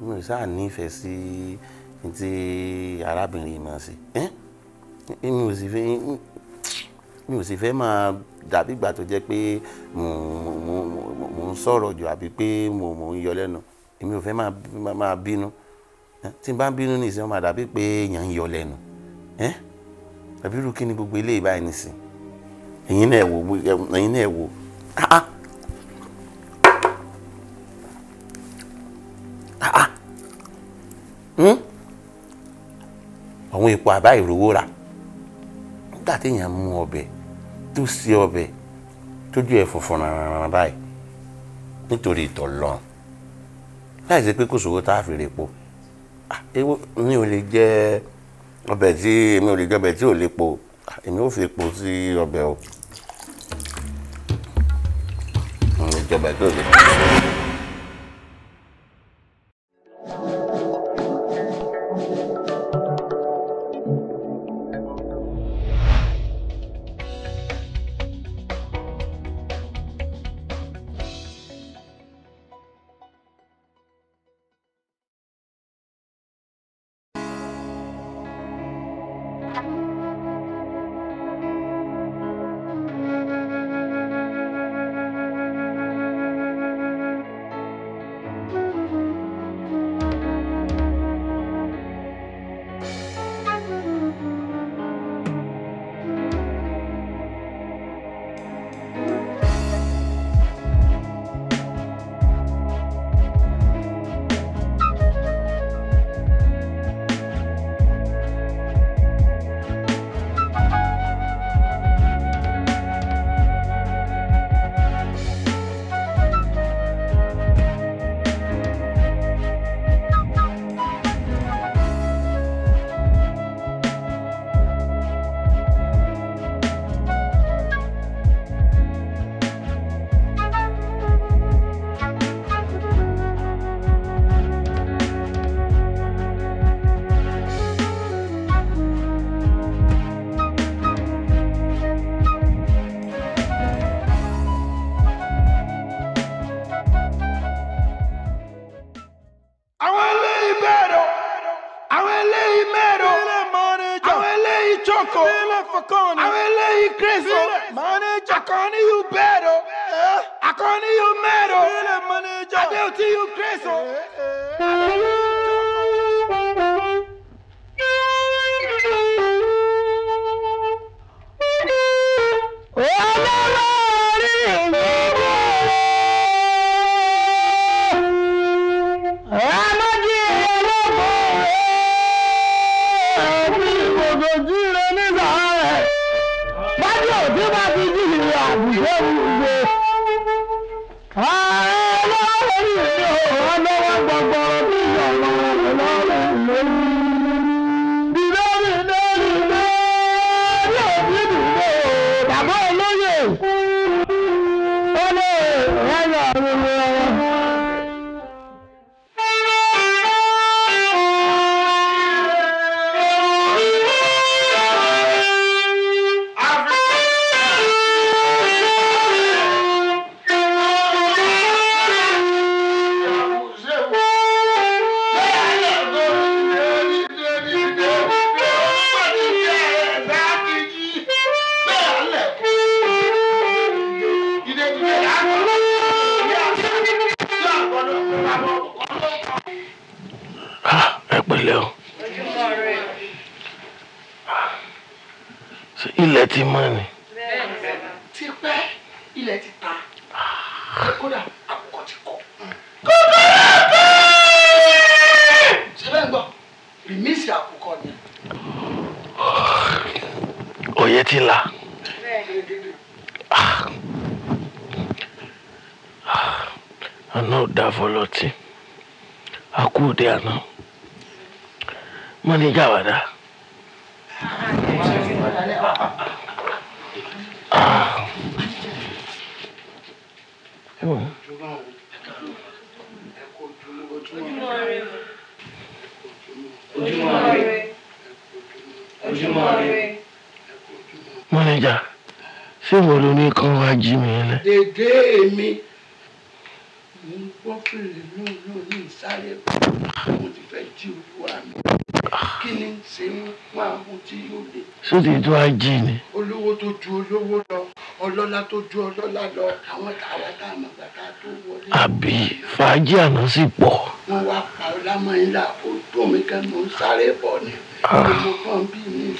mo ì sáà nífẹ̀ẹ́ sí ti arábìnrin máa ṣe mi ò sì fẹ́ mi ò sì fẹ́ máa dàbí ìgbà tó jẹ́ pé mo ń sọ̀rọ̀ jù àbí pé mo ń yọ lẹ́nu èmi ò fẹ́ máa bínú tí n bá ń bínú ní ìsìn máa dàbí pé èèyàn ń yọ lẹ́nu àbí irú kí ni gbogbo eléyìí báyìí nìsín ẹ̀yin náà wò wò ah. àwọn epo àbá ìrówó rà nígbà téèyàn mú ọbẹ̀ tó ṣe ọbẹ̀ tójú ẹ̀ funfun rárá báyìí nítorí ìtọ̀ lọ́n láì ṣe pé kò sówó tá a fi rè po ah, ewo mi ò lè jẹ ọbẹ̀ tí èmi ò lè jẹ ọbẹ̀ tí ò lè po ah, èmi ò fi po sí ọbẹ̀ o mi ò lè jẹ mọ́nìjà ṣé ìwọ ló ní kán wá jí mi lẹ. dèdè èmi mo ń gbọ́ pé lóun lóun ní ìsáré mo ti fẹ́ jí olúwa mi kí ni ṣe ń pa ohun tí yóò lè. sóde tó a jí ni. olówó tó ju olówó lọ ọlọ́lá tó ju ọlọ́lá lọ àwọn tàwa tá a mọ̀ gbàtà tó wọlé. àbí fàájì àná sì pọ̀. wọ́n wá pa ọlámọ yín là ó tó mi kẹ́ mò sáré bọ̀ ni. Ah. mo kàn bí mi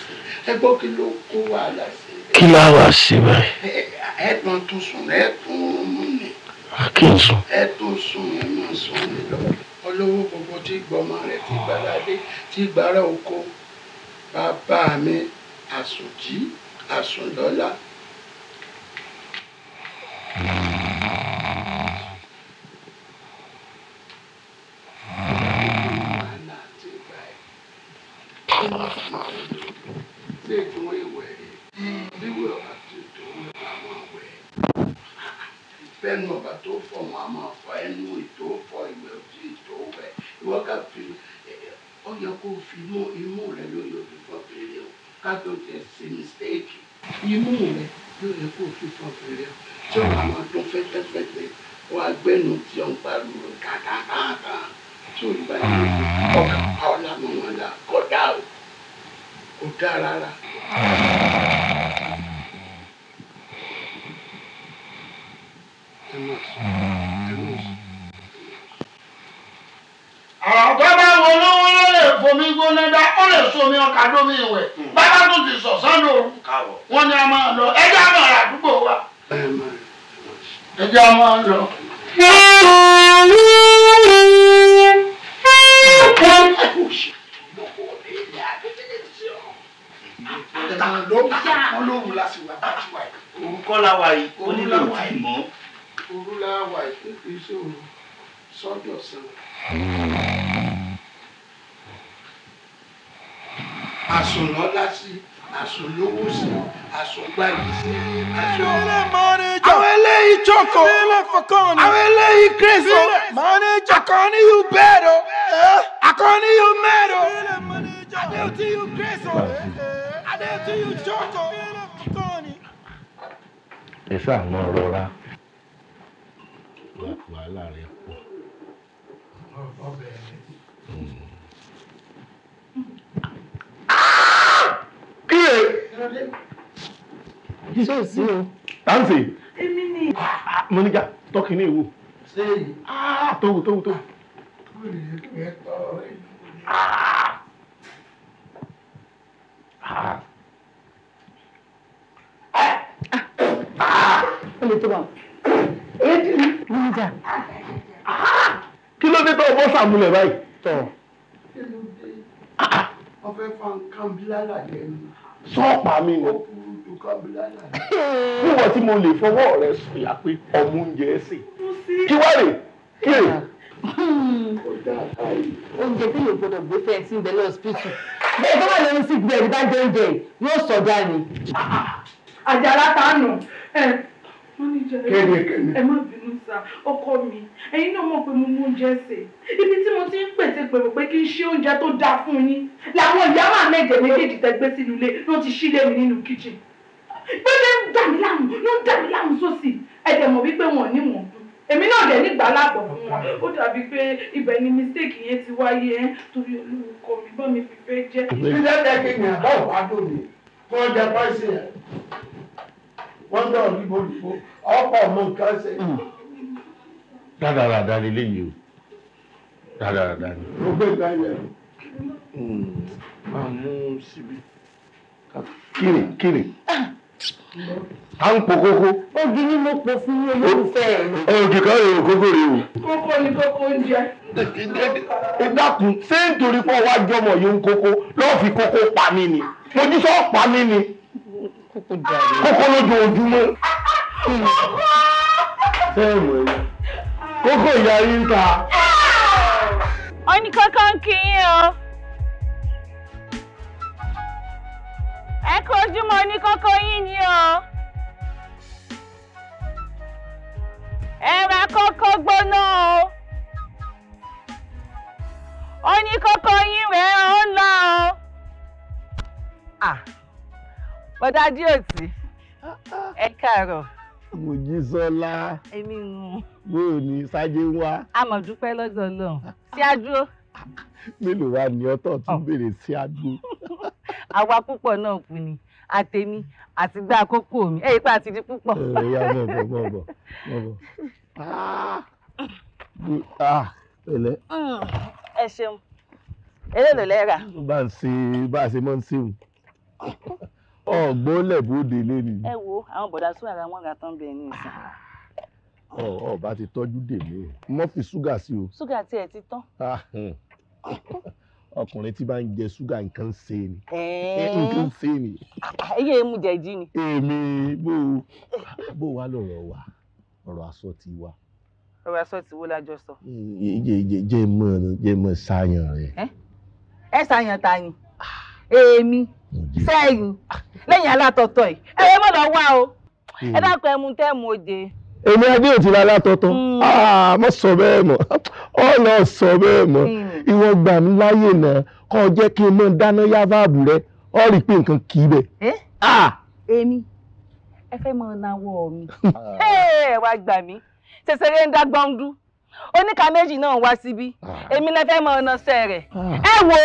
ẹ gbọ́ kí ló kó wàhálà sí. kí láwa ṣe báyìí. ẹ tún tún sùn ẹ tún mú ni. a kì í sùn. ẹ tún sùn ẹ máa sùn mi lọ olówó gbogbo tí gbọmọ rẹ̀ tí gbàládé tí gbàrà oko bàbá mi àsùnjí àsùnlọ́lá. Thank you. tuntun fèrè tí ó máa dún fẹ́tẹ́fẹ́tẹ́ wọ́n á gbẹ́nu tí ó ń pariwo kàkàkàkà tí ó ń bá yẹn ọkàn pa là kọ́ dá o kò dá rárá. tóhù tóhù tóhù. ó lè tó bá kí ló dé tó bọ́ sàmúlẹ̀ báyìí. ọfẹ́ fa nǹkan bí lára jẹ ni. sọ́ọ̀pà mi ni. ó kúrú ju nǹkan bí lára jẹ. níwọ̀n tí mo lè fọwọ́ rẹ̀ sọ̀yà pé ọmú oúnjẹ sè. kí wá rèé oúnjẹ tí yóò gbọ́dọ̀ gbé fẹ́ẹ́ sí ìbẹ̀lẹ̀ ọ̀sìpìtì bẹ́ẹ̀ tó wà lórí sí ìgbẹ́ ìbá jẹ oúnjẹ yóò sọ dání. àjàrà tánù kéde kéde. ẹ má bínú sá ọkọ mi ẹ̀yin náà mọ̀ pé mo mú oúnjẹ sè ibi tí mo ti ń pètè pèrò pé kí n ṣe oúnjẹ tó dáa fún yín làwọn ìyá máa mẹ́jẹ méjèèjì tẹ́ gbé sínú ilé ló ti ṣílé mi nínú kíchìn pé ń dà mí láàmú ló ń dà mí láàmú sósì ẹ̀jẹ̀ mọ̀ wípé wọn ò ní wọn èmi náà dẹ̀ nígbà láàbọ̀ fún wọn ó dàbí pé ibẹ̀ ni mistake yẹn ti wáyé ẹ́ torí olórúkọ mi bọ́ mi fi fẹ́ jẹ́. ilé ẹgbẹ́ ni àbá ò tó mi kí wọ́n pàṣẹ ẹ̀ wọ́n dọ̀ níbo níbo ọ̀pọ̀ ọmọ nǹkan ṣe. Hmm. dáadáa dáa lélẹ́yìí o dáadáa ni. mo gbé ìgbà yẹn. Hmm. máa mú síbi kiri kiri à ń po kókó. ogi ni mo po fún ní olólùfẹ́ rẹ. ogi kan rèé kókó rèé o. kókó ni kókó ń jẹ. ìdákun ṣé nítorí pé ọwọ́ àjọmọ̀ yóò ń kókó lọ́ọ́ fi kókó pa mí ni mo jí sọ́ pa mí ni kókó lójoojúmọ́. sẹ́ẹ̀mù ẹ̀yà kókó ìyá yín ta. ọ̀nì kankan kì í o. ẹ kojú mọ́ ní kókó yín ni o. ẹ ra kókó gbóná o ó ní kókó yín rẹ̀ ó ń lọ o. Ah, bọ́dá díòtì ẹ káàárọ̀. mo jí sọlá èmi nù. mo ò ní sáájú wá. a mọ̀ dúpẹ́ lọ́dọ̀ Ọlọ́run sí àdúró. mélòó wa ni ọtọ̀ tún béèrè sí àdúró. àwa púpọ̀ náà kú ni àtẹ̀mí àti gbá àkókò mi ẹ̀yìn pa àti di púpọ̀. ẹ ẹ yà bọ̀ bọ̀ bọ̀ bọ̀ bọ̀ ah! ah! ẹlẹ. ẹ ṣeun eléèlò lẹ́ra. bá ń ṣe bá a ṣe mọ́ ń ṣeun ọgbọ́n lẹ́bùdè lẹ́nu. ẹ wo àwọn bọ̀dá sún ara wọn ra tán bẹ́ẹ̀ ní ìsìn. ọba ti tọ́jú dèmí mo fi ṣúgà sí o. ṣúgà tiẹ̀ ti tán. Ah, hmm ọkùnrin tí bá ń jẹ ṣúgà nǹkan ṣe ni nǹkan ṣe ni. iye emu jẹ̀dí ni. èmi bó bó wá lọ̀rọ̀ wa ọ̀rọ̀ aṣọ ti wa. ọ̀rọ̀ aṣọ ti wo la jọ sọ. jẹ́ mọ̀ jẹ́ mọ̀ ṣàyàn rẹ̀. ẹ ṣàyàn ta ni èmi sẹ́yìn lẹ́yìn alátọ̀tọ̀ yìí ẹ̀yẹ́ mọ̀ lọ́wọ́ o ẹ dákun ẹmu tẹ́ mu oje èmi adé ò ti ra látọ̀tọ̀ hmm. ah, mọ̀ sọ bẹ́ẹ̀ mọ̀ ọ̀nà sọ bẹ́ẹ̀ mọ̀ hmm. ìwọ gbà mí láyè náà kọ́ jẹ́ kí n mọ̀ dáná yá fáàbù rẹ ọ́ rí pé nǹkan kì í bẹ̀. Ah! èmi ẹ fẹ́ mọ náwó mi ẹ wá gbà mí ṣẹṣẹrẹ ń dá gbọ́ndú oníka méjì náà wá síbí ah. èmi lẹ fẹ́ mọ ọ̀nà sẹ́ rẹ̀ ah. ẹ wo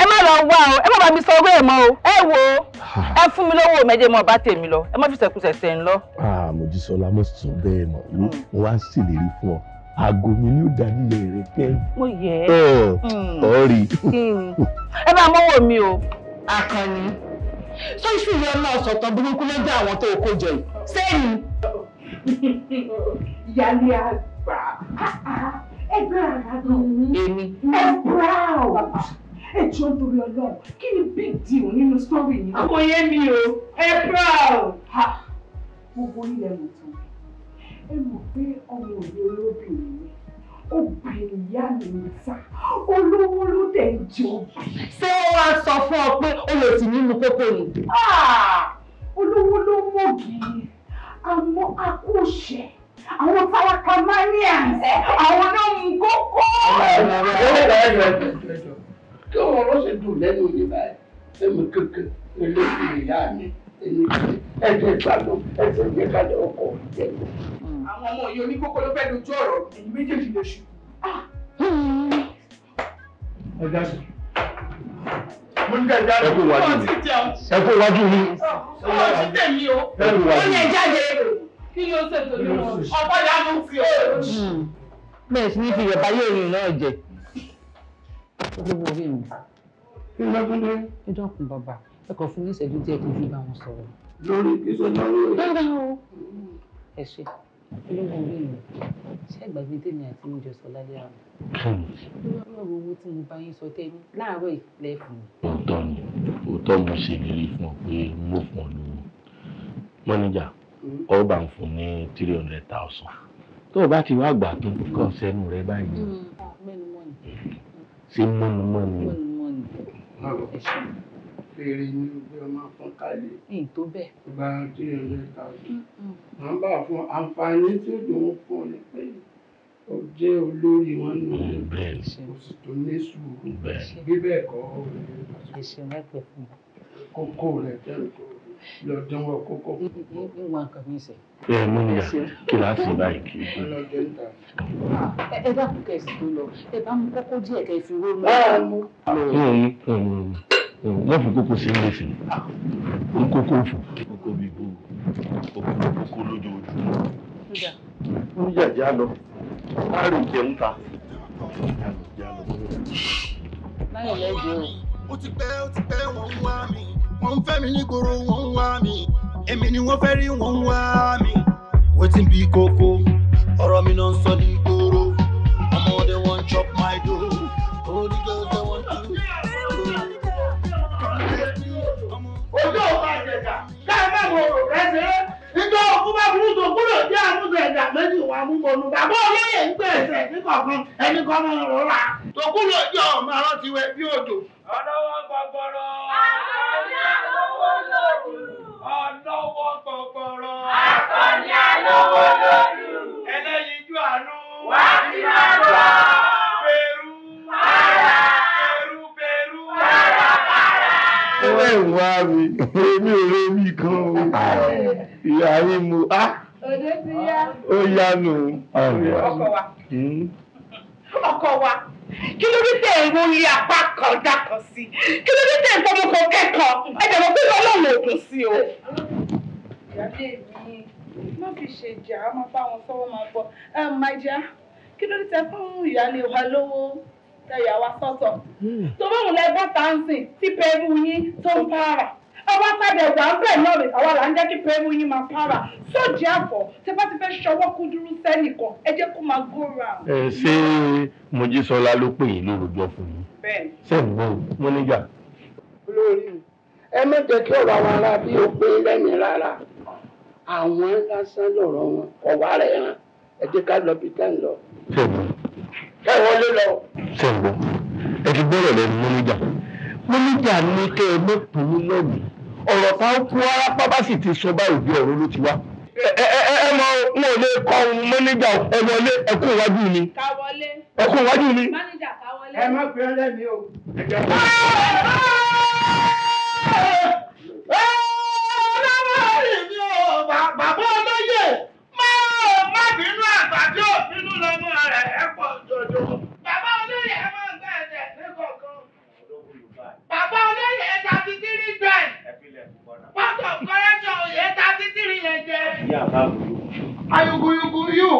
ẹ má lọ wá o ẹ má bá mi sọ owó ẹ mọ o ẹ wo ah. ẹ fún mi lówó mẹjẹ mọ bá tèmi lọ ẹ má fi sẹkùsẹ sẹ ń lọ. Mojísọ́lá mo sì tún bẹ́ẹ̀ mm. mo wá ń fún ọ aago mi ni ó dalilẹ rẹ kẹ́yìn. mo yẹ ẹ mm. ọrí. Mm. ẹ bá mọ́wọ́ mi o Àkànní ṣé iṣu ìyẹn náà sọ̀tàn burúkú lẹ́jọ́ àwọn tó kó jẹ yìí sẹ́yìn. ìyá ni gbà á. ẹ gbà ara náà. èmi. ẹ gbà á o bàbá ẹ big deal nínú sọrí yìí. kò yé mi o ẹ gbà o. gbogbo ilẹ̀ mọ̀ tán ẹ mọ̀ pé ọmọ òde olóbìnrin ni obìnrin ìyá mi ń ta olówó ló dẹ̀ ń jẹ obì. ṣé ó wá sọ fún ọ pé o lè sì ah! àmọ́ a kò ṣe àwọn tálákà manians àwọn náà mú kókó. kí wọn lọ sí dùn lẹ́nu yìí báyìí èmi kékeré ilé ìyá mi èmi ẹgbẹ́ ìgbàgbọ́ ẹsẹ ìgbẹkalẹ ọkọ ìjẹbù. àwọn ọmọ yìí oníkókó ló fẹ́ẹ́ dojú ọ̀rọ̀ èyí méjèèjì lè ṣù. ẹ jáde ẹ kú wájú mi ẹ kú wájú mi ẹ kú wájú mi. ó yẹ jáde kí ló ṣe tó ní wọn ọ̀pọ̀ ìyanu fi ọ̀. Hmm. bẹ́ẹ̀ sì ni fi ìyẹ̀bá yé èyí náà jẹ. kí ló tún bàbá ẹ fún ìṣẹ́jú díẹ̀ kí n fi bá wọn sọ̀rọ̀. lórí ìṣẹ́ náà lórí. rárá o ẹ ṣe olóògùn bí mi ṣé ìgbàgbé tèmi àti oúnjẹ sọ lálẹ́ àná. lórí hmm. ọ̀rọ̀ owó tí mo bá yín sọ tẹ́ni láàárọ̀ ìpìlẹ̀ fún mi. òótọ́ ni òótọ́ mo ṣèlérí fún ọ pé mo fún ọ lówó mọ́níjà ọ bá ń fún ní three hundred thousand tó o bá ti wá gbà tó kọ sẹ́nu rẹ báyìí mm. ah, ṣe mọ́nimọ́ni. Fèrè ni ọgbẹ́ ọmọ fún kálí. Ẹ̀yìn tó bẹ́ẹ̀. Gba three hundred thousand. Màá mm, mm. bá fún àǹfààní tí ó dùn fún ọ ní pé ó jẹ́ olórí wọn nù. Bẹ́ẹ̀ni. Kò sì tó ní sùúrù. Bẹ́ẹ̀ni. kọ́. Ẹ̀sìn rẹ̀ Kókó rẹ̀ tẹ́lẹ̀ kọ́ lọ dánwò kókó. n wà nǹkan mi sẹ. ẹ mú mi yà kí láti báyìí kì í. ẹ bá kú kẹsì tó lọ ẹ bá mú kókó díẹ̀ kẹ fi wó mú. wọ́n fi kókó sí ilé ìfẹ́ ní kókó òfò. kókó bíbó kókó kókó lójoojúmọ́. ń jàjà lọ má jẹun ta. báyìí lẹ́jọ́ o. ó ti pẹ́ ó ti pẹ́ wọ́n ń wá mi wọ́n ń fẹ́ mi nígboro wọ́n ń wá mi èmi ni wọ́n fẹ́ rí wọ́n ń wá mi. wetin be koko ọ̀rọ̀ mi náà ń sọ ní ìgboro ọmọ ọdẹ wọn chop my dough holy girls dem wan do. ojú ọba àjẹjà káàmá mo rò rẹsẹ nígbà òkú bá burú tó kúrò jẹ àmúṣe ẹjà méjì wà múmọnú bàbá olóyè ń gbé ẹsẹ níkọ̀ọ̀kan ẹni kan mọ ọ̀rọ̀ rà. tó kúrò jẹ ọmọ arántí wẹ bí odò. ọlọ́wọ́ gbọ́gbọ́rọ́ owó gbọ̀gbọ̀rọ̀. Akọni alówó lójú. Ẹlẹ́yinjú àánú. Wà á ti máa lọ. Bẹ̀rù. Para. Bẹ̀rù bẹ̀rù. Para para. Ẹ wá mi, èmi ò lè mí kan o. Ìyá yín mu, á. Òde ti yá. Ó yá nù. Ọkọ wa. Hmm? Ọkọ wa kí ló dé tẹ ìwọ orí apá kan dákan sí kí ló dé tẹ ìfọmọkàn kẹ́kọ̀ọ́ ẹ jẹ́ pé Ọlọ́run ò dùn sí o ìyáálé mi má fi ṣe jà á máa bá wọn sọ́wọ́ máa gbọ́ máa jà kí ló dé tẹ fún ìyáálé wa lówó tẹ̀yà wa sọ́tọ̀ hmm. tó bá wọn lẹ bá tàǹsìn tí pẹ̀lú yín tó ń pààrà àwa padà ẹ̀wà ń bẹ̀ náà rè àwa là ń jẹ́ kí pẹ̀lú yín máa pààrà sóòjì àfọ̀ tẹ bá ti fẹ́ ṣọwọ́ kú dúró sẹ́nìkan ẹ jẹ́ kó máa go round. ẹ ṣé Mojísọ́lá ló pè yín lórúkọ fún yín sẹ́yìn náà wọ́n níjà. olórí ẹ má kí ọ̀rọ̀ àwọn aráabí ó pé lẹ́mìí rárá àwọn lásán lọ̀rọ̀ wọn ọ̀wá rẹ̀ ràn ẹ jẹ́ ká lọ bí ká ń lọ. ẹ wọlé lọ. sẹ́ǹgbọ́n ẹ ti gbọ́dọ̀ lẹ́nu mọ́níjà mọ́níjà ní kẹ́ ẹ mọ́kùnrin lọ́gùn ọ̀rọ̀ tá a kú arápá bá sì ti sọ báyìí bí ọ̀rọ̀ ló ti wá. ẹ ẹ ẹ mọ wọn ò lè kọ ohun mọ́níjà ẹ wọlé ẹ kú iwájú mi. ká wọlé. ẹ kú iwájú mi. mọ́níjà ká wọlé. ẹ má fi ọlẹ́mi o. ẹ jẹ́ kó bàbá olóyè máa má bínú àtàdé òbínú lọmọ rẹ ẹ pọ̀ jòjò. bàbá olóyè ẹ máa gbà ẹ̀jẹ̀ nígbàkan. bàbá olóyè ẹ tàbí tírí gbẹ̀. pọ́tò kọ́rẹ́jọ òye tàbí tírí yẹn jẹ. ayuguyugu yù.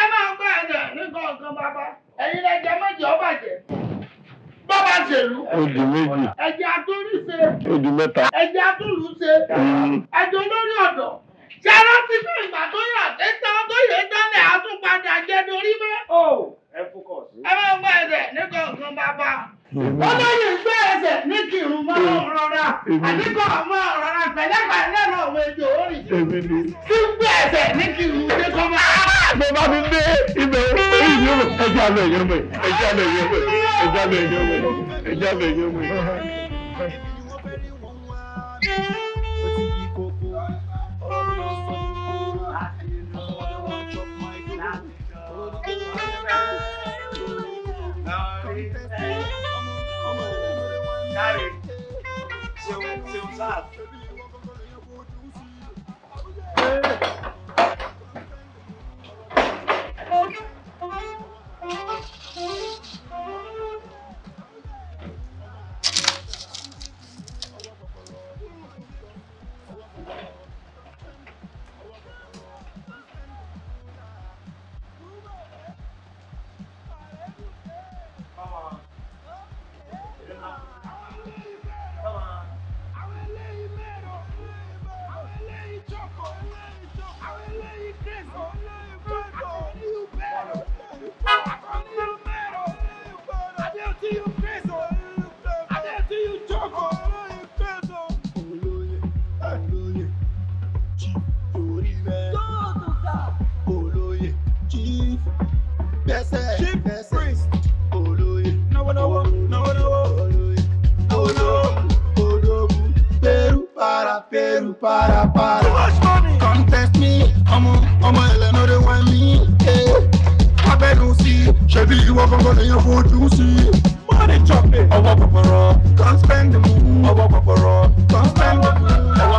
ẹ máa gbà ẹ̀jẹ̀ nígbàkan bàbá ẹ̀yin lẹ́jẹ̀ méjì ọ bọ́ba ṣèlú. odù méjì. ẹ̀jẹ̀ atúrú ṣe. odù mẹ́ta. ẹ̀jẹ̀ atúrú ṣe. Hmm. ẹ̀jẹ̀ olórí ọ̀dọ́. ṣẹ́rọ́ ti fún ìgbà tó yà tẹ́tà tó yẹ tẹ́lẹ̀ àtúpadà jẹ́ dorí mẹ́. Oh, ẹ fọkọ̀ sí. ẹ bá wọ ẹ̀rẹ̀ nígbà kan bàbá olóyè ń gbé ẹsẹ̀ ní kírun máa ń rọra àdínkọ̀ máa rọra pẹ̀lẹ́pẹ̀lẹ́ náà wo ejò orí tí ń gbé ẹsẹ̀ ní kírun dé kọ́ máa. mo bá mi dé ibẹ̀ orí mi ò ẹja lọ ẹ̀yọ́ mọ̀ ẹja lọ ẹ̀yọ́ mọ̀ ẹja lọ ẹ̀yọ́ mọ̀ ẹja lọ ẹ̀yọ́ mọ̀. Thank you. kare sai wuta peru, para, para. Too much money. Come test me. I'm a, I'm a, I know they want me. Hey. I bet you see. Chevy, you are gonna your food, you see. Money chopping. I walk up around. Can't spend the move. I walk up around. Can't spend the move.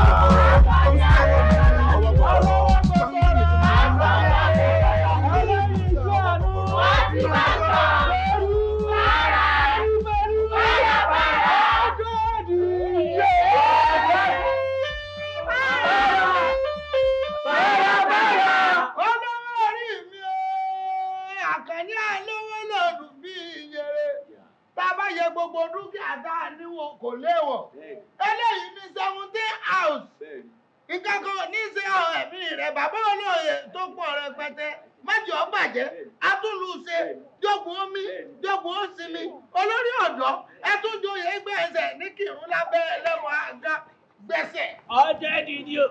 kò léèwọ̀ eléyìí ní seventeen house ìkẹ́kọ̀ọ́ ní ṣe ẹ̀mí rẹ̀ bàbá olóye tó pọ̀ rẹpẹtẹ májì ọ bàjẹ́ atúlù ṣe jọ̀gbọ́n omi jọ̀gbọ́n sinmi olórí ọ̀dọ́ ẹtúnjọyè ẹgbẹ́ ẹsẹ̀ ní kírun lábẹ́ ẹlẹ́mọ̀ àga gbẹ̀sẹ̀. ọjọ́ ìdí o.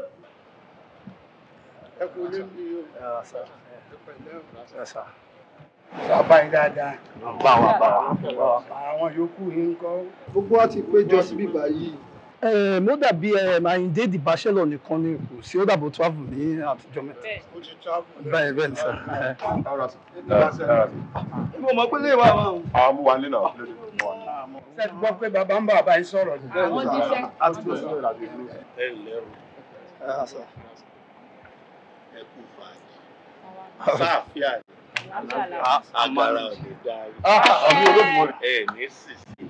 ẹ kò lè fi o. ẹ sà bàbá yín dáadáa. bá wa bá wa. àwọn yòókù yín ń kọ́. gbogbo wa ti péjọ síbí báyìí. mo dàbí Àyìndé di bachelor nìkan ní Èkó sí ó dàbò travel ní àtijọ́ mẹ́ta. ó ti travel. bẹ́ẹ̀ bẹ́ẹ̀ ni sà. ibo mọ̀ pé lè wà wọn. àwọn mú wa nínú àwọn ṣe ti gbọ́ pé bàbá ń bá bàbá yín sọ̀rọ̀ ni. àwọn jíṣẹ́. a ti gbọ́ sọ̀rọ̀ ìlàjì ìlú. ẹ ǹlẹ́ o. ẹ kú fàájì agbára ò ní dá yín. Ah, ẹ ní sìsì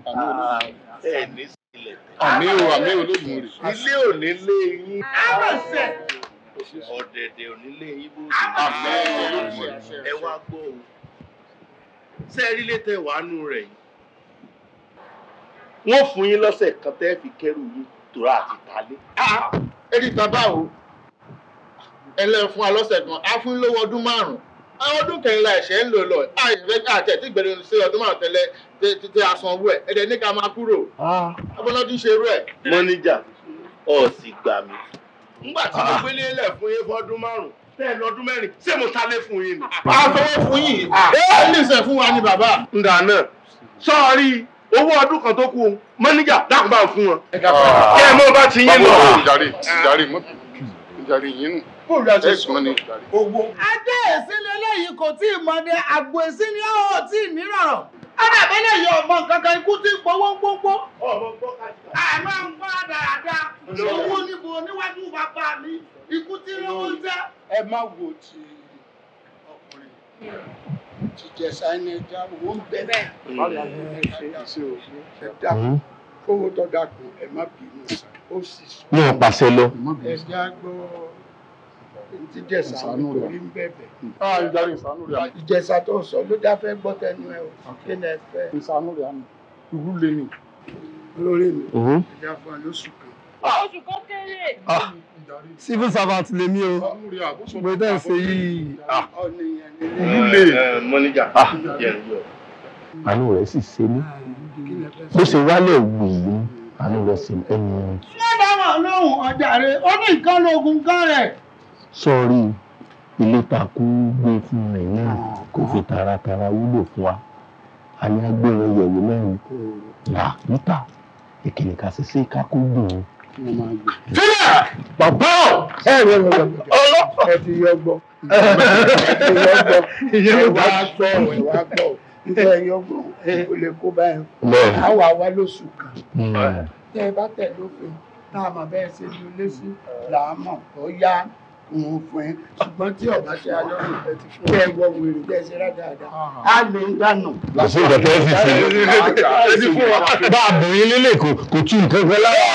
ẹ ní sílẹ̀ àmì o àmì olódùmọ̀rẹ́. ilé ò ní lé yín. ọ̀dẹ̀dẹ̀ ò ní lé yín bóde. àmì olódùmọ̀rẹ́. ẹ wá gbọ́ o sẹ́ẹ̀rí lé tẹ̀ wánú rẹ̀ yìí wọ́n fún yín lọ́sẹ̀ kan tẹ́ fi kẹ́rù yín tòrá àti talé. Ah, ẹ̀rí bàbá o ẹlẹ́fun alọ́sẹ̀ kan á fún lówó ọdún márùn-ún ọdún kẹrìnlá ẹ̀ṣẹ̀ ń lò lọ àtẹ̀tí gbẹ̀rẹ̀ sí ọdún márùn tẹ́lẹ̀ tètè àsanwó ẹ̀ ẹ̀dẹ̀ ní ká máa kúrò abọ́lọ́dún ṣe rú ẹ̀. mọ́níjà ọ̀ sì gbà mí. nígbà tí mo gbélé lẹ̀ fún yín fọ́dún márùn bẹ́ẹ̀ lọ́dún mẹ́rin ṣé mo talé fún yín ni. àfọwọ́ fún yín ẹ níṣẹ́ fún wa ni bàbá. ǹdà náà sọ́ọ̀rí owó ọdún kan tó kù mọ́níjà dákùnbà fún wọn. kẹ́ ẹ mọ́ bá ti yín lọ. bàbá mo ti jàre ti jàre mo ti jàre yín nù bóòlù àti ẹ̀sùn owó. adé ìsílẹ̀ lẹ́yìn kò tí ì mọ ní àgbo ìsílẹ̀ ọ̀ tí ì nírọ̀rọ̀. ọ̀dà abẹ́lẹ̀ yọ ọmọ kankan ikú tí ń pọwọ́ ń pópó. ọmọ gbọ́ kájà. àmọ́ ń gbọ́ dáadáa owó níbo níwájú bàbá mi ikú tí lówó ń jẹ́. ẹ má wo ti ọkùnrin ti jẹ sáyẹn ẹja owó ń bẹ bẹ́ẹ̀. ẹ dákun hmm? owó tó dákun ẹ má bínú ó sì sọ. náà pàṣẹ lọ. ẹ já gbọ́ ti jẹ̀sà nítorí ń bẹ̀bẹ̀. Ah, ìdarí ìsànú rẹ̀ àná. ìjẹ̀sà tó sọ ló dáfẹ́ gbọ́ tẹnu ẹ o kí ni ẹ fẹ́. ìsànú rẹ̀ àná ìlú lè nì. olórí mi ẹja fún wa lóṣù kan. Ah! oṣù kan kéré. Ah! civil servant lè mí o mo dẹ́ ń ṣe yìí ìlú lè. Eh, eh, mọ́níjà jẹ́ ìjọ. àánú rẹ̀ sì ṣe mí bó ṣe wálẹ̀ wù yìí àánú rẹ̀ sì ẹnu. ṣé báwọn lóhùn ọjà rẹ ó ní nǹkan lóògùn kan rẹ̀ sọ́ọ̀rì ilé ta kú gbé fún rẹ̀ náà ah, kò fi taratara wúlò fún wa àmì agbẹ́rún yẹ̀wò mẹ́rin là níta ìkìlì kà sí sí kákó gùn ún. fílẹ̀ bàbá ọ̀ ọlọ́pàá ẹ ti yọgbọ ìyẹn wà á gbọ́ ẹ wà á gbọ́ ìfẹ́ yọgbọ o lè kó báyìí àwa wa lóṣù kan hmm. tẹ ẹ bá tẹ lófin náà mà bẹ́ẹ̀ ṣe ju lé sí làámọ̀ ó yá òun fún ẹ ṣùgbọ́n tí ọ̀gá ṣe alọ́run rẹ ẹ wọ wèrè dẹ́sẹ̀ rádáadáa á lè ń dànù. lásìkò ìgbà tó ẹ fi fi bá a bọ̀ yín lélẹ̀ kò kò tún nǹkan fẹ́ lára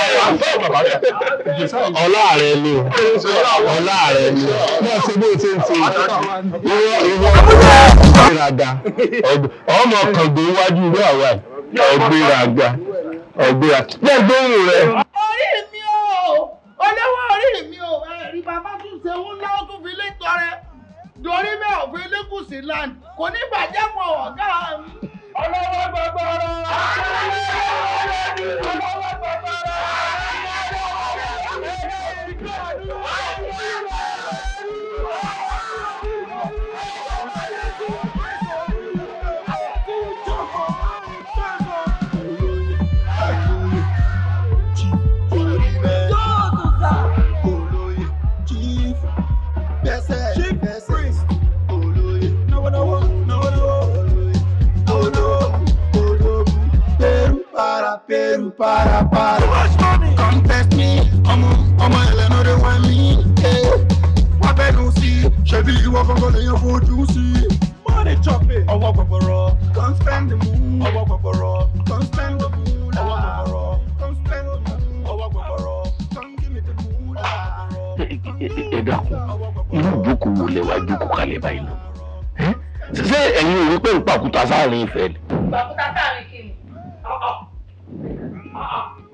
ni ọlá ni bá a ṣe bó ṣe ń ṣe ìwọ ìwọ ìrada ọmọ gbé wájú ìwé àwa ẹgbẹ́ ìraga ẹgbẹ́ ìraga bẹ́ẹ̀ ṣeun náà tún fi lé tọrẹ dorí bẹ́ẹ̀ òfin lẹ́kùsì land kò ní bàjẹ́ mọ́ ọ̀gá ọlọ́wọ́ gbàgbọ́ ọ̀rọ̀ ọlọ́wọ́ gbàgbọ́ ọ̀rọ̀ ọlọ́wọ́ gbàgbọ́ ọ̀rọ̀. para para. Too much money. Come test me, ọmọ ọmọ ẹlẹ́nu rẹ̀ wá mí. Eh, wá bẹ́nu sí, ṣebí ìwọ gbọ́ngàn lèyàn fojú sí. Money chopping. Ọwọ́ gbọ̀gbọ̀rọ̀. Come spend the moon. Ọwọ́ gbọ̀gbọ̀rọ̀. Come spend the moon. Ọwọ́ gbọ̀gbọ̀rọ̀. Come spend the moon. Ọwọ́ gbọ̀gbọ̀rọ̀. Come give me the moon. Ẹ dákun, irú ìjókòó wo lẹ wá jókòó kalẹ̀ báyìí lọ? Ṣé ẹ̀yin ò rí pé ìpàkúta sáàrin ìfẹ́ ni? Ìpàkúta sáàrin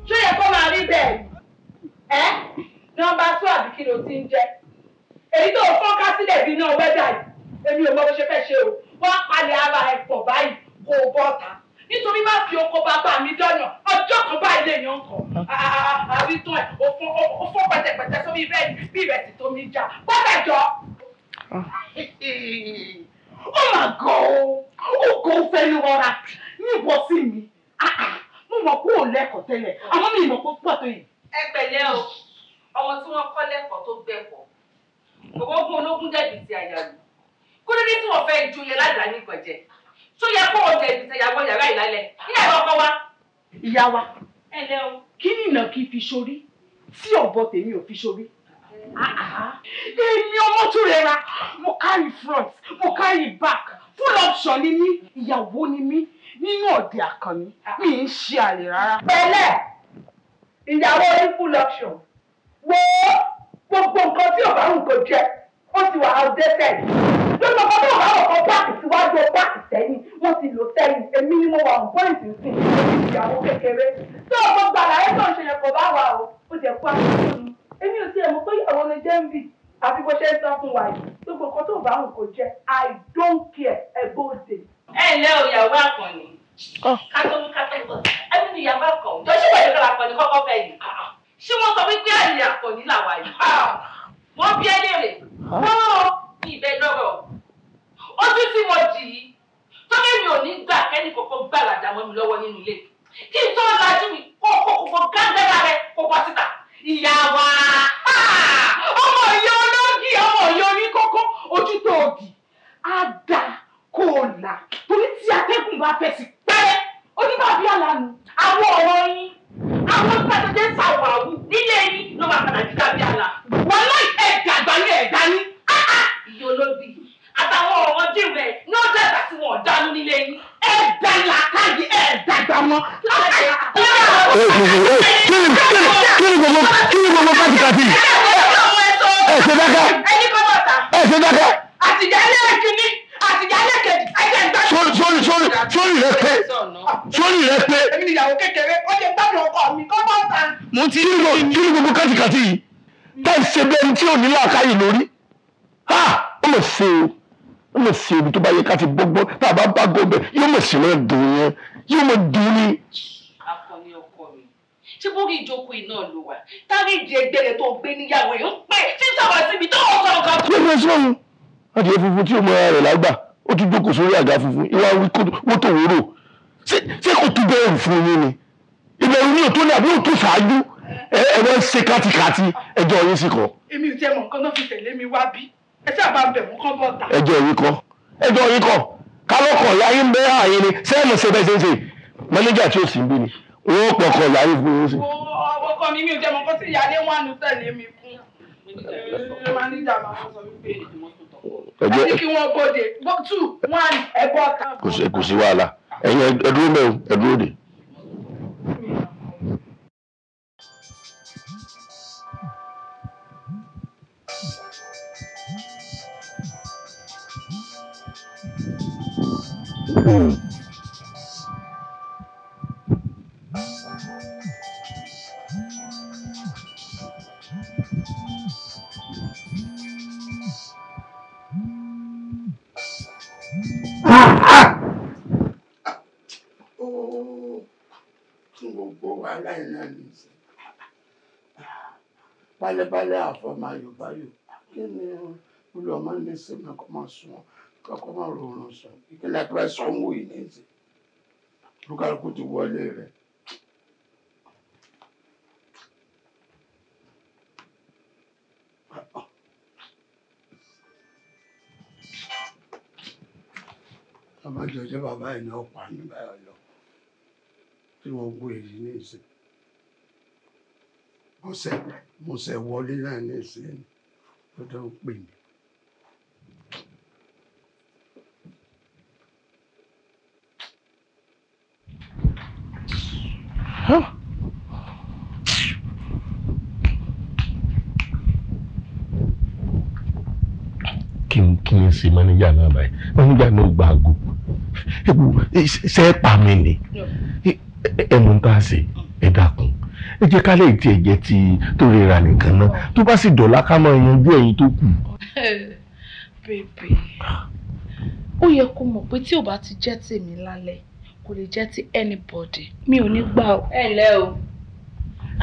ṣó yẹ kó máa rí bẹ́ẹ̀ ẹ́ nọ́mbà tó àbí kí ló ti ń jẹ́ èyí tó fọ́nká sílẹ̀ bíi náà wẹ́dà yìí èmi ò mọ bó ṣe fẹ́ ṣe o wọ́n palẹ̀ ara ẹ̀ pọ̀ báyìí kó o bọ́ nítorí má fi oko bàbá mi dọ́nà ọjọ́ kan báyìí lè yan kọ̀ àbí tán ẹ̀ o fọ́ pẹ̀tẹ̀pẹ̀tẹ̀ sórí bẹ́ẹ̀ bí ìrẹsì tó mi já bọ́tẹ̀ jọ. ó mà kò fẹ́ ní ọ̀rá ní ìwọ́sí mi. Ah, ah mo mọ̀ kó o lẹ́kọ̀ọ́ tẹ́lẹ̀ àmọ́ mi mọ̀ kó pọ̀ tó yìí. ẹ pẹ̀lẹ́ o ọmọ tí wọ́n kọ́ lẹ́kọ̀ọ́ tó gbẹ̀kọ̀ gbogbo ogun ológun jẹ̀bi ti àyàwó kó ló dé tí wọ́n fẹ́ ju iye ládàá ní ìgbọ̀jẹ̀ tó yẹ kó o jẹ̀bi ti àyàwó yàrá ìlálẹ̀ nígbà ìwọ kọ́ wa. ìyá wa kí ni ìnà kí fi sórí tí ọ̀bọ tèmi ò fi sórí èmi ọmọ tó rẹra mo carry front mo carry back full option ni mí ìyàwó ni mí nínú òde àkànní mi ń ṣe àlè rárá. pẹ̀lẹ́ ìyàwó orí full option wo gbogbo nǹkan tí òbá wù kó jẹ ó ti wà outdated lórí ọkọ tó bá ọkọ páàkì síwájú páàkì sẹ́yìn wọ́n ti lò sẹ́yìn èmi ni mo wà ń pọ́ìn sí sí èmi ìyàwó kékeré tó o gbogbo àlàyé tó ń ṣe yẹn kò bá wà o ó jẹ kó àwọn ọmọ mi èmi ò tiẹ̀ mọ̀ pé ìyàwó ni jẹ́ ń bì àfi bó ṣe ń sọ fún wa yìí gbogbo nǹkan tó bá wù kó jẹ I don't care ẹgbẹ́ òde ẹ ǹlẹ́ o ìyàwó àkànní kátó mú kátó bọ̀ ni ìyàwó àkànní tó ṣe pẹ̀lú kọ́lá àkànní kọ́kọ́ fẹ́ yìí ah, ah. ṣé wọ́n sọ wípé àyè àkànní làwà yìí ah, wọ́n bí ẹ léèrè wọ́n ní ìbẹ́ lọ́rọ̀ ojú tí mo jì yìí tó mi ò ní gbà kẹ́ni kọ̀ọ̀kan gbà làdà mọ́ mi lọ́wọ́ nínú ilé kí n tó lajú mi kó kó kó rẹ kó síta ìyá ọmọ ìyá olóògì ọmọ ìyá oníkókó ojú tó ògì á dáa kó o là torí tí atẹ́gùn bá fẹ́ sí pẹ́rẹ́ oníbàbí àlànà àwọn ọ̀rọ̀ yín àwọn gbàdédé ṣàwàwù nílé yín ló máa padà jíjà bí àlà wọn láì ẹ̀gà àgbáyé ẹ̀gá ní ìyó ló bí àtàwọn ọ̀rọ̀ jìnrẹ̀ ní ọjọ́ ìgbà tí wọ́n dánú nílé yín ẹ̀dá làákàyè ẹ̀dá gbà wọn. kí ni gbogbo kí ni gbogbo kátikáti ẹ ṣe dákẹ́ ẹ ṣe dákẹ́ àtijọ́ ilé ẹ̀kíní àtijọ́ alẹ́ kejì ẹgbẹ́ ìgbà. rẹ pé sórí rẹ pé. èmi ni ìyàwó kékeré ó lè gbádùn ọkọ mi kọ́ bá ta. ti rí ni gbogbo kàtìkàtì ha ó lè ṣe o ó lè ṣe ibi tó bá yẹ ká fi gbogbo tá a bá bá gbogbo yóò mọ̀ sí náà dùn yẹn yóò mọ̀ dùn ní. akọni ọkọ mi ṣé bórí ìjókòó iná ló wà tárí ìjẹgbẹrẹ tó gbé níyàwó yìí ń pè tí sábà síbi tó wọ́n sọ̀rọ̀ kan adìyẹ funfun tí ó mọ ara rẹ̀ lágbà ó tún jókòó sórí àga funfun ìwà wótò wúrò ṣé kò tún bẹ̀rù fún yín ni ìbẹ̀rù ní òtún ní àbí òtún ṣáájú ẹ̀rọ ṣe kátikàti ẹjọ́ yín sì kọ́. èmi ò tiẹ̀ mọ̀ nǹkan náà fi tẹ̀lé mi wá bí ẹ tí a bá bẹ̀ mú kán bọ̀ ta. ẹjọ́ yín kọ́ ẹjọ́ yín kọ́ kálọ́kọ̀ ìyá yín bẹ́ẹ̀ àyè ni sẹ́ẹ̀mù ṣe bẹ́ẹ̀ ṣe ń mẹ́nẹ́jà tí ó sì ń bí ni owó pọ̀kọ̀ ìyá yín fún yín sí. ọkọ mi mi ò tiẹ̀ mọ̀ nǹkan ẹjẹ kò sí wàhálà ẹ̀yin ẹdúró mẹ́rin ẹdúró dè. Mm-hmm. balẹ̀balẹ̀ àfọ̀máyò báyò kí ni olùwà máa ń lè ṣe máa kọ́ máa sùn kọ́kọ́ máa rọrùn sùn ìpínlẹ̀ àpẹẹrẹ sanwó yìí ní ìsìn olùkàlùkù ti wọlé rẹ̀. ọmọ ìjọba bàbá ẹ̀ ní ọ̀pá nígbà yọ̀ lọ tí wọ́n gbé èyí ní ìsìn ọ̀sẹ̀ mo ṣẹ̀ wọlé náà ní ìsìn ló tó ń pè mí. Huh? kí n kí n ṣe mọ́níjà náà báyìí mọ́níjà náà gba àgò ṣe é pa mí ni ẹnu ń tà sí ẹ dákun ẹ jẹ́ ká lè jẹ ẹ̀jẹ̀ ti tó rira nìkan náà tó bá sì dọ̀la ká máa yanjú ẹ̀yin tó kù. bèbè ó yẹ kó mọ̀ pé tí ò bá ti jẹ́ tèmi lálẹ́ kò lè jẹ́ ti anybody mi ò ní gbà ó. ẹ ǹlẹ́ o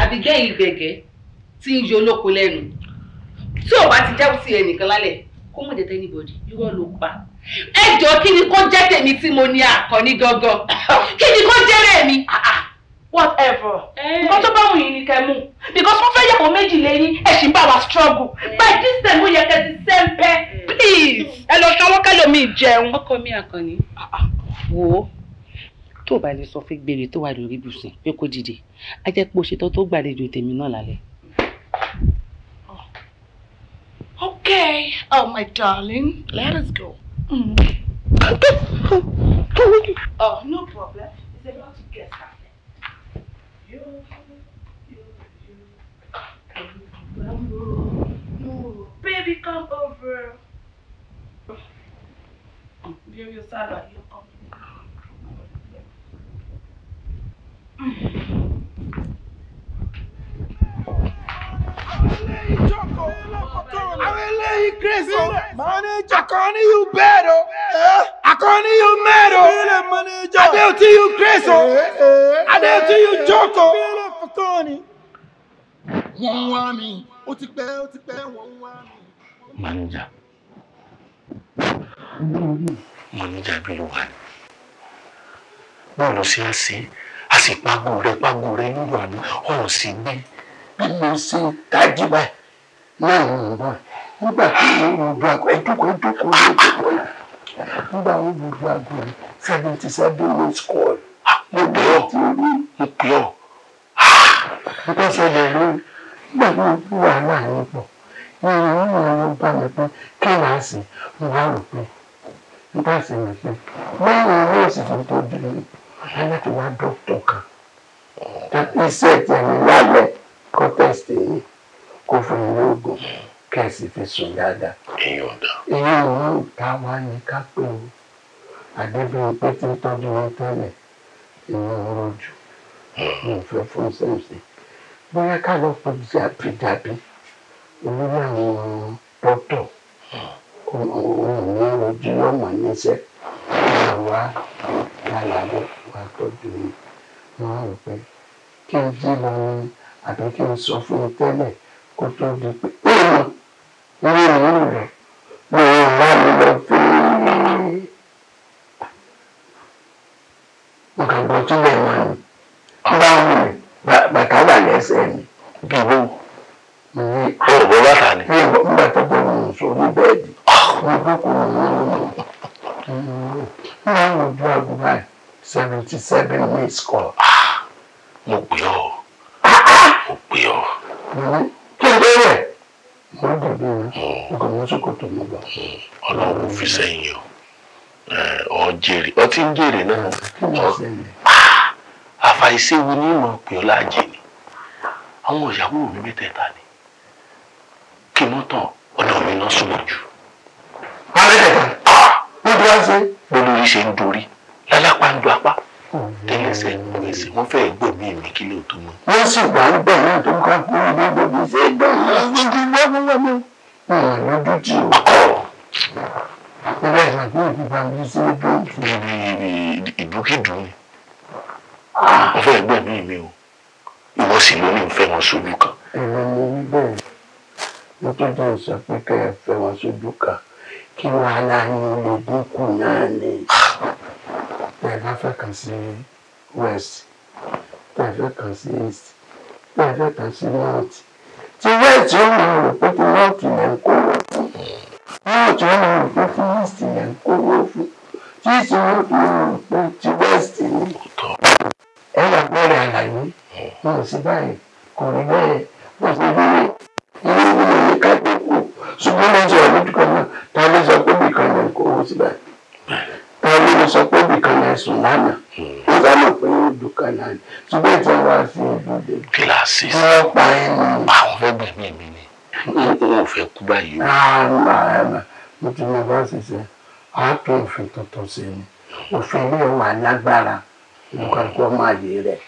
àbígẹ́ ìgbẹ̀gẹ́ tí ń yọ olóko lẹ́nu tí ò bá ti jẹ́ ti ẹnìkan lálẹ́ kó mọ̀ jẹ́ anybody irọ́ ló pa ẹ jọ kí ni kó jẹ́ tèmi tí mo ní àkànní gangan kí ni kó jẹ́rẹ̀ mi. Ah, ah whatever eh. nǹkan tó bá wù yín ni kẹ́ mú because wọ́n fẹ́ yàwó méjì lẹ́yìn ẹ sì bá wa struggle eh. by this time ó yẹ kẹ́ ti sẹ́ńpẹ́ eh. please ẹ lọ sanwó kẹ́lòmí jẹun. ọkọ mi àkànní. Ah, ah, wò ó tó o bá lè sọ fún gbèrè tó wà lórí ibùsùn pé kó dìde a jẹ́ pé o ṣetán tó gbàlejò tèmi náà lálẹ́. Oh. Okay, oh my darling, let us go. Mm. oh, no problem. It's about to get started. Baby, come over. Baby, that. your side like you come. àwọn eléyìí grace o akọni you bad o eh? akọni you oh? I o see you crazy. Oh? Eh, eh, I o see you joke wọ́n ń wá mi ó ti pẹ́ ó ti pẹ́ wọ́n ń wá mi. mànìjà mànìjà bí ló wà ní. báwo ló ṣe ń ṣe a sì pagbo rẹ pagbo rẹ nílò àná ọ̀rọ̀ sí gbé bí mo ṣe ń tají báyìí náà ló ń bọ̀ nígbà tí mo ń lu àgọ́ ẹ̀dúkọ̀ ẹ̀dúkọ̀ ẹ̀dúkọ̀ nígbà mo ń lu àgọ́ rẹ seventy seven was called. mo pè ọ́ mo pè ọ́ nípa ṣẹlẹ̀ lóyún nígbà tí wọ́n fi wàhálà yẹn pọ̀ ìrìn àwọn ọ̀rọ̀ bá mi pé kíláàsì mo wá rò pé nígbà tí mi pé báwo ni ó sì tún tó di aláti wá dókítà kan tàbí iṣẹ́ tẹ̀mí lálẹ́ kọ́tẹ́sì yìí kó fún mi lóògùn kẹ́sì fi sùn dáadáa. èyí ò dá. èyí ò ní ìta wá ní ká pè ó pé tí ń tọ́jú wọn tẹ́lẹ̀ ìyẹn ń rojú mi fẹ́ fún sẹ́yìn bóyá ká lọ pè jàbíjàbí olórí àwọn dókítà òun ojú ọmọ níṣẹ́ àwa lálàbọ wa tọ́jú ni wọn rò pé kí n jí lọ ni àbí kí n sọ fún un tẹ́lẹ̀ kó tó di pé wọn ò rí rẹ mo ò bá mi lọ fún un. mo kàn gbọ́ tí mo wà ní ẹsẹ̀ mi dúró ní ọ̀bọ̀ bàtà ni. ní ọ̀bọ̀ nígbà tó bọ̀ mí sórí bẹ́ẹ̀dì ah. mo dúkùú ní ọ̀rọ̀ ní àwọn ojú aago báyìí seventy seven minutes call. Ah, mo pè ọ́ mo pè ọ́. kí n bẹ̀rẹ̀ mo dìde nǹkan mọ́ sókòtò mi lọ. Hmm. ọlọ́run fi sẹ́yìn o eh, ọ jèrè ọtí ń jèrè náà àfàìsíwu ní ìmọ̀ pé ọlá jẹ àwọn ìyàwó mi mẹ́tẹ̀ẹ̀ta ni kí wọ́n tàn ọ̀nà mi náà súnmọ́ jù. níbi wá sí. lórí ṣe ń dorí lálápá ń do apá tẹ́lẹ̀sẹ̀ ẹ̀sẹ̀ wọ́n fẹ́ gbòmí mi kí ló tó mọ́. wọ́n sì gbà ń bẹ̀ náà tó ń ká kúrò ní gbogbo ìfẹ́ gbà wọ́n ti gbọ́ fún wọn ní. lójú tí o. ilé ìgbà tó ti gbà mí sí ojú. ibi ìdúkìdù ni wọ́n fẹ́ gbòmí mi o ìwọ sì ló ní ìfẹ́ wọn sójú kan. ìwọ mo ń bọ̀ mo tó dé sọ pé kẹ́ ẹ fẹ́ wọn sójú kan kí wàá láyé olè dínkù náà ni. bẹ́ẹ̀ bá fẹ́ kàn sí west bẹ́ẹ̀ fẹ́ kàn sí east bẹ́ẹ̀ fẹ́ kàn sí north ti west ó mú un pé kí north lè ń kó wọ́n fún north ó mú un pé kí east lè ń kó wọ́n fún tí east ó mú un pé ti west ni ẹ wà lọ́rẹ̀ àlàyé wọn ò sí báyìí kò rí bẹ́ẹ̀ wọ́n ti rí ilé ìwé ìwé kápẹ́kù ṣùgbọ́n ló ń sọ ọdún kan náà ta ló sọ pé bìkan lẹ̀ kó o sí báyìí ta ló sọ pé bìkan lẹ̀ sùn lánàá hmm. ó sábà pé ó dùn kan náà ṣùgbọ́n ìtàn wa sí ìdúdé. kíláàsì sí wọ́n pa ẹnu. àwọn fẹ́ gbẹ̀mí mi ni wọn ò fẹ́ kú báyìí. mo ti mọ bá ṣiṣẹ́ àá tó òfin tuntun sí ni òfin ilé wa lágbára nǹkan kó máa yé rẹ̀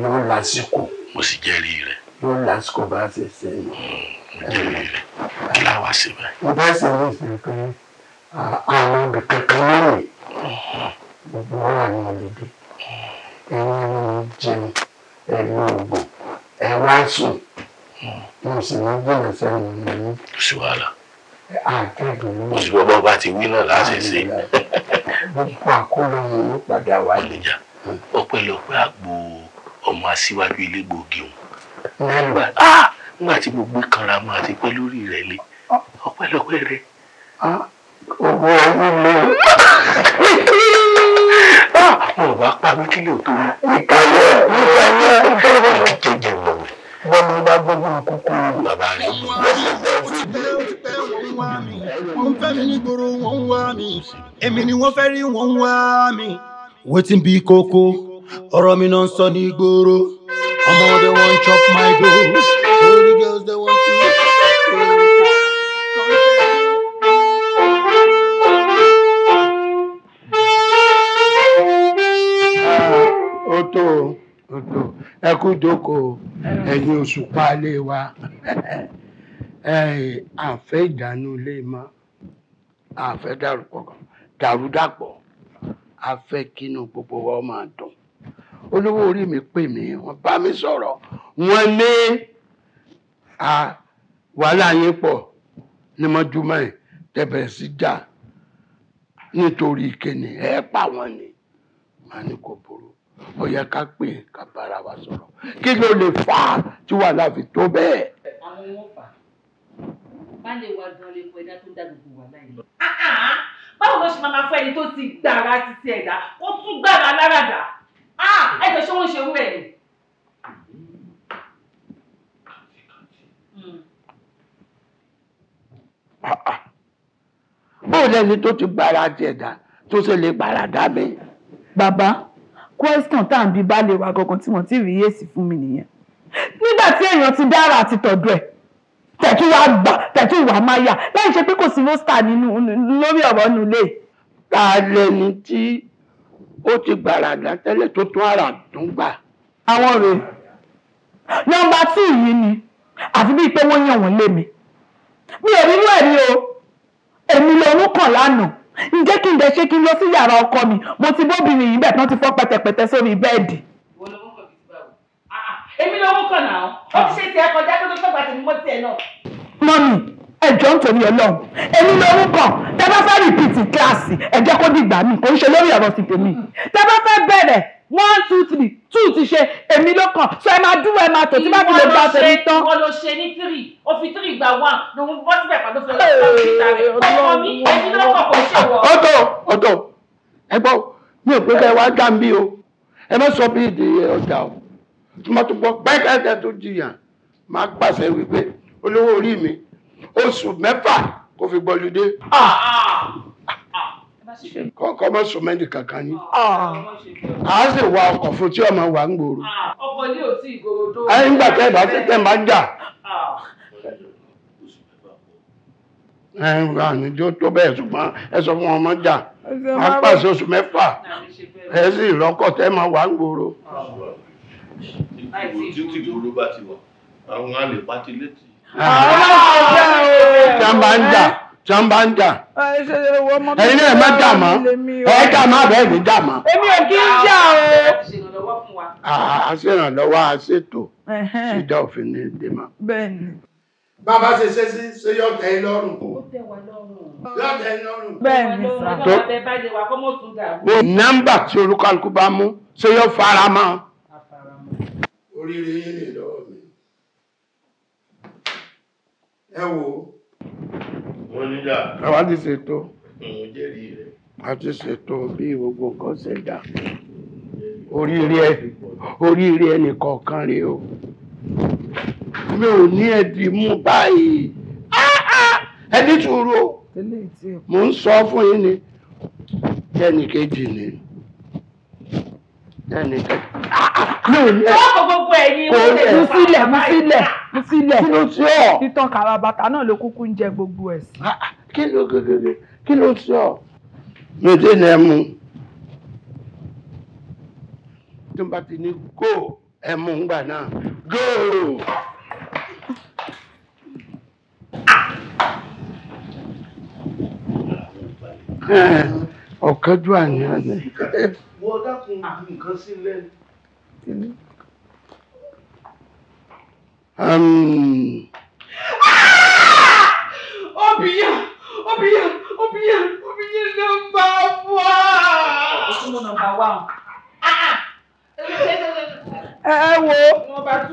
yóò lásìkò mo sì jẹ́rìí rẹ̀ yóò lásìkò bá ṣe ṣe é hmm, mo jẹ́rìí rẹ̀ kí la wá ṣe báyìí. mo bá ṣe ní ìsìn pé àwọn ibì kankan lónìí gbogbo wọn wà ní ọlẹ́dẹ́ ẹ̀yin ẹ̀yin jẹun ẹ̀yin ọ̀gbọ̀n ẹ̀ wá sùn mo sì ní jìnnà sẹ́yìn ọ̀nà kò sí wàhálà. àtẹ̀gùn mi. mo sì gbọ́ bá ti wí náà láti ṣe. gbogbo àkóràn wọn ló padà wá ọmọ aṣíwájú ilé òun nígbà ah! tí ah! ah! mo gbé kanra mọ àti pé lórí rẹ lé rẹ. mo bá pa mí kí ń wá mi wọ́n ń fẹ́ mi nígboro wọ́n ń wá mi èmi ni wọ́n fẹ́ rí wọ́n ń wá mi. wetin be koko ọ̀rọ̀ mi náà ń sọ ní ìgboro ọmọ dey wan chop my dough all the girls dey wan to. Ah, oto oto ẹ kú jókòó ẹ̀yin òṣùpá lé wa. àfẹ́ ìdánú ilé mọ́ àfẹ́ dàrúdàpọ̀ àfẹ́ kínú gbogbo wa máa dùn olówó orí mi pè mí wọ́n bá mi sọ̀rọ̀ wọ́n ní wàhálà yín pọ̀ ní mọ́júmọ́ ẹ̀ tẹ̀bẹ̀rẹ̀ sí jà nítorí ìkéni ẹ̀ pa wọ́n ni màá ní kò burú ó yẹ ká pè ká bára wa sọ̀rọ̀ kí ló lè fà á tí wàhálà fi tó bẹ́ẹ̀. àwọn wọn fà á baálé wa gan lè kọ ẹ̀dá tó da dá gbogbo wa ah, báwo ló ṣe máa máa fọ ẹni tó ti gbàrà títí ẹ̀dá ó tún gbàrà aláràdà ah, ẹ jọ ṣé wọ́n ṣe wú ẹ̀ ni. Hmm. bóò lẹni tó ti gbàrà ti ẹ̀dá tó ṣe lè gbàrà dá mi. bàbá question tá à ń bi baálé wa gangan tí wọ́n ti rí yèsí fún mi nìyẹn nígbà tí èèyàn ti dára àti tọ̀dọ̀ ẹ̀ tẹ̀tún wàá gbà tẹ̀tún wàá máa yà láì ṣe pé kò sí roster nínú lórí ọ̀rọ̀ nulẹ̀. ta lẹni tí ó ti gbàràdà tẹ́lẹ̀ tó tún ara tún gbà. àwọn rèé nọ́mbà tí yìí ni àfi bíi pé wọ́n yàn wọ́n lé mi mi ò nínú ẹ̀rí o èmi lòun kàn lánàá ǹjẹ́ kí n dẹ̀ ṣe kí n lọ sí yàrá ọkọ mi mo ti bóbìnrin yìí bẹ̀ tán ti fọ́ pẹ̀tẹ̀pẹ̀tẹ̀ sórí bẹ́ẹ̀dì èmi lówó kàn náà ó ti ṣe tiẹ̀ kọjá tó tó tó gbàtí mo tiẹ̀ náà. mọ́mì ẹjọ́ nítorí ọlọ́run èmi lówó kàn tẹ bá fẹ́ rìpìtì kíláàsì ẹ jẹ́ kó dìgbà mi kò ń ṣe lórí ọ̀rọ̀ ti tèmi tẹ bá fẹ́ bẹ̀rẹ̀ one two three two ti ṣe èmi ló kàn so ẹ máa dúró ẹ máa tò tí bá ti lè gba tèmi tán. ìwọ ló ṣe ní three o fi three gba one lòun bọ́ síbẹ̀ pàdé fún ọ ọdọ ọdọ ẹ gbọ́ mi ò pé kẹ́ wá dá mi o ẹ má sọ bí ìdí ọjà o tí wọ́n tún gbọ́ pẹ́kẹ́kẹ́ tó jiyàn máa pàṣẹ wípé olówó orí mi oṣù mẹ́fà kò fi gbọ́ lùdé kọ́kọ́ mọ́ sọmẹ́ndì kankan ni a sì wa ọkọ̀ fún tí ọmọ wa ń gbòòrò. ọkọ̀ ní òtí ìgbòho tó. ẹ ń gbà tẹ́ ìbá tẹ́ máa jà. ẹ ń ra àníjó tó bẹ́ẹ̀ ṣùgbọ́n ẹ sọ fún ọmọ jà wọ́n pàṣẹ oṣù mẹ́fà ẹ sì rọ́kọ̀ tẹ́ máa wà ń gbòòrò tí tìgbòrò bá ti wà àwọn a lè pátí létí. tí a bá ń jà tí a bá ń jà ẹ̀yin náà má jà mọ́ ẹ jà má bẹ́ẹ̀ ní jà mọ́. èmi ò kí ń jà o. Ah, a ṣèrànlọ́wọ́ a ṣètò ìjà òfin ní èdè mọ́. bàbá ṣe ṣe sí ṣe yọ tẹ́ ẹ lọ́rùn. yọ tẹ́ ẹ lọ́rùn. bẹ́ẹ̀ ni sà. nọ́mbà tí olúkálùkù bá mú ṣe yọ fara mọ́ oríire yín lè lọ́wọ́ mi ẹ wo. wọ́n níjà. àwa ti ṣètò. mo jẹ́rìí rẹ̀. a ti ṣètò bí gbogbo nǹkan ṣe dà oríire ẹ oríire ẹnìkọ̀ọ̀kan rèé o mi ò ní ẹbí mú báyìí ah, ah, ẹni sùúrù mo ń sọ fún yín ni kẹ́nìkejì ni ẹnìkan. Ah, ah. ọkọ̀ gbogbo ẹ̀yin wọ́n lè mú sílẹ̀ mú sílẹ̀ mú sílẹ̀ kí ló sí ọ. títàn kàràbàtà náà ló kúkú ń jẹ gbogbo ẹ̀ sí. Ah, kí ló gègèrè kí ló sí ọ. yòdì ni ẹ mú. tó bá ti ní kó ẹ mú náà góò. ọ̀kánjú àníyàn ni wọ́n dákun ah. nǹkan sí lẹ́nu. Um. Ah! Obiya, Obiya, Obiya, Obiya nọ́mbà wa. Òṣùwọ̀n nọ́mbà wa ẹ wo ẹ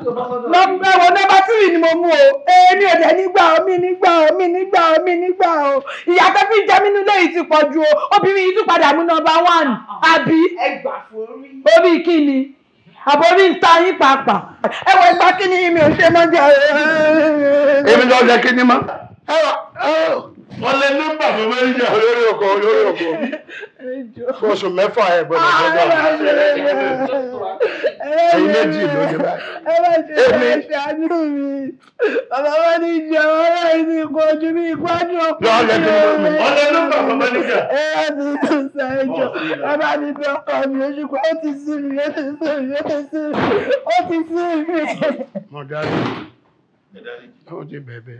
wo nọ́mbà tírì ni mo mú o èmi ò dẹ̀ nígbà o mi nígbà o mi nígbà o mi nígbà o ìyá tó fi jẹ mí nílé yìí ti pọ̀ ju o obìnrin yìí tún padà mú nọ́mbà one àbí orí kíni àbórí ń ta yín pàápàá ẹ wo ìgbà kíni mi ò ṣe mọ́ jẹ. èmi lọ jẹ kíni mọ́ wọ́n lé nọ́mbà fún mẹ́rìndínlá olórí oko olórí oko oṣù mẹ́fà ẹ̀ gbọ́dọ̀ gbọ́dọ̀ ẹ̀yìn méjì ló ní báyìí. ẹ bá ṣe ẹ ṣáájú mi bàbá wọn ní ìjọ wọn láì ní ikọ̀ ojú mi ìpájú ọkọ mi. wọ́n lé nọ́mbà fún mẹ́rìndínlá. ẹ ẹ ti tún sọ ẹjọ bàbá mi bí ọkọ mi ojú kan ó ti sí mi ó ti sí mi ó ti sí mi ó mi. ó ti bẹ̀bẹ̀.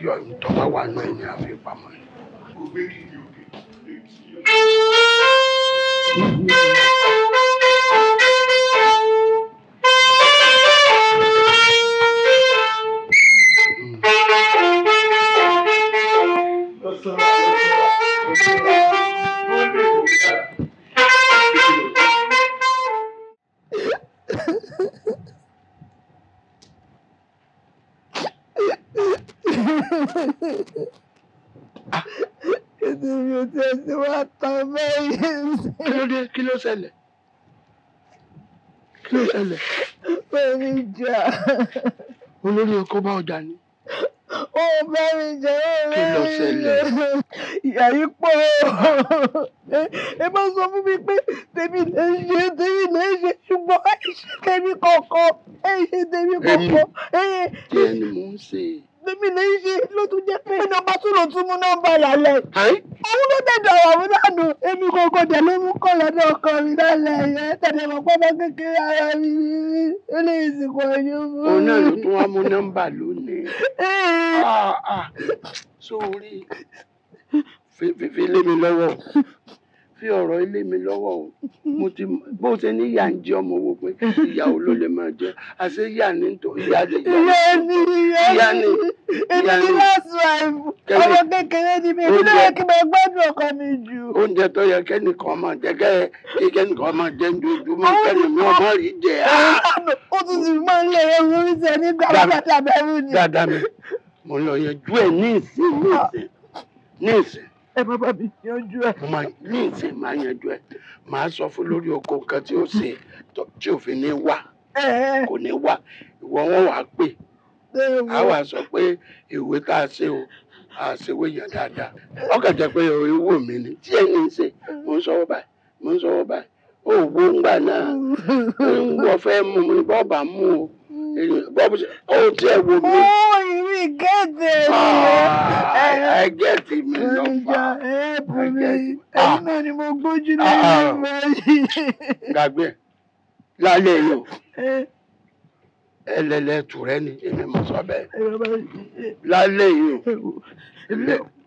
kí ìtọ́ba wà náà ni a fi pamọ́. Gbogbo èkìtì ṣẹlẹ̀? Kí ló ṣẹlẹ̀? Bá mi jà. Olórí ọkọ bá ọjà ni. Ó bá mi jà ó rẹ̀ mí. Kí ló ṣẹlẹ̀? Ìyá yìí pọ̀. Ẹ bá sọ fún mi pé tèmi lè ṣe tèmi lè ṣe ṣùgbọ́n ẹ ṣe tèmi kọ̀ọ̀kan. Ẹ ṣe tèmi kọ̀ọ̀kan. Èmi kí ẹni mò ń ṣe bébí ní í ṣe ló tún jẹ́ pé nọ́mbà tún ló tún mú nọ́mbà lálẹ́. òun ló dẹ̀dọ̀ ọ̀rọ̀ mi lánàá èmi kòkò dẹ̀ ló mú kọ́ lọ́dọ̀ ọkọ mi lálẹ́ yẹn tẹ̀lé mọ̀ pọ́pọ́ kékeré ara mi ó lè sìnkú ọyún fún mi. òun náà ló tún wá mú nọ́mbà lónìí. Eh. Ah, ah. sórí fífi lé mi lọ́wọ́ fi ọ̀rọ̀ ilé mi lọ́wọ́ o mo ti bó ṣe ní ìyá ń jẹ ọmọ owó pé ìyá olóò lè máa jẹ àṣé ìyá ní tó ìyá ní ìyá ní ìyá ní last wife ọmọ kékeré ni mi ìdílé yẹ kí n máa gbádùn ọkọ mi jù. oúnjẹ tó yẹ kẹ́nìkan máa jẹ kẹ́nìkan máa jẹ ojoojúmọ́ kẹ́nìkan ọmọ rí jẹ. Ah! ó tún ti máa ń lè ewu rí sẹ nígbà bàtà bẹ́ẹ̀ ni. dáadáa mi mo lọ yẹjú ẹ ní ìsìn ní ìsìn ní ìsìn ẹ bá bá mi yanjú máa ma sọ fún lórí oko nǹkan tí ó ṣe tí òfin ní kò ní wà ìwọ wọn wàá pè á wà sọ pé ìwé tá a ṣe o a ṣe wé dáadáa ọkàn jẹ pé mi ni tí ẹ ṣe mo ń báyìí mo ń báyìí náà ń wọ mú mi bọ́ọ̀bà mú o. Oh, tí ẹ wo oh, ah, mi. get ìrì gẹ́tẹ̀ mi. ẹ gẹ́tì mi nọ́mbà. ẹ̀ẹ́pù mi ẹ̀yin ah. náà ni mo gbójú ní ìgbà yìí. gbàgbé lálẹ́ yìí o ẹlẹ́lẹ́ tù rẹ́ ni èmi mọ̀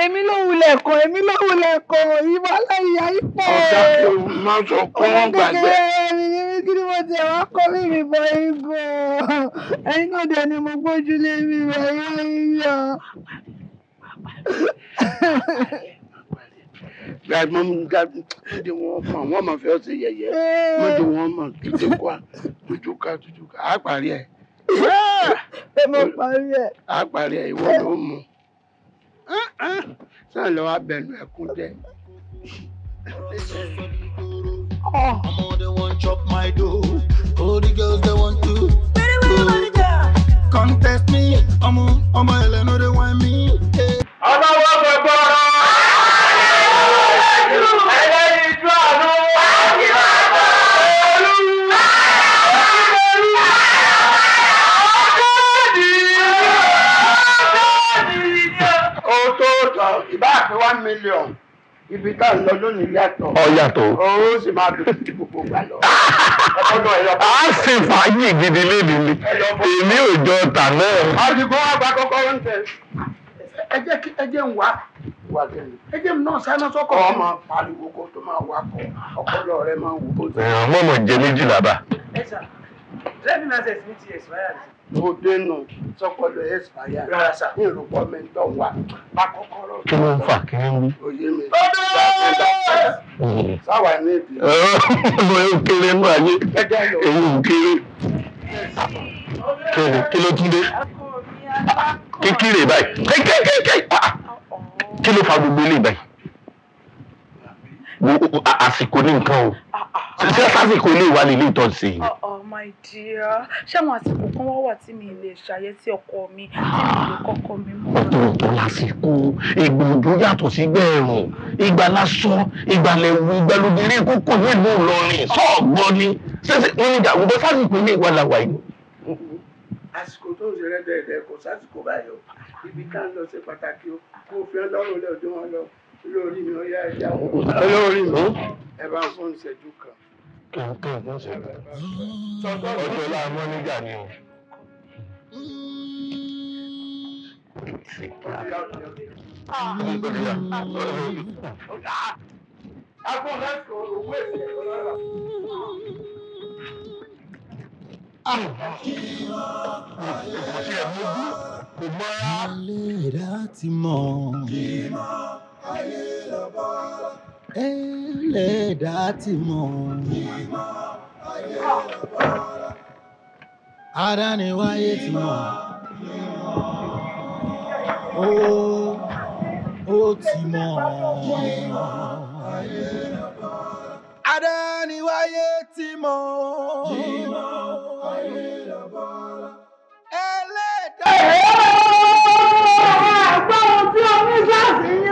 èmi ló wulẹ̀ kan èmi ló wulẹ̀ kan ìwà láyà ipò ẹ̀ ọ̀gá kékeré ẹni kí ni mo ti wá kọ́ mi ìbò ìbò ẹ̀yin náà dẹ̀ ni mo gbójú lé mi rẹ̀ yá yíyọ. Gbàgbọ́ mi gbàgbọ́ di wọn mọ̀ wọ́n mọ̀ fẹ́ ṣe yẹ̀yẹ́ mo di wọn mọ̀ tuntun kwa tuntun ká tuntun ká àpárí ẹ̀. Ẹ mọ̀ parí ẹ̀. Àpárí ẹ̀ ìwọ ló mọ̀ sáà lọ wá bẹnu ẹkún jẹ. ọmọ de wan chop my dough all the girls dey want to go contest me ọmọ ọmọ ẹlẹ́nu dey wá mi. ọlọ́wọ́ gbẹ̀gbọ́ ọ̀rọ̀. mílíọ̀n ibi tá a lọ lónìí yàtọ̀. ọ yàtọ̀. owó sì máa dùn sí gbogbo gbà lọ. a sì fàájì gidi lédi ni èmi ò jọ tà náà. àdìgbò àgbà kọ́kọ́ ń tẹ̀. ẹ jẹ́ kí ẹ jẹ́ ń wá ẹ jẹ́ mi náà sáná sọ́kọ̀. ọmọ pariwo kó tó máa wá kọ ọpọlọ rẹ máa wò. ọmọ mọ̀ jẹ méjìlá bá. ẹ sà lẹ́mìnà sẹ̀ sí ti ẹ̀sìn báyà rẹ̀ mo dénú sọpọlọ ẹsìpáyà ní ìrúkọ mi ń tọ̀ wá pákọ́kọ́rọ́. kí ló ń fà kí ló ń wí. òye mi sáwà ní ìbí. mo ń kéré nù ayé èyí ń kéré kéré kí ló tún dé kékeré báyìí kékeré ah, ah. kí ló fa gbogbo eléyìí báyìí àsìkò ní nǹkan o ṣiṣẹ́ sásìkò ilé ìwà lè lè tọ́ sí my dear ṣé àwọn àsìkò kan wá wà tí mi lè ṣàyẹ sí ọkọ mi tí mi lè kọ́kọ́ mi mú. ọ̀tọ̀ọ̀tọ̀ lásìkò ìgbòdú yàtọ̀ sí gbẹ̀rùn ìgbà lásán ìgbàlẹ̀wù ìgbàlódéré kókò nílùú Ìlọrin sọ́ọ̀gbọ́n ni ṣẹ́ṣẹ́ nínú ìdàgbọ́ sásìkò ilé ìwà làwà yìí àsìkò tó ń ṣeré dẹ̀ẹ̀dẹ̀ kò sásìkò báyìí o ibi ká ń lọ ṣe pàtàkì o kó o fi ọlọ́run lé ọdún wọn lọ olórí mi ó yá ẹja wọn. olórí mi. ẹ bá fún ìṣẹ́jú kan. kankan náà ṣe bẹ. ọjọ́ láàmú nígbà ni o. Agbọn lẹ́sọ̀ owó èsì ẹ̀kọ́ lára. Kò mọ́ra. Ilé ìdá ti mọ̀ ayé lọ bọ́. ẹlẹ́dàá ti mọ̀. ìmọ̀ ayé lọ bọ́. adániwáyé ti mọ̀. ó ó ti mọ̀. ìmọ̀ ayé lọ bọ́. adániwáyé ti mọ̀. ìmọ̀ ayé lọ bọ́. ẹlẹ́dàá. ẹ̀rọ àgbọ̀n tí omi ṣáàṣì yẹn.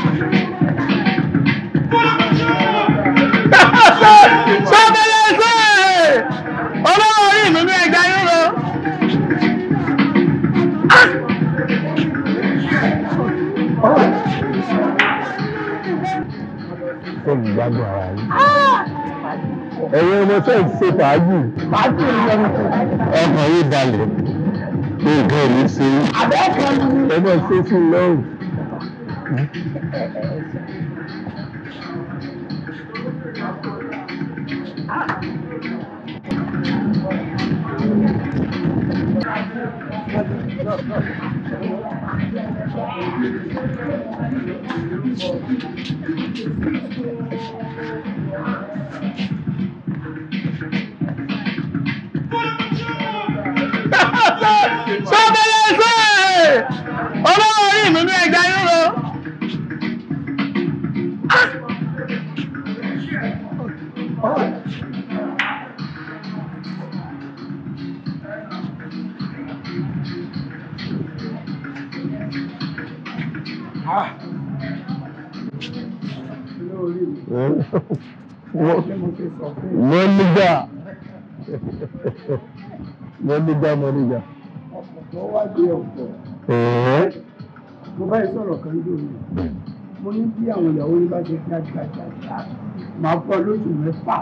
tẹ̀ ń gbádùn ara yín. ẹ̀yin ọmọ tẹ̀ ń ṣe fàájì. fàájì ló ń bọ̀. ọkàn yóò balẹ̀ pé nǹkan mi ṣe é. àbẹ́ẹ̀kan ni. ẹ bá ṣe sí i Thank you sọ́kẹ́lẹ́ ṣe ọlọ́run orí ìmúnú ẹja yóò lọ. Oh. mọ́níjà mọ́níjà mọ́níjà. ọ̀pọ̀ wá dé ọ̀pọ̀. mo bá yẹ sọ̀rọ̀ kan lórí mo ní bí àwọn ìyàwó yín bá ṣe fi àjàjà máa pọ̀ lóṣù mẹ́fà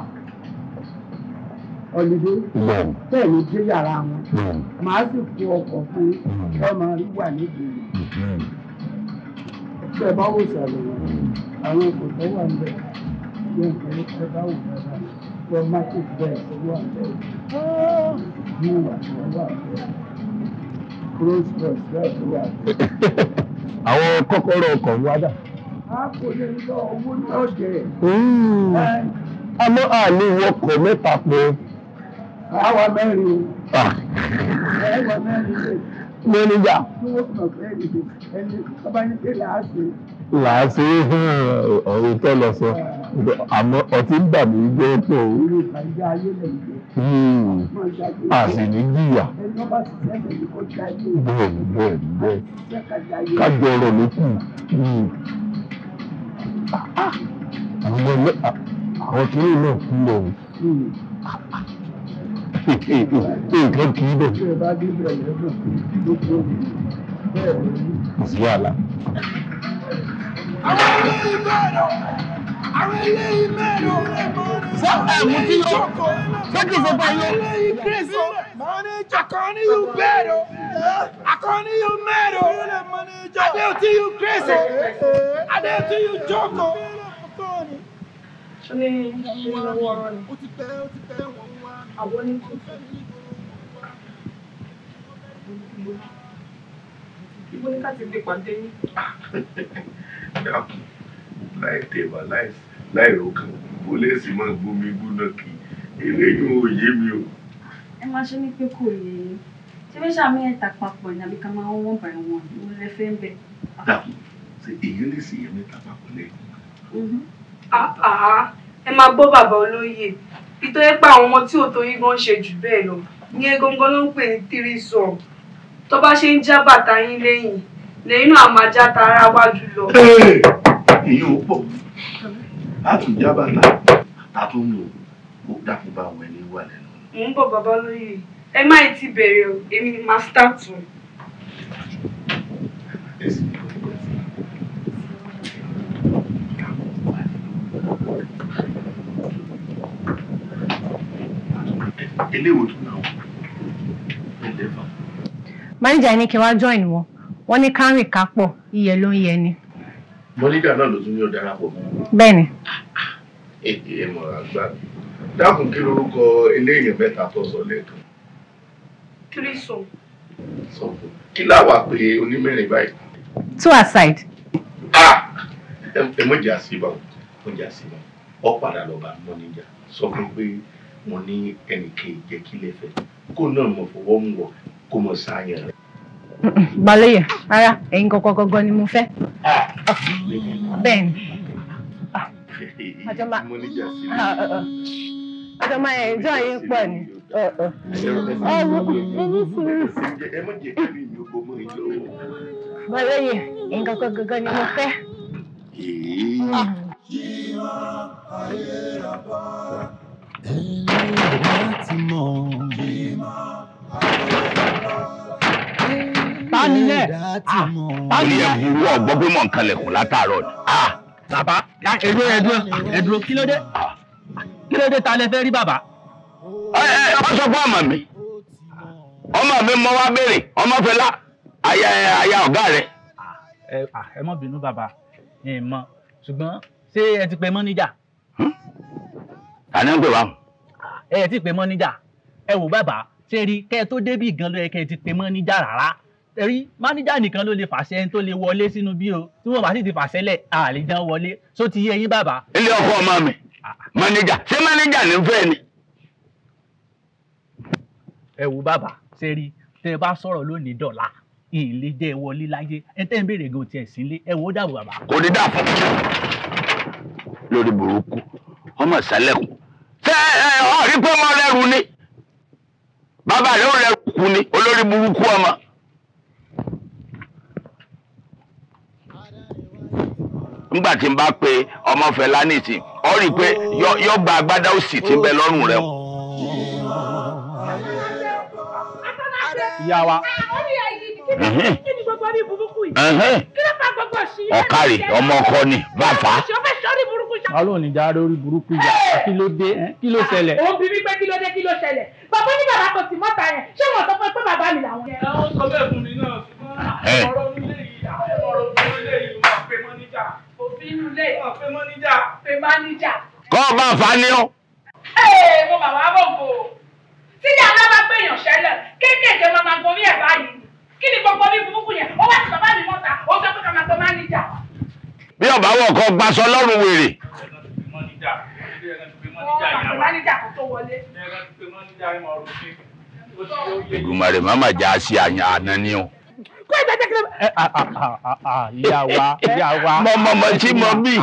ọ̀lùdé bẹ́ẹ̀ ni dé yàrá wọn màá sì kó ọkọ̀ fún ọmọ rí wà nídìí bẹ́ẹ̀ bá wò sàlẹ̀ àwọn kò tó wà ń bẹ̀ ní nǹkan ẹ bá wò dáadáa lọ market bẹ́ẹ̀ tó wà bẹ́ẹ̀ ní ìwà tó wà bẹ́ẹ̀ close cross bẹ́ẹ̀ tó wà bẹ́ẹ̀. àwọn kọ́kọ́rọ́ ọkọ̀ ń wádà. a kò lè lọ owó náà jẹ. àmọ́ àní wọkọ̀ mẹ́ta pé. àwa mẹ́rin o. Ah. àwa mẹ́rin lè mẹ́nìjà. làásì hm, ọ̀rọ̀ tó lọ sọ àmọ́ ọtí ń bà mí gbé pé o hm, a sì ní jìyà bẹ́ẹ̀ bẹ́ẹ̀ bẹ́ẹ̀ kájọ ọ̀rọ̀ ló kù hm. ah, ah. àwọn kìnìún náà kú lọ nǹkan kì í bẹ̀. kò sí wàhálà. àwọn ilé ìbẹ̀rù àwọn ilé ìbẹ̀rù sọ́kà àmútí yọ sọ́kì ìfọ̀pá yọ. àwọn ilé ìbẹ̀rù mọ́ni jọkọ́ni yóò bẹ̀rù akọ́ni yóò mẹ́rù adéòtí yóò kírèsì adéòtí yóò jókòó. ṣé wọ́n lọ́wọ́ rẹ̀ ni. ó ti bẹ́ẹ̀ ó ti bẹ́ẹ̀ wọ́n àwọn ní tútù ibo ní ká ti gbé pàdé yín. láì tèmà láì rọkàn pólẹ́sì máa gbómi gbóná kí eléyìí ò yé mi o. ẹ máa ṣe ní pé kò yé e ṣé fẹ́ ṣàmì ẹ̀ta papọ̀ ní àbí ká máa wọ́n bá wọn ní ilé fẹ́ ń bẹ̀. dàpọ̀ ṣe èyí lè ṣèyàn mẹ́ta papọ̀ lẹ́yìn ẹ máa gbọ́ bàbá olóyè ìtọ́jú pé àwọn ọmọ tí òótọ́ yìí gan ṣe jù bẹ́ẹ̀ lọ ìyẹn gangan ló ń pè ní tírísọ̀m tó bá ṣe ń já bàtà yín lẹ́yìn lẹ́yìn náà máa já tara wájú lọ. èyí ò pọ̀ a tún já bàtà a tún lò ó dákun bá wọn ẹni wà lẹ́nu. mò ń bọ̀ bàbá olóyè ẹ má ì ti bẹ̀rẹ̀ o èmi ni màá start o. eléwo tún náà wọ. mánìjà ní kí wá join wọn wọn ní kárìn kápọ̀ iyẹ ló ń yẹ ni. mọ́níjà náà ló tún ní ó darapọ̀ mọ́. bẹ́ẹ̀ni. èdè ẹ mọ̀ àgbà dákun kí lorúkọ eléyìí mẹ́ta tó sọ lẹ́ẹ̀kan. tírísọ. kí láwa pé onímẹ́rin báyìí. two aside. ah ẹ mọ̀ jà sí ibà mọ̀ jà sí ibà ọ̀ padà lọ́ba mọ́níjà sọ fún pé mo ní ẹnìkan ìjẹ́kílẹ̀ fẹ́ kó náà mọ̀ fọwọ́ mu wọ̀ kó mọ̀ sáyẹn rẹ̀. balẹ̀yẹ̀ rárá ẹ̀yin kọ̀kọ̀ gangan ni mo fẹ́. bẹ́ẹ̀ ni ọjọ́ máa ẹ̀ ẹjọ́ yìí ń pọ̀ ni. ọwọ́ ẹ̀yin kọ̀kọ̀ gangan ni mo fẹ́. Ah tani yẹ tani yẹ burú ọgbọ pé mọ nǹkan látàárọ̀ ni. Ah, bàbá ah, ẹdúró ẹdúró ẹdúró kí ló dé kí ló dé ta lẹ fẹ́ rí bàbá. ẹ ẹ wọ́n sọ fún ọmọ mi ọmọ mi mọ wá béèrè ọmọ fẹlá aya aya ọ̀gá rẹ. Ah, ẹ má bínú bàbá ẹ mọ ṣùgbọ́n ṣé ẹ ti pè mọ́ níjà àná ń pè wá. ẹ ẹ ti pè mọ́ níjà ẹ wò bàbá ṣe rí kẹ́ ẹ tó débì gan ló yẹ kẹ́ ẹ ti pè mọ́ níjà rárá rí máníjà nìkan ló lè fàṣẹ ẹni tó lè wọlé sínú bí o tí wọn bá sì ti fàṣẹ lẹ àlè dán wọlé só ti yé yín bàbá. ilé ọkọ ọmọ mi máníjà ṣé máníjà ní fẹ́ ni. ẹ wò bàbá ṣe rí tẹ bá sọ̀rọ̀ lónìí dọ̀la ìlé jẹ́ wọlé láyé ẹ tẹ́ ń béèrè gan tiẹ̀ sílé ẹ wò ó dàbò bàbá. kò ní dà fún lórí burúkú ọmọ ìsàlẹ̀kùn ṣé ọ̀rí pé wọ́n lẹ́rù ni bàbá rẹ̀ o lẹ́rù kù ni olórí burúkú ọmọ. nígbà tí n bá pe ọmọ Fẹlá nìsín ọ rí i yọ gba agbada òsì ti ń bẹ lọ́rùn rẹ. kí ni gbogbo orí burúkú yìí kí ló máa gbogbo sí i. ọ̀kàrì ọmọ ọkọ ni bàbá. ṣọfẹ́ sọ́ọ́rì burúkú ṣá. ọlọ́run ní dáadọ́ orí burúkú yà kí ló dé kí ló ṣẹlẹ̀. Ah, òun bí wípé kí ló dé kí ló ṣẹlẹ̀ bàbá ní bàbá kò sí mọ́ta yẹn ṣé wọ́n sọ pé bàbá mi làwọn. ẹ ọ sọ bẹ́ẹ̀ fún mi náà ṣùgbọ́n ọ̀rọ̀ nílé yìí ọ̀rọ̀ nílé yìí wà pé mọ́níjà òfin nílé wà pé mọ́níjà pé mọ́níjà. kọ́ ọ bá fa ni ó. ee mo bàbá bọ̀ bò tí ní alábàgbé èèyàn ṣẹlẹ̀ kéékèèké máa ma gorí ẹ̀ báyìí kí ni gbogbo ní burúkú yẹn ó wá sí bàbá mi mọ́ta ó sọ pé kàmá tó máa ń níjà. bí ọba wọ ọkọ gbaṣọ lọrùn wèrè. Ègùnmọ̀rẹ̀ má mà já sí àyàn àná ni o. Kó ẹgbẹ́ jẹ́ kílẹ̀. Ìyá wa, ìyá wa. Mọ mọ mọ tí mo bí,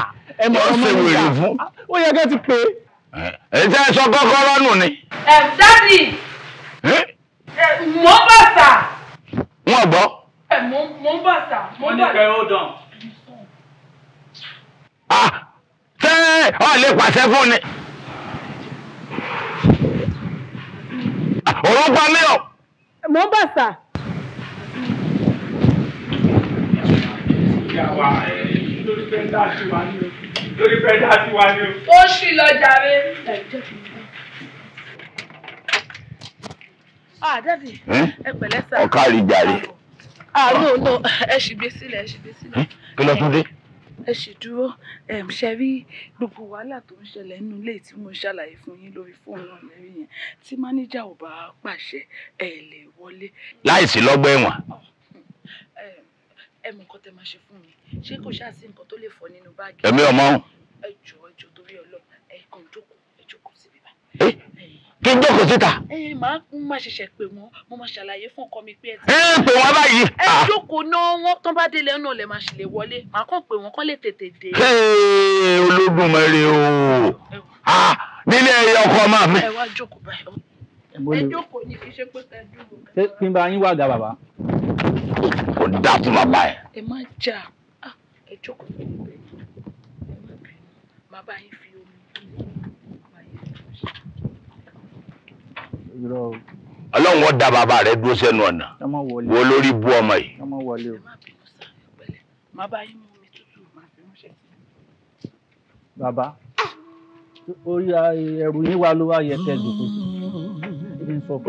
mo ṣe wèrè fún. Ó yẹ kí ẹ ti pè é. Ẹ jẹ́ sọ kọ́kọ́rọ́ nù ni. Ẹ dádì. Mọ́ bàtà wọn gbọ́. mo ń bọ̀ sà mo ń bọ̀. wọ́n ní pé ó dàn. Ah, ṣé ọ lè pàṣẹ fún ni. òun pa mí o. mo ń bọ̀ sà. lórí pẹ́ńtà sí wa ni o. ó ṣì lọ jàre. ah dadi hm? ẹ pẹ̀lẹ́ sá. ah no no ẹ ṣì gbé sílẹ̀ ẹ ṣì gbé sílẹ̀. Hm? kí ló tún dé. ẹ ṣì dúró ṣe rí gbogbo wàhálà tó ń ṣẹlẹ̀ nínú ilé tí mo ṣàlàyé fún yín lórí fóònù ọ̀lẹ́rì yẹn tí mánéjà ò bá pàṣẹ ẹ lè wọlé. láìsí lọ́gbà ẹ̀wọ̀n. ẹ mọ nǹkan tẹ máa ṣe fún mi ṣé kò ṣáà sí nǹkan tó lè fọ nínú báàgì. èmi ọmọ. ẹ jọ̀ọ́ ẹ jọ̀ọ́ torí Ọlọ́run ẹ kàn jókòó ẹ jókòó síbi báyìí kí n jókòó síta. ẹ máa ń má ṣẹ̀ṣẹ̀ pè wọ́n mo máa ṣàlàyé fún ọkọ mi pé ẹ ti. ẹ ń pè wọ́n báyìí. ẹ ah. jókòó náà wọ́n tán bá délé náà lè máa ṣì lè wọlé màá kàn pè wọ́n kán lè tètè dé. Olódùmarè o ah, nílé ẹyẹ ọkọ ọmọ mi. ẹ wá jókòó báyìí. ẹ jókòó ní kí ṣe pé ká dúró. ṣé kí n bá yín wá ga bàbá. kò dá fún bàbá ẹ. ẹ má jà ah, ẹ jókòó bàbá yín ọlọ́run wọ́n da bàbá rẹ̀ dúró sẹ́nu ọ̀nà wo lórí bú ọmọ yìí. bàbá orí ẹrù yín wa ló wá yẹ kẹ́ jókòó sí.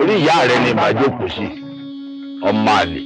orí ìyá rẹ ni màá jókòó sí ọmọ àlè. Ah!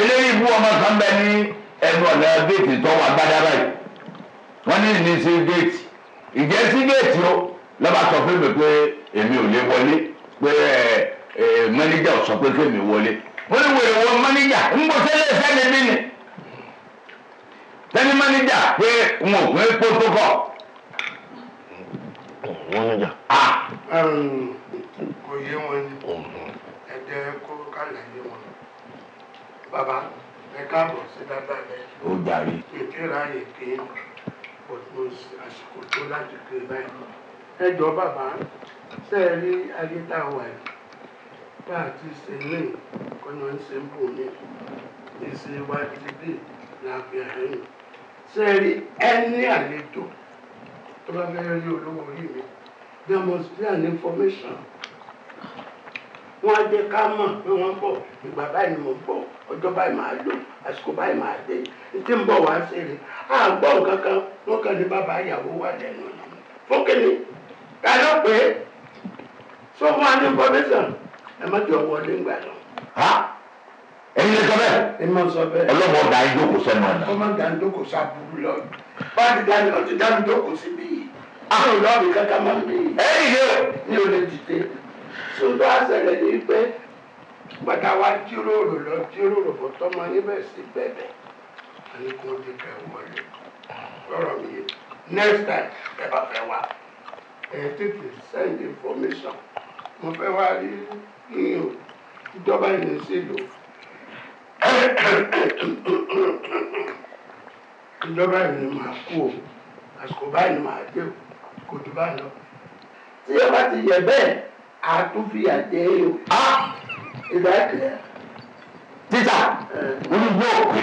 eléyìí bú ọmọ kan bẹ ní ẹnu ọ̀nà géètì tó wà gbádá báyìí wọ́n ní ní sí géètì ìjẹ́ sí géètì o lọ́ba sọ fún mi pé èmi ò lè wọlé pé ẹ mẹ́nẹ́jà ò sọ pé kémi wọlé wọ́n ní wèrè wọ mẹ́nẹ́jà ń bọ́ sẹ́lẹ̀ sẹ́ni bí ni sẹ́ni mẹ́nẹ́jà pé n ò pé pótókọ̀. mẹ́nẹ́jà. kò yé wọn ni ẹ̀dẹ̀ kó kálẹ̀ yé wọn bàbá ẹ káàbọ̀ sí dáadáa rẹ. ó jàre. ètè ráàyè ké òtún àsìkò tó láti ké báyìí. ẹ jọ bàbá ṣe é rí ayé tá a wà yìí bá a ti ṣe lé kọ́nyọ́ ń ṣe ń bò mí èsì wa ti dé láàbí àárín. ṣe é rí ẹni àlejò tó bá fẹ́ rí olówó orí mi there an information. wọ́n á jẹ́ ká mọ̀ pé wọ́n bọ̀ ìgbà báyìí ni mo bọ̀ ọjọ́ báyìí máa lò àsìkò báyìí máa dé tí bọ̀ wá sí rè a gbọ́ kankan wọ́n kàn ní bàbá ìyàwó wà lẹ́nu yìí fókèlè kálọ́ pé fún wa ní information ẹ má jọ wọlé ńgbà lọ. ẹyin ẹ má sọ ń jókòó ọmọ dání ọtí dání jókòó ah. bí. ṣùgbọ́n àṣẹlẹ̀ ní pé bàtà wa jíròrò lọ jíròrò bó tọ́mọ níbẹ̀ sí bẹ̀bẹ̀ àníkún ti kẹ́ wọlé lọ́rọ̀ mi yé next time ẹ bá fẹ́ wá ẹ tètè send information mo fẹ́ wá rí yín o ìjọba yìí sì lò ìjọba yìí ni màá kú o àsìkò báyìí ni màá dé o kò jù báyìí lọ tí ẹ bá ti yẹ bẹ́ẹ̀ àtúnfìyà jẹ yìí o. a ah! ìgbà kẹ. títà eh. olùgbò pé.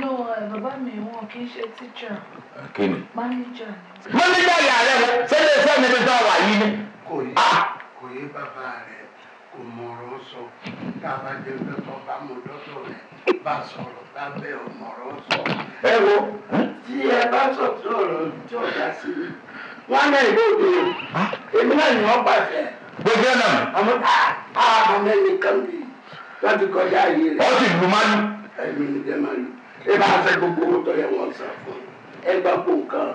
no eh, bàbá mi wọn kì í ṣe tíjà. kí ni. mánéjà ni. mánéjà ni ààrẹ rẹ sẹ́lẹ̀ iṣẹ́ mi ti sọ wà yìí ni. kò yé ah! kò yé bàbá rẹ kò mọ ọ̀rọ̀ sọ tá a bá jẹ pé kò bá mọ dọ́tọ̀ rẹ bá sọ̀rọ̀ bá bẹ ọmọ ọ̀rọ̀ sọ. ẹ wo tí ẹ bá sọ sọ̀rọ̀ tí ọ̀gá sí i wọn náà yóò ah! èmi náà ni wọn pàṣẹ gbogbo ẹ̀nà. àmọ́ àmọ́ mẹ́rin kan bí láti kọjá ayé rẹ̀. ó sì lu mánú. ẹ̀mí ni jẹ́ máa lu. ẹ bá fẹ́ gbogbo owó tó yẹ wọ́n san fún ẹ gbà kó nǹkan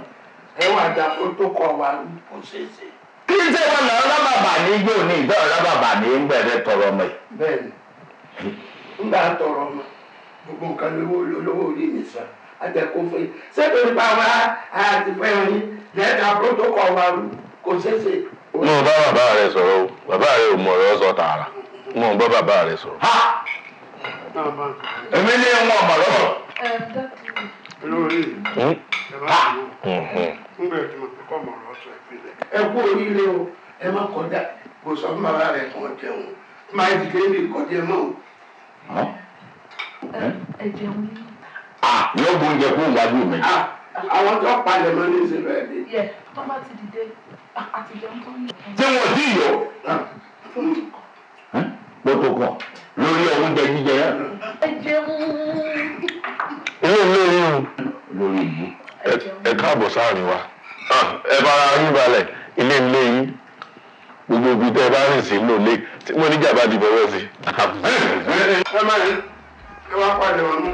ẹ wà dá kó tó kọ wa kó ṣeéṣe. kí n tẹ́ wọn lọ rábàbà ní yóò ní ìjọ rábàbà ní gbẹ̀rẹ̀ tọrọ ọmọ yìí. bẹ́ẹ̀ni n bá tọrọ ọmọ gbogbo nǹkan lówó orí mi sàn àtẹkọ fún yìí sẹ́dọ̀ nípa wa àti fẹ́ràn yìí lẹ́ẹ̀ta protocol wa kò ṣeéṣe mo bá bàbá rẹ sọ̀rọ̀ o bàbá rẹ ò mọ ọ̀rọ̀ sọ tààrà mo bá bàbá rẹ sọ̀rọ̀. èmi ní wọn ọmọ lọ́sọ̀. ẹ kú oríire o ẹ má kọjá kò sọ fún bàbá rẹ kàn jẹun máa ń dìgbé mi kọjá mọ́ o. Hm? ẹ jẹun ní. yóò bu oúnjẹ kó wájú mi. àwọn tó palẹ̀ mọ́ ní ìsinmi ẹ̀ dé. yẹ tó bá ti dìde. tí wọn ti yọ lórí oúnjẹ jíjẹ yẹn. owó lórí o lórí ìlú. ẹ káàbọ̀ sáàrin wa ẹ yín balẹ̀ ilé ilé yín gbogbo ibi tẹ bá rìn sí ló lé tí mo níjà di sí. ẹ má ẹ pàdé wọn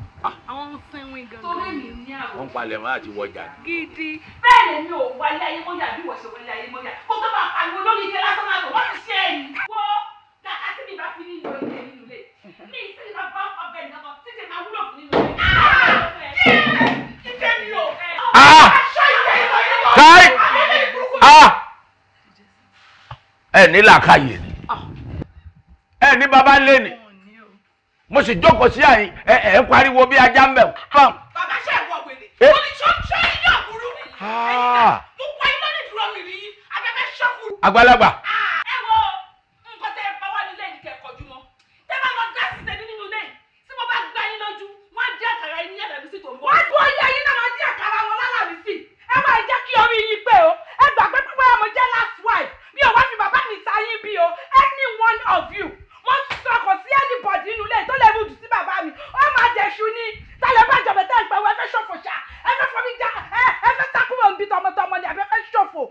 àwọn ń sinwin gangan. torí mi ní àwọn. wọ́n palẹ̀ mọ́ àti wọjà. gidi. bẹ́ẹ̀ lè mi ò wáyé ayé mọ́jà bí wọ́n ṣe wáyé ayé mọ́jà kó tó máa pariwo lórí ìṣe lásán máa bọ̀ wọ́n ti ṣe ẹ̀yìn. wo kàkà tí mi bá fi ní ìlò ilé nínú ilé mi ìsìn bá bá ọbẹ̀ nínú ọkọ̀ títí máa wúlò fún nínú ilé. Ah! ìṣe ah! Ah! ẹ ní làákàyè ni ẹ ní baba mo sì jókòó sí àyìn ẹ ẹ ń pariwo bí ajá ń bẹ̀ fam. bàbá ṣe ìwọ wèrè ó ní sọ ṣe ilé òkúrú ẹ̀yìn náà mo pa iná ní dúró mi rí abẹ́fẹ́ ṣọ́kù. àgbàlagbà. ẹ wo nǹkan tẹ ẹ bá wà nílé yìí kẹkọọ jùmọ tẹ bá lọ gá sí tẹni nínú ilé tí mo bá gbá yín lójú wọn á dín àkàrà yín ní àlàmísì tó ń bọ̀. wọ́n bu ọyẹ yín náà máa dín àkàrà wọn lálàmísì ẹ máa jẹ́ kí orí yín pé o ẹ gbàgbé pípẹ́ ọmọ jẹ́ last wife mi ò wá fi bàbá mi ta yín bí o any one of you ó sọkàn sí anybody nínú ilé tó lè mú jù sí bàbá mi ó máa jẹ̀ṣu ni tálẹ̀ bá jọ̀bẹ̀ tẹ́ ìpẹ́wọ́ ẹ fẹ́ ṣòfò ṣá ẹ fẹ́ fọmí já ẹ ẹ fẹ́ sákúrò ń bí tọmọtọmọ ni àbẹ́ fẹ́ ṣòfò.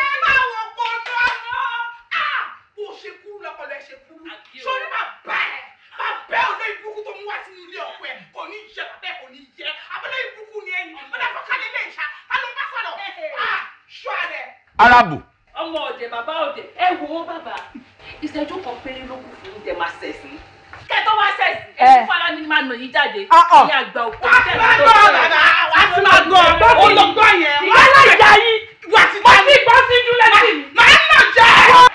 ẹ má wọ kó lọ́nà bó ṣe kúrú lọ́pọ̀lọ́ ẹ ṣe kúrú sórí má bẹ́ẹ̀ má bẹ́ẹ̀ ọ̀nà ìbúkú tó mú wá sínú ilé ọ̀pọ̀ ẹ̀ kò ní yẹ bàbá ẹ̀ kò ní yẹ abọ́lá ìbúkú ni ẹ̀yìn ọ̀dà fọ́kànlélẹ̀ ìṣá tá ló bá sọ̀rọ̀ ṣọ́ àrẹ. arábù ọmọ ọ̀dẹ̀ bàbá ọ̀dẹ̀ ẹ wò ó bàbá ìṣẹ́jú kan péré ló kù fún ìdẹ̀ máa ṣẹ̀sìn kẹtọ wá ṣẹ̀sìn ẹ̀sìn fara ni máa nà yí jáde ní àgbà òkú tẹ̀lé tó tẹ̀lé. wà á ti máa gbọ́ bàbá wà á ti máa gbọ́ olùgbọ́ yẹn wà á láì já yí wà á ti máa gbọ́ sí júlẹ̀ sí máa ń nà jẹ́.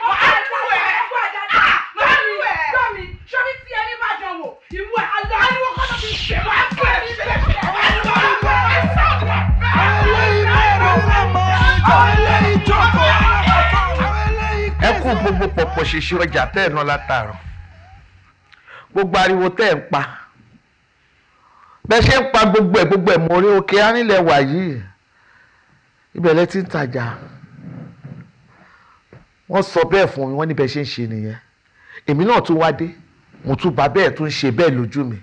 wà á ti wẹ̀ ẹ́ fún àjà náà máa ń wẹ̀ ẹ́ sọ́mi sọ́mi tí ẹni bá jọ wò ìwọ àlọ́ àlọ́ kọ́tà ti ṣe máa ń pẹ̀ gbogbo pọ̀pọ̀ ṣèṣe ọjà tẹ́ ẹ̀ ná látàárọ̀ gbogbo ariwo tẹ́ ẹ̀ ń pa bẹ́ẹ̀ ṣe ń pa gbogbo ẹ̀ gbogbo ẹ̀ mọ̀ orí òkè ánilẹ̀ wà yìí ibẹ̀ lẹ ti ń tajà wọ́n sọ bẹ́ẹ̀ fún mi wọ́n níbẹ̀ ṣe ń ṣe nìyẹn èmi náà tún wá dé mo tún bá bẹ́ẹ̀ tún ṣe bẹ́ẹ̀ lójú mi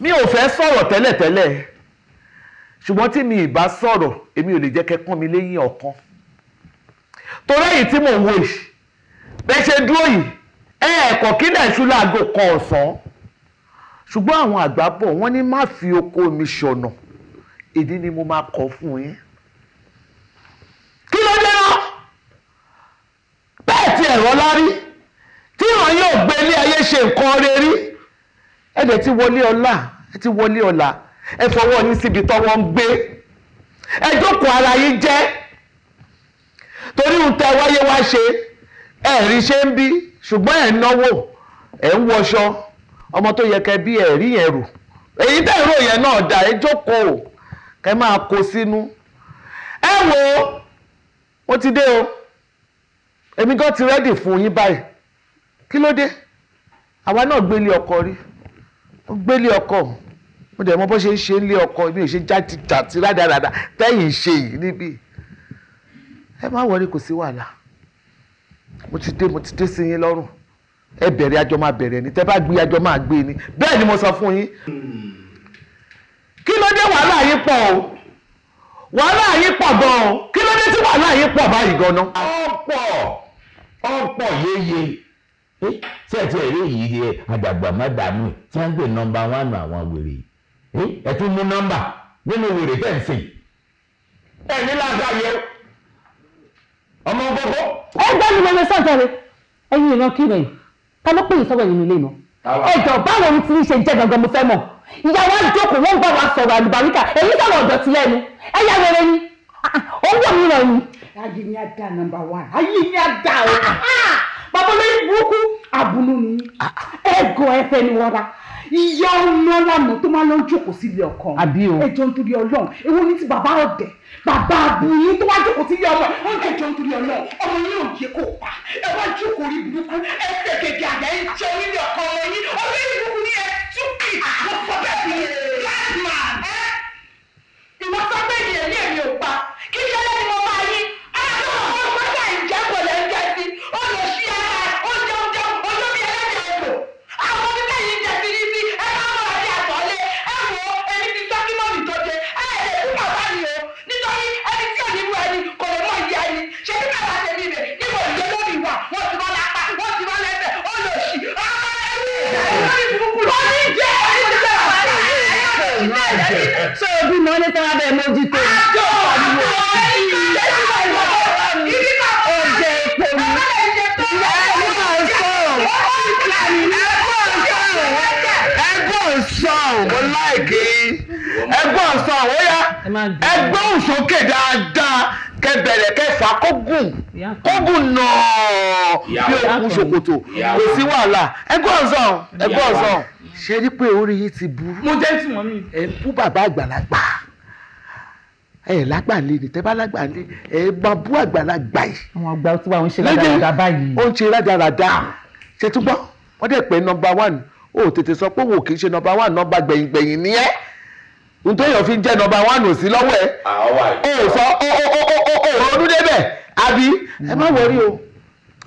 mi ò fẹ́ sọ̀rọ̀ tẹ́lẹ̀tẹ́lẹ̀ ṣùgbọ́n tí mi ì bá sọ̀rọ̀ èmi ò lè jẹ́ kẹ́kọ́ mi lẹ́yìn ọ̀kan torí èyí tí mò ń wò yìí bẹ́ẹ̀ ṣe dúró yìí ẹ̀ẹ̀kọ̀ kí náà ṣú láago kan ọ̀sán ṣùgbọ́n àwọn àgbà bọ̀ wọ́n ní má fi oko mi ṣọ̀nà ìdí ni mo máa kọ fún yín kí ló dé náà bẹ́ẹ̀ ti ẹ̀rọ lárí tí ìran yóò gbé ilé ayé ṣe nǹkan rere ẹ̀dẹ̀ ti wọlé ọlá ẹ ti wọlé ọlá ẹ fọwọ́ yín síbi tọ́wọ́ ń gbé ẹ jókòó ara yín jẹ́ torí ohun tẹ́ wáyé wá ṣe ẹ̀ rí ṣe ń bí ṣùgbọ́n ẹ̀ náwó ẹ̀ ń wọṣọ ọmọ tó yẹ kẹ bí ẹ̀ rí yẹn rò èyí tẹ́ ìró yẹn náà dà ẹ jókòó kẹ́ máa kó sínú ẹ wò ó mo ti dé o èmi gan ti rẹ́dì fún yín báyìí kí ló dé àwa náà gbélé ọkọ rí ó gbélé ọkọ mo dẹ̀ mọ bó ṣe ń ṣe ń lé ọkọ ibi ìṣe ṣe jáde jàti rádaràda tẹ́yìn ṣe yìí níbí. ẹ má wọrí kò sí wàhálà mo ti dé mo ti dé sí yín lọ́rùn ẹ bẹ̀rẹ̀ àjọ máa bẹ̀rẹ̀ ni tẹ́ bá gbé àjọ máa gbé ni bẹ́ẹ̀ ni mo sọ fún yín kí ló dé wàhálà yín pọ̀ o wàhálà yín pọ̀ gan o kí ló dé tí wàhálà yín pọ̀ báyìí gan-an. ọ̀pọ̀ ọ̀pọ̀ yéye ṣé ẹ ti rí èyí ẹ àdàgbà má dààmú tí wọ́n ń pè nọ́mbà wánù àwọn wèrè ẹ tún mú nọ́mbà nínú wèrè tẹ̀ sìn ẹ ní yẹn ọmọ gbogbo. ẹ gbẹ́ni mo lè sọ̀tọ̀ rẹ ẹyin ìran kí rẹ̀ ta ló pè yín sọ́wọ́ nínú ilé mọ́. ẹjọ báwo ni ti ń ṣe jẹ gangan mo fẹ́ mọ̀ ìyàwó àjókòó wọn ń bá wa sọ̀rọ̀ àlùbáríkà èyí sọ̀rọ̀ ọ̀dọ̀ ti lẹ́nu ẹ̀yà wẹrẹ ni ah, ah, ó wọ̀ mí ni. ayé ni a da number one ayé ni a da o ah, bàbá olóyún burúkú àbùnú ni ẹ̀gọ́ ẹ̀fẹ́ ni wọ́n ra ìyá ọ̀nà lànà tó máa lọ jókòó sílé ọkọ ẹjọ́ nítorí ọlọ́run èwo ni ti bàbá ọ̀dẹ̀ bàbá àbúyín tó wá jókòó sí ilé ọmọ ẹ wọn jẹjọ nítorí ọlọ ọmọ yín ò yẹ kó pa ẹ wá jókòó rí burúkú ẹ fẹ kẹkẹ àgbà ẹ jẹ onílé ọkọ ọmọ yín ọmọ yín burúkú ni ẹ túkì mo fọ bẹ́ẹ̀ bí last man ẹ ìwọ sọ pé ìyẹn ní èmi ò pa kí ni ẹ bí mo ní kí wọ́n bẹ̀ mójútó. àjọ àjọ ẹ̀yìn ṣẹ́yìn bá ìwọ ọ̀rọ̀ mi. ibi bá wọ́n ọ̀jẹ̀ èpè mi. ìyá ẹni máa ń sọ̀rọ̀. ẹgbọ́n sọ̀rọ̀ mo láìkí ẹgbọ́n sọ̀rọ̀ ó yá ẹgbọ́n sókè dáadáa kẹbẹ̀rẹ̀ kẹfà kógùn kógùn náà bí okùn ṣòkòtò kò sí wàhálà ẹgbọ́n sọ̀rọ̀ ẹgbọ́n sọ̀rọ̀ ṣe rí pé orí yìí ti burú. mo jẹ́ tí wọ́n mi. ẹ̀ ń bú bàbá àgbàlagbà ẹ̀ lágbàlẹ̀ ni tẹ́ bá lágbàlẹ̀ ẹ̀ máa bú àgbàlagbà yìí. àwọn àgbà tí wàá ń ṣe rádaràda báyìí. ó ń ṣe rádaràda ṣe tún gbọ́ wọ́n dẹ̀ pé nọmba one ó tètè sọ pé òun ò kì í ṣe nọmba one nọmba gbẹ̀yìngbẹ̀yìn ni ẹ́ n tó yàn fi jẹ́ nọmba one ò sí lọ́wọ́ ẹ̀. ó ah, sọ ó ronú débẹ̀ àbí ẹ má wọrí o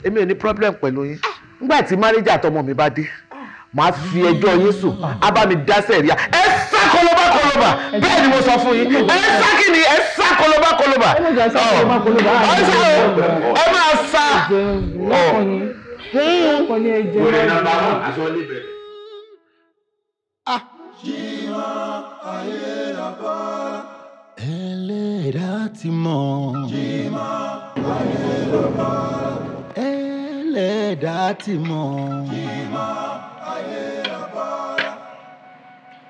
èmi ò ní problem pẹ̀lú yín nígbà tí mánéjà tọmọ mi bá dé màá fi ẹjọ́ yín sùn á bá mi dá sẹ̀ríà ẹ sá kọlọ́bà kọlọ́bà bẹ́ẹ̀ ni mo sọ fún yín ẹ sá kí ni ẹ sá kọlọ́bà kọlọ́bà ẹ máa sá. wẹ̀rẹ̀ náà bá wọn aṣọ lè bẹ̀rẹ̀. Ah. Ẹlẹ́dàá ti mọ̀. Ẹlẹ́dàá ti mọ̀.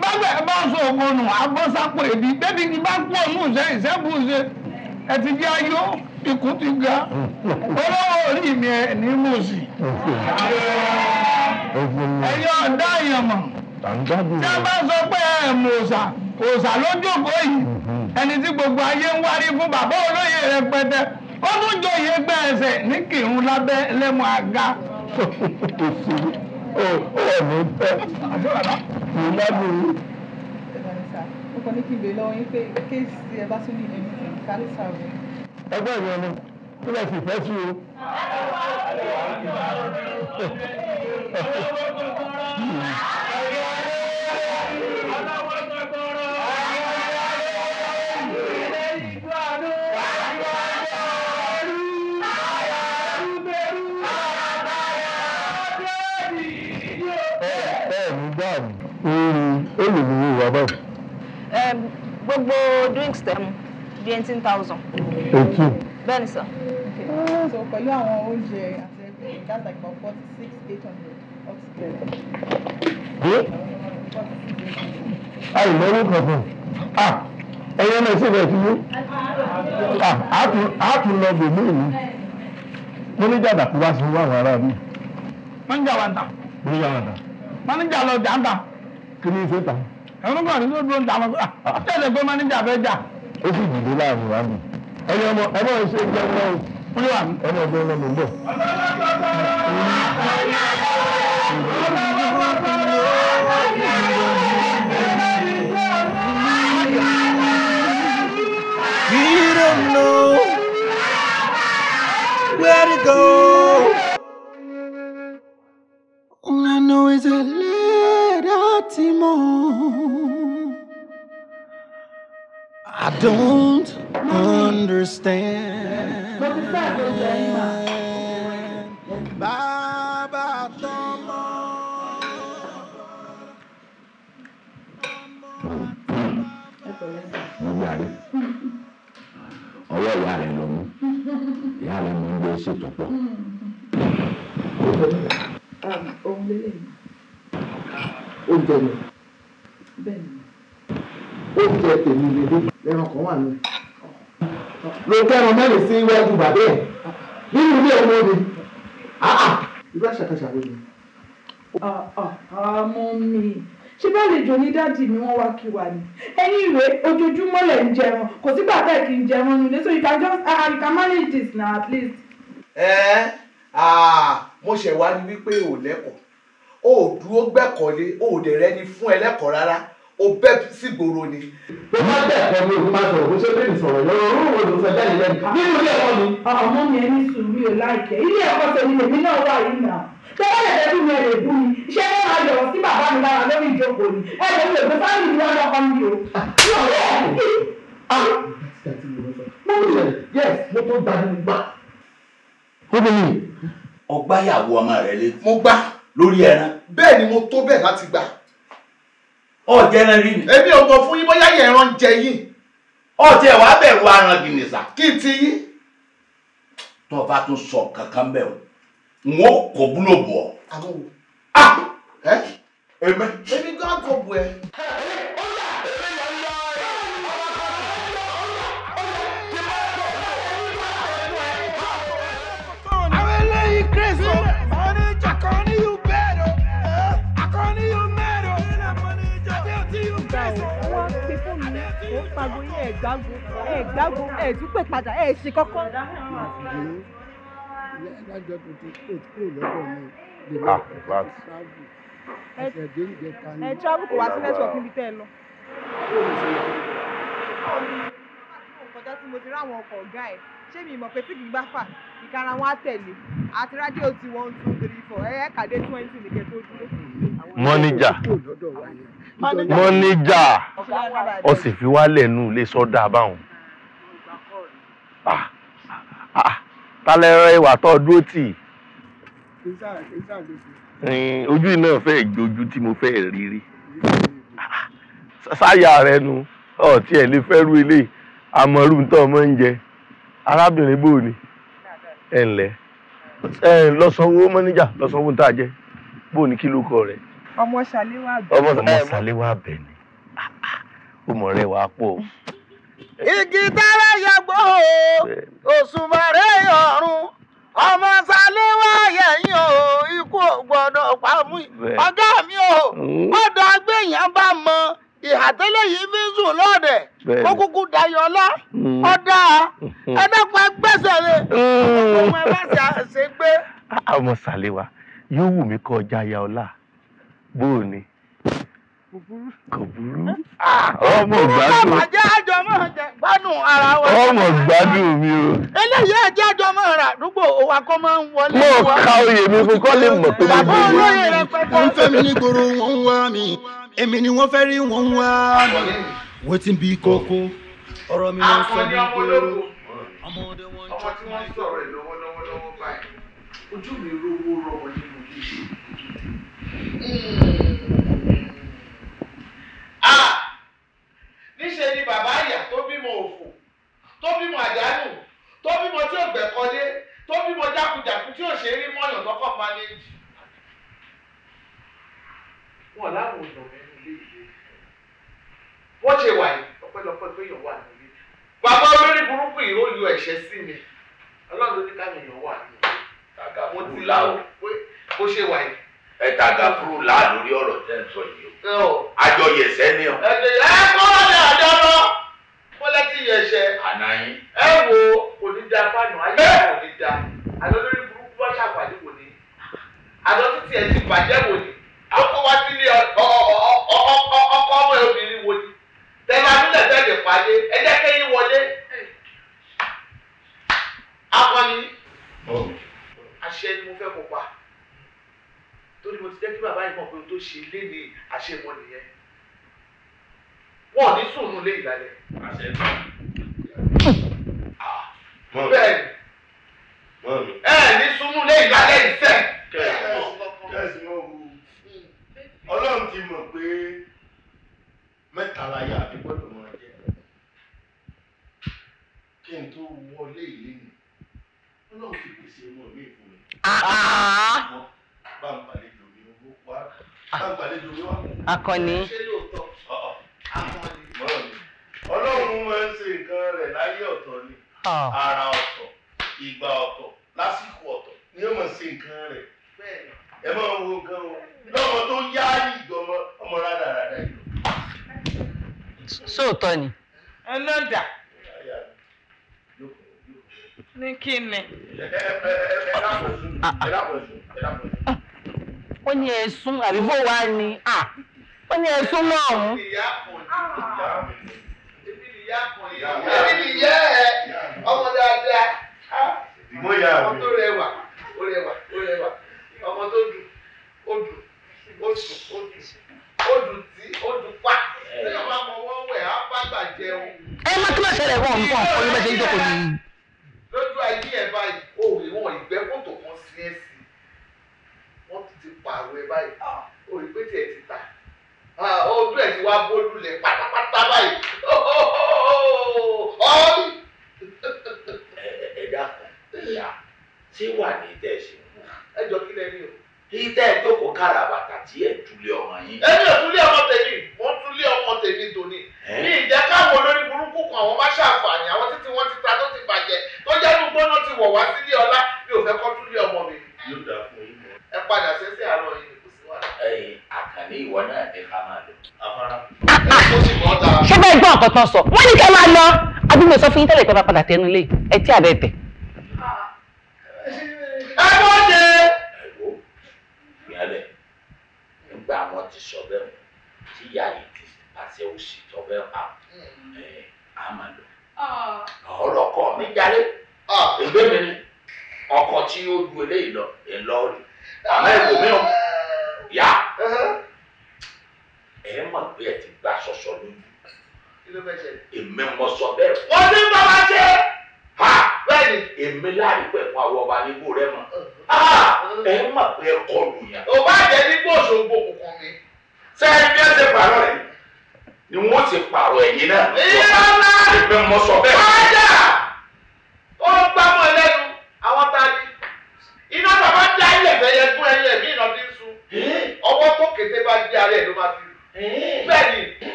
bábẹ̀ ẹ bá sọ ògbónù agbọ́sápò èdè bébí ni bá kú ọ̀nù ṣe ìṣẹ́bù ṣe ẹ ti jẹ́ ayọ̀ ikú ti ga olówó orí mi ẹ ní mòsì. ẹ̀yin ọ̀dá èèyàn mọ̀ tí a bá sọ pé ẹ mọ̀ òòṣà òòṣà ló jókòó yìí ẹni tí gbogbo ayé ń wárí fún bàbá olóyè rẹpẹtẹ ó tún jọ gbẹ ẹsẹ̀ ní kírun lábẹ́ lẹ́mu àga mo ń gbádùn yín. mo kàn ní kí n bèèrè lọ́wọ́ yín pé kéèsì ẹ bá tún ní ẹni tí ká ẹgbẹ́ mi ọmọ kí lè sì fẹ́ sí o. Thank èlò ni wíwá báyìí. gbogbo drinks tẹ̀ mu bíi eighteen thousand. eighteen. bẹ́ẹ̀ ni sir. Ah, so pẹ̀lú àwọn oúnjẹ àti everything that's like forty six eight hundred altogether. ayi lórí kankan ah ẹyẹ náà sì bẹ̀ fi yé ah, a tún lọ bèmí ìlú mo ní jàdà kó wá sí wàhálà mi. mọ̀ ń jà wà ń mo ní jà wà ń tà. mọ̀ jà lọ jà ń tà kí ni ìfẹ́ ta. àwọn ọmọ àdúgbò dúró ń ta àwọn tẹ̀lé pé máníjà fẹ́ jà. ó sì dìde láàmú àmì ẹni ọmọ ẹ bá ṣe ń jẹun náà kúlẹ̀ àmì ọmọ ọdún ọmọ mi ń bọ̀. We don't know where to go. All I know is that. anymore. I don't understand. ó jẹ mi ó jẹ èmi lélẹ̀ ẹran kan wà ní. ló kẹ́ran mẹ́rin sí iwájú bàbá ẹ̀ nínú ilé ọmọ mi irú àṣàkáṣà wo ni. àmọ́ mi ṣé bá lè jò ní dáàdì mi wọ́n wá kí wa ni ẹ̀yin ìwé ojoojúmọ́ lẹ̀ ń jẹun kò sí bàtà kì í jẹun nílé so you can just uh, you can manage this na at least. ẹ ẹ mo ṣẹ̀ wá ní wípé ò lẹ́kọ̀ọ́ o ò dúró gbẹ́kọ̀lé o ò dẹ̀ rẹ́ni fún ẹlẹ́kọ̀ọ́ rárá o bẹ́ sí gbòòrò ni. tó bá bẹ̀ẹ̀kọ́ mi òun máa sọ̀rọ̀ bó ṣe bẹ́ẹ̀ sọ̀rọ̀ lọ́rọ̀ òun ò lọ sọ jáde lẹ́nu. nínú ilé ẹ̀kọ́ mi. ọmọ mi ẹni sùúrù ò láìpẹ́ ilé ẹ̀kọ́ tèmi lèmi náà wà yìí nà. tọ́wọ́ lè tẹ́tù mi ẹ̀ lè bú mi ṣé wọ́n máa yọ̀rọ̀ sí bàbá mi lára lórí ìjókòó ni ẹ lè lè gbé sáyẹn ìlú ọjọ́ mi o. Ah! mo gbá yàwó ọmọ rẹ lé. mo gbá lórí ẹran. bẹ́ẹ̀ ni mo tó bẹ́ẹ̀ láti gbà. ọ jẹran rí mi. èmi ò mọ fún yín bóyá yẹn ẹran jẹ yín. ọ tiẹ̀ wá bẹ̀rù aràn gìnìsà. kí n ti yín. tó o bá tún sọ kankan bẹ́ẹ̀ o n ó ah! kò búlò bọ̀ ọ́. àwọn wo. ẹ èmi. èmi gan kò bu ẹ. ẹ̀ ń pagbo yín ẹ̀ gbágo ẹ̀ gbágo ẹ̀ túpẹ̀ padà ẹ̀ ṣe kọ́kọ́. adájọ́ ah, tuntun kò kúrò lọ́dọ̀ mi lèmi ẹ̀ṣẹ̀ dé ìjẹta ni. ẹ travel kò wá sí network níbi tẹ́ ẹ lọ. kọjá tí mo ti ráwọn ọkọ̀ ọ̀gá ẹ̀ ṣé mi ìmọ̀ pé tí kì í ìkara wọn á tẹ̀lé àti rádíò tí one two three four ẹ̀ẹ́kàdé mọ́níjà ó sì fi wá lẹ́nu lè sọ́dà báwọn. Ah, ah, ah. tálẹ́rọ ìwà tó dúró tì ojú iná fẹ́ ìgbójú tí mo fẹ́ rí rí sáyà rẹ nu ọtí ẹ lè fẹ́ rú ilé àmọ́rú tó ọmọ ń jẹ arábìnrin bò ní ẹ̀ ńlẹ̀ ẹ̀ lọ́sọ̀wọ́ mọ́níjà lọ́sọ̀wọ́ ń tà jẹ́ bò ní kí ló kọ rẹ̀ ọmọ ṣàléwà bẹ́ẹ̀ ọmọ ṣàléwà bẹ́ẹ̀ ni ọmọ rẹ wàá pọ̀ o. igi tára yàgbó òṣùmàrè ọ̀run ọmọ ṣàléwà yẹ̀yìn o ikú gbọ́dọ̀ pa mí ọ̀gá mi o mm. ọ̀dọ̀ agbẹ̀yìn bá mọ ìhà tẹ́lẹ̀ yìí fi ń sùn lọ́ọ̀dẹ̀ ó kúkú dayọ̀ ọlá mm. ọ̀dà mm. ẹ̀dẹ́gbẹ́ gbèsè rẹ̀ ọmọ ẹ̀fẹ́ ṣe gbé. ọmọ ṣàléwà yóò wù mí kọjá ya ọlá bóò ni kò burú ah, ọmọ gbádùn ọmọ gbádùn mi o. eléyìí ẹjẹ àjọ ọmọ rà àdúgbò òwò akọ máa ń wọlé wọ. mo ka oyè mi fún kọ́ lè mọ̀ pé mo gbé wọlé. wọ́n fẹ́ mi ní gbòòrò wọ́n ń wá mi èmi ni wọ́n fẹ́ rí wọ́n ń wá mi. wetin bí kókó ọ̀rọ̀ mi wọ́n sọ ní gbòòrò. ọmọdé wọn ń jọ tí wọ́n sọ̀rọ̀ ẹ̀ lọ́wọ́lọ́wọ́ báyìí ojú mi rówó rọ̀ wọ́n nínú ilé ìṣèlú a níṣẹ́ ni bàbá àyà tó bímọ òfò tó bímọ àdánù tó bímọ tí ò gbẹ̀kọ́lé tó bímọ jákujàku tí ò ṣe rí mọ́yàn tọkọ̀ panéjì. wọn láwọn ọ̀dọ́ mẹ́rin ilé ìlú wọ́n ṣe wà yìí ọpẹ́lọpẹ́ pé èèyàn wà nílé. bàbá olórí burúkú yìí ó lu ẹ̀ṣẹ̀ sí mi ọlọ́run ní káwọn èèyàn wà nílé. mo ti láwọn pé bó ṣe wà yìí ẹ tàgà fúru là lórí ọ̀rọ̀ tẹ́ ń sọ yìí o. àjọ yẹsẹ̀ ni o. ẹ kọ́ ọ́ ní àjọ lọ mọ́lẹ́ ti yẹsẹ̀. àná yín. ẹ wo kò ní da fáànù ayé kò ní da àjọ lórí burúkú wọ́n ṣàpàdé wò ni àjọ títí ẹ̀ ti bàjẹ́ wò ni ọkọ̀ wá sí ní ọkọ̀ ọmọ ẹ̀ obìnrin wò ni tẹ̀lé abúlé tẹ̀lé pàdé ẹ jẹ́ kéyìn wọlé. akọni àṣẹ ni mo fẹ́ kó torí mo ti jẹ́ kí bàbá yìí mọ̀ pé o tó ṣe lé ní àṣemọ nìyẹn wọn ò ní sùnrùn lé ìlàlẹ̀. Ah, bẹ́ẹ̀ ni ẹ ní sùnrùn lé ìlàlẹ̀ ìfẹ́. kẹ́sì mọ̀ wù ọlọ́run ti mọ̀ pé mẹ́ta la yà àbí gbọ́dọ̀ mọ̀ jẹ́ kí n tó wọlé ìlé mi ọlọ́run ti pèsè ọmọ mi fún mi. Ah, ah, akọni. ọlọ́run máa ń ṣe nǹkan rẹ̀ láyé ọ̀tọ̀ ni ara ọ̀tọ̀ ìgbà ọ̀tọ̀ lásìkò ọ̀tọ̀ ni ó máa ṣe nǹkan rẹ̀ ẹ máa wo nǹkan o lọ́mọ tó yá ìjọmọ ọmọ rádaràdà yìí. sóòótọ́ ni. ọlọ́dà ní kí ni. ẹ ẹ ẹ dákòó sùn ẹ dákòó sùn ẹ dákòó sùn ó ní ẹ̀sùn àbíbò wa ni ó ní ẹ̀sùn náà mú. Ah. èmi ni ìyá ẹ ọmọ dáadáa ah. ọmọ tó rẹwà ó rẹwà ó rẹwà ọmọ tó dùn ó dùn ó dùn ó dùn odù tí odù pa eh. tí ọba mọ wọn wẹ á bá gbà jẹun. ẹ má kí ló ṣẹlẹ̀ wọ́n nǹkan ọ̀pọ̀ ló bẹ́ẹ̀ ṣe ń jókòó ni. lójú ayé ẹ̀ báyìí òòrè wọn ìgbẹ́ kòtò kan sí ẹ̀sìn pààrọ̀ ẹ báyìí ó ah, rí pé tiẹ̀ ti tà ah, ọdún ẹ̀ ti wá bólú lẹ̀ pátápátá báyìí. nǹkan tán sọ wọ́n ní kẹ́ máa lọ àbí mo sọ fún yín tẹ́lẹ̀ pé bá padà tẹnu lé ẹ tí àbẹ̀ tẹ̀.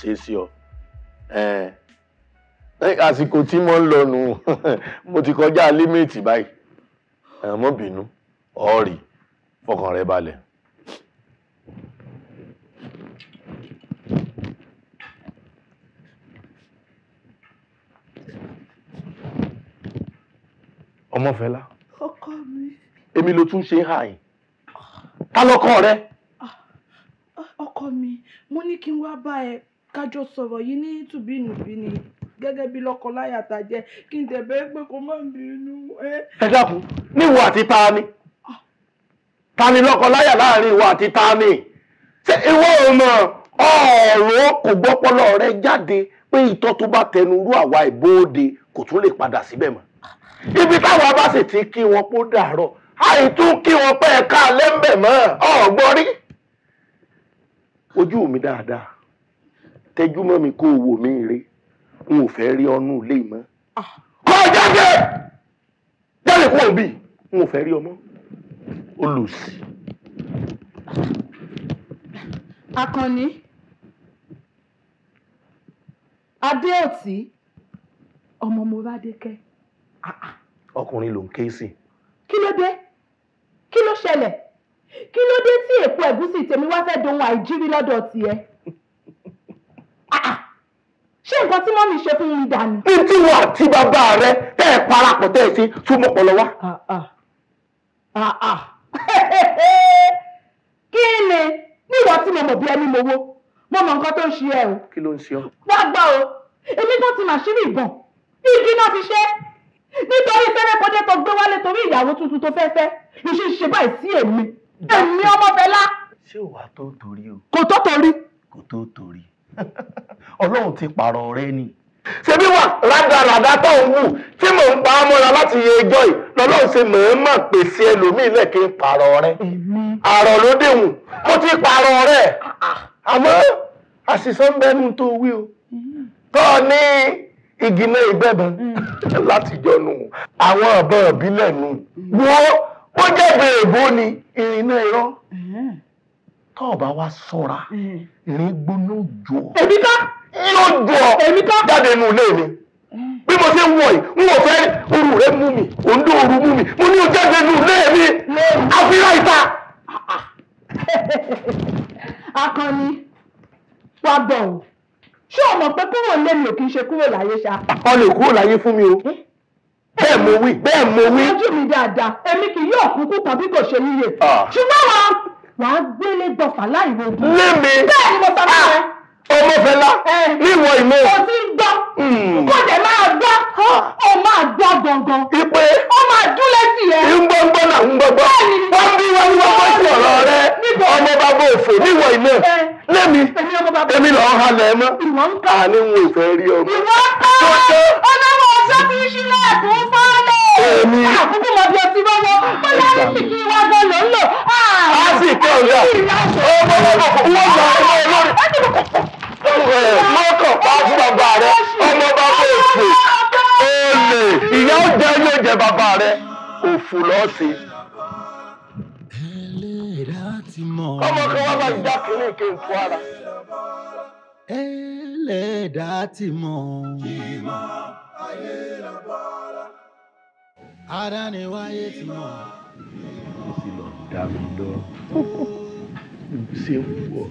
ṣe sí ọ àsìkò tí mo ń lọ nù mo ti kọjá límìtì báyìí mo bínú ọ̀rì fọkàn rẹ balẹ̀. ọmọfẹlá. ọkọ mi. èmi ló tún ṣe ń hàn yín. ta lọkọ rẹ. Ah, ọkọ mi mo ní kí n wá bá ẹ kájọ sọ̀rọ̀ yìí ní tùbínùbí ni gẹ́gẹ́ bí lọ́kọ-láyà tá a jẹ́ kí n tẹ̀ bẹ́ẹ̀ pé kó má bínú. ẹ dákun ní ìwọ àti ta ni ah. ta ni lọ́kọ-láyà láàrin ìwọ àti ta ni ṣé ìwọ ò mọ̀ ọ̀rọ̀ kò gbọ́pọlọ rẹ jáde pé ìtọ́ tó bá tẹnu rú àwa ìbóde kò tún lè padà síbẹ̀ mọ́ ibi táwa bá sì ti kí wọn kó dàárọ̀ àìtún kí wọn pẹ́ ẹ̀ka lẹ́ńbẹ̀ ojú mi dáadáa tẹjú mọ́ mi kó o wò mí rè n ò fẹ́ rí ọnú ilé mọ́. Ah. kọ́ jáde jáde kúrò bí n ò fẹ́ rí ọmọ olùsí. akànnì adéòtí ọmọ mo bá dé kẹ́. Ah, ah. ọkùnrin ló ń ké sí. kí ló dé kí ló ṣẹlẹ̀ kí ló dé tí èpo ẹ̀gúsí tèmi wá fẹ́ dohun àìjírí lọ́dọ̀ tiẹ̀. Ah, ah. ṣé nǹkan tí mọ́mí ṣe fún mi dànù. títí wọn àti bàbá rẹ tẹ ẹ parapọ̀ tẹ ẹ sí túmọ̀ pọ̀lọ́ wá. kí ni níwọ̀n tí mo mọ̀ bí ẹni mowó mo mọ nǹkan tó ń ṣe ẹ o. kí ló ń ṣe ọ. wá gbọ́ o èmi kan ti màṣírí ìbọn igi náà ti ṣe nítorí sẹ́nẹ́kọ́jẹ́ tó gbé wálé torí ìyàwó tuntun tó fẹ́ fẹ́ ìṣiṣẹ́ báyìí sí èmi èmi ọmọ fẹlá. ṣé ò wá tó torí o. kò tó torí. kò tó torí ọlọ́run ti pààrọ̀ rẹ ni. ṣé bí wà rádaràdá tó ń wù tí mò ń pa á mọ́ra láti yẹ ẹjọ́ yìí lọ́lọ́run ṣe mọ̀ọ́mọ̀ pèsè ẹlòmíì lẹ̀ kí n pààrọ̀ rẹ. àrọ̀ ló déhùn mo ti pààrọ̀ rẹ. àmọ́ àṣìṣe ń bẹnu tó wí o. tó o ní igi náà ìbẹ̀bọ̀n mm. láti jọnu àwọn ọ̀bọ̀n ìbílẹ̀ nu. wọ́n ó jẹ́ bèrè ni ìrìnnà irọ́. Mm tó o bá wá sọ́ra mm-hmm. ìrìn gbóná jù ọ. èmi ká yóò jù ọ jáde inú ilé mi mm-hmm. bí mo ṣe ń wọ̀ yìí n ò fẹ́ òru rẹ mú mi òǹdó òru mú mi mo ní o jáde inú ilé mi àfihàn ìta. akọni wàá bọ̀ o ṣé o mọ̀ pé kúrò lé mi ò kì í ṣe kúrò láyé ṣá. ọ lè kúrò láyé fún mi o hmm? bẹ́ẹ̀ mo wí bẹ́ẹ̀ mo wí. ojú mi dáadáa èmi kì yóò kúkú tàbí kò ṣe níye ah. ṣùgbọ́n wọn wàá gbélé gbọ̀fà láì wo. lémi bẹ́ẹ̀ ni mo sọ fún ẹ. Ah, ọmọ fẹlá níwọ ìmọ. o ti ń gbọ́ hmm. kó dẹ̀ máa gbọ́ ó máa gbọ́ gangan. ipe ó máa dúlẹ̀ sí ẹ. ń gbọ́ ń gbọ́ náà ń gbọ́ gbọ́. wọ́n bí wọ́n bí wọ́n sí ọ̀rọ̀ rẹ ọmọ bàbá òfò níwọ ìmọ. lémi èmi lọ́ọ́ halẹ̀ ẹ mọ́. àní ń wo ìfẹ́ rí ọmọ. ìwọ ń ọ èmi. àkókò ah, mọ bí o ti bá wọ bóyá ìsìnkì iwájú ló ń lò. a ah. sì kẹ́ ọ̀rẹ́ ọmọ ọmọ wọn gbà ọmọ olórí. mọ́kàn pa bàbá rẹ ọmọ bá fẹ́ òfò olè ìyá ó yóò jẹ bàbá rẹ òfò lọ́ọ̀sì. ọmọ kan wá bá ti já kínní kéńtù ara ẹlẹ́dàá ti mọ̀. kí máa ayé la bọ́ra ara ni wáyé ti mọ̀. mo sì lọ dá mi lọ ṣé ń wọ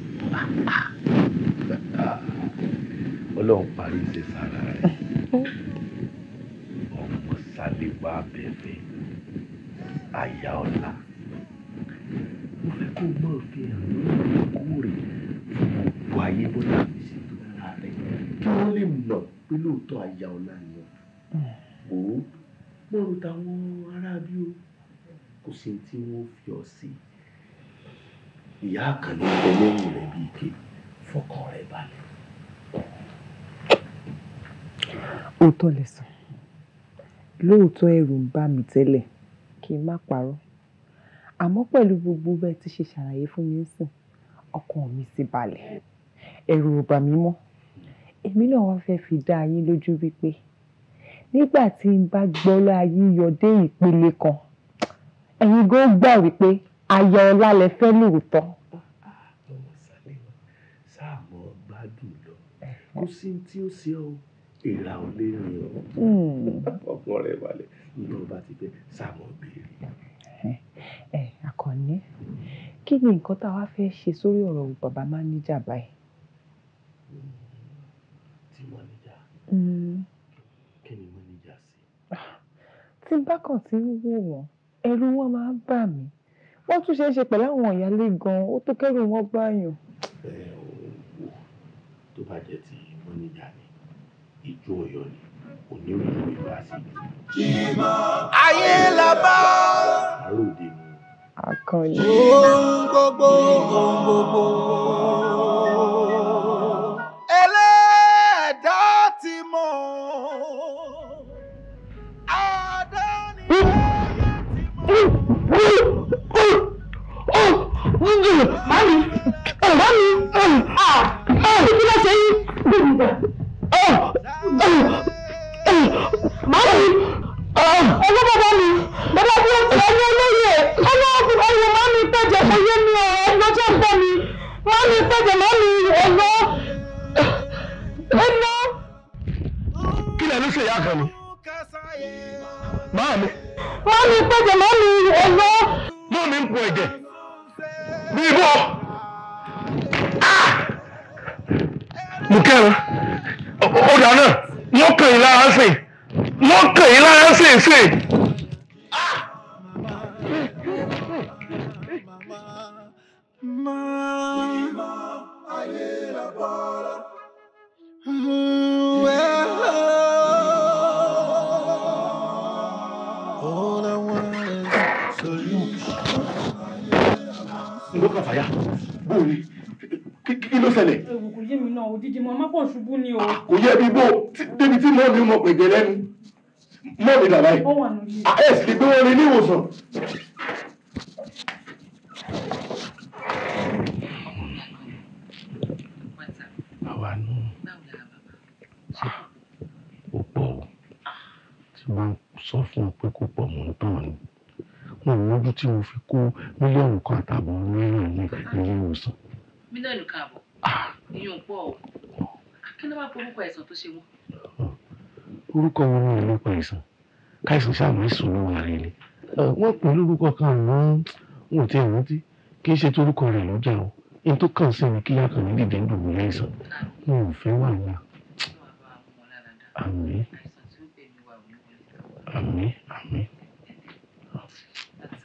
ọlọ́run parí ṣe sára rẹ̀ ọmọ sálíwá bẹ̀fẹ̀ àyà ọ̀la mo fẹ́ kó mọ̀ fi hàn lórí ìkórè fún gbogbo ayé bọ́lá mi ṣètò ara rẹ̀ kí wọ́n lè mọ̀ pé lóòótọ́ àyà ọ̀la ni gbọ́rù táwọn ará bí o kò sí tí wọ́n fi ọ́ sí ìyá kan ní bẹ lẹ́yìn rẹ̀ bí ike fọkàn rẹ̀ balẹ̀. òótọ́ lẹ sọ lóòótọ́ ẹ̀rù ń bà mí tẹ́lẹ̀ kí n má parọ́ àmọ́ pẹ̀lú gbogbo bẹ́ẹ̀ ti ṣe ṣàlàyé fún mi sìn ọkàn mi sì balẹ̀ ẹ̀rù ò bà mí mọ́ èmi náà wá fẹ́ fi dá yín lójú wípé nígbà tí n bá gbọ́ ọlá yíyọ dé ìpele kan ẹ̀yin gan gbà wípé aya ọlá lẹ fẹ́ lóòótọ́. sáàmù gbádùn lọ kó sí tí ó ṣe ọ ìlà ò lè rìn ọ ọkàn rẹ balẹ̀ nítorí bá ti bẹ sáàmù béèrè. ẹ àkànní kí ni nǹkan tá a wá fẹ́ ṣe sórí ọ̀rọ̀ bàbá máníjà báyìí. Hmm. tí máníjà. Hmm tí bá kàn ń wò wọ́n ẹ̀rù wọn máa ń bà mí wọ́n tún ṣe ṣe pẹ̀lú àwọn ìyáálé gan ó tó kẹ́rù wọn báyàn. ẹ ò wò tó bá jẹ́ ti mọ́níjà ni ìjọ Ọ̀yọ́ ni onírúurú ìlú àṣírí. ayé la bá. àròdè ni. àkànlé. ohun gbogbo ohun gbogbo. Mami, mami, kí ló ṣe yín? Mami, ọwọ́ bàbá mi, bàbá bí ó ti ẹni olóyè, ọlọ́ọ̀kú ẹ̀yọ̀ mami tẹ̀jẹ̀ kò yé mi ọ̀rọ̀ ọlọ́jọ́ ń bọ̀ mi, mami tẹ̀jẹ̀ mami ẹ̀yọ́, ẹ̀yọ́. Kí lẹ́nu ṣe ìyá kan ni? Máa mi mọ́mí pẹ̀jẹ̀ mọ́mí ẹ̀yọ́. mọ́mí ń po ẹ̀jẹ̀ bíbọ́ ah! mo kẹ́rin ọ̀dà náà wọ́n kàn yín lára sí wọ́n kàn yín lára sí sí. Mama, I need a ló kà fàyà bóyá kí ló ṣẹlẹ̀. kò yé mi náà òdìdí mo máa pọ̀ ṣubú ni o. Ah, kò yé mi bó débi tí mo ní mo pè gé lẹ́nu mo mi dàbá yìí ah, ẹ sì gbé wọn ní ìwòsàn. àwa nù ah, ó pọ̀ ó tí wọ́n sọ fún un pé kò pọ̀ mọ́ ń tàn ni wọn ò lójú tí mo fi kó mílíọ̀nù kan àtààbọ̀ náírà ní ilé ìwòsàn. mílíọ̀nù kan àbọ̀ ah. ìyún pọ̀ o kí ló bá forúkọ ẹ̀sán tó ṣe wọ́n. orúkọ wọn ni ìlú pàìsàn káìsàn sáàmù ìsùn ló wà rẹ ni wọ́n pè lórúkọ kan àmọ́ wọn ò tí ì rántí kì í ṣe torúkọ rẹ̀ lọ́jà o ní tó kàn sí ni kíyà kan ní dìde ń dùn mí láìsàn wọn ò fẹ́ wà wà. àmín àmín àmín.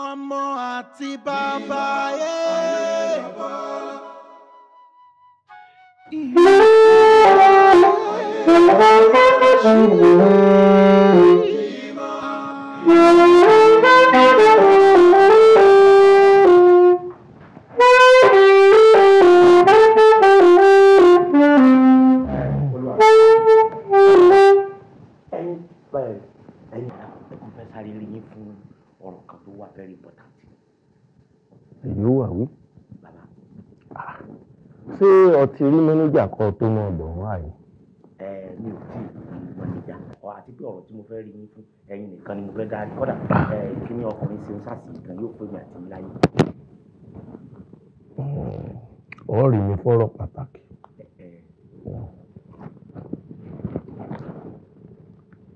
ọmọ àti bàbá yé. Thank yóò wà wí. Ah, ṣé ọtí rí mẹ́nẹ́jà kan tó mọ ọ̀dọ̀ wọn àyè. ẹ mi ò tí ì mọ̀nìjà àti pé ọ̀rọ̀ tí mo fẹ́ rí yín fún ẹ̀yin nìkan ni mo fẹ́ dárí kọ́dà ah. kí ni ọkùnrin ṣe ń sàṣì nìkan yóò pè mí àti mi láyé. ọ̀rì mi fọ́rọ̀ pàtàkì.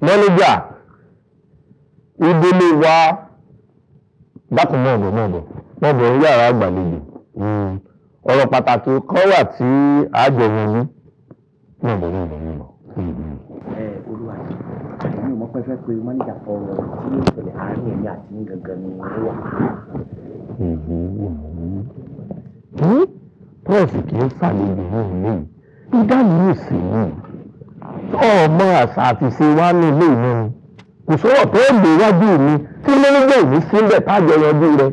mẹ́nẹ́jà ìdílé wa dákun ọ̀dọ̀ mọ́ ọ̀dọ̀ wọn bọ̀ ní yàrá àgbàlejò hmm. ọ̀rọ̀ pàtàkì kan wà tí àjọyọ̀ ní wọn bọ̀ ní ìbọn ní ìbọn. Hmm, hmm. ẹ olúwa àdéhùn mo pẹ́ fẹ́ pé mọ́níjà ọ̀rọ̀ tí yóò ṣẹlẹ̀ àárín èmi àti ní gangan ni ó wà. pọ́ọ̀sì kì í ṣàlejò ní ilé yìí ìdánimọ̀ sí ni ọmọ àṣà àti ṣe wá ní ilé ìlú kò sọ̀rọ̀ tó gbé wájú mi tí mo ń gbé mi síbẹ̀ tájọ yanjú rẹ̀.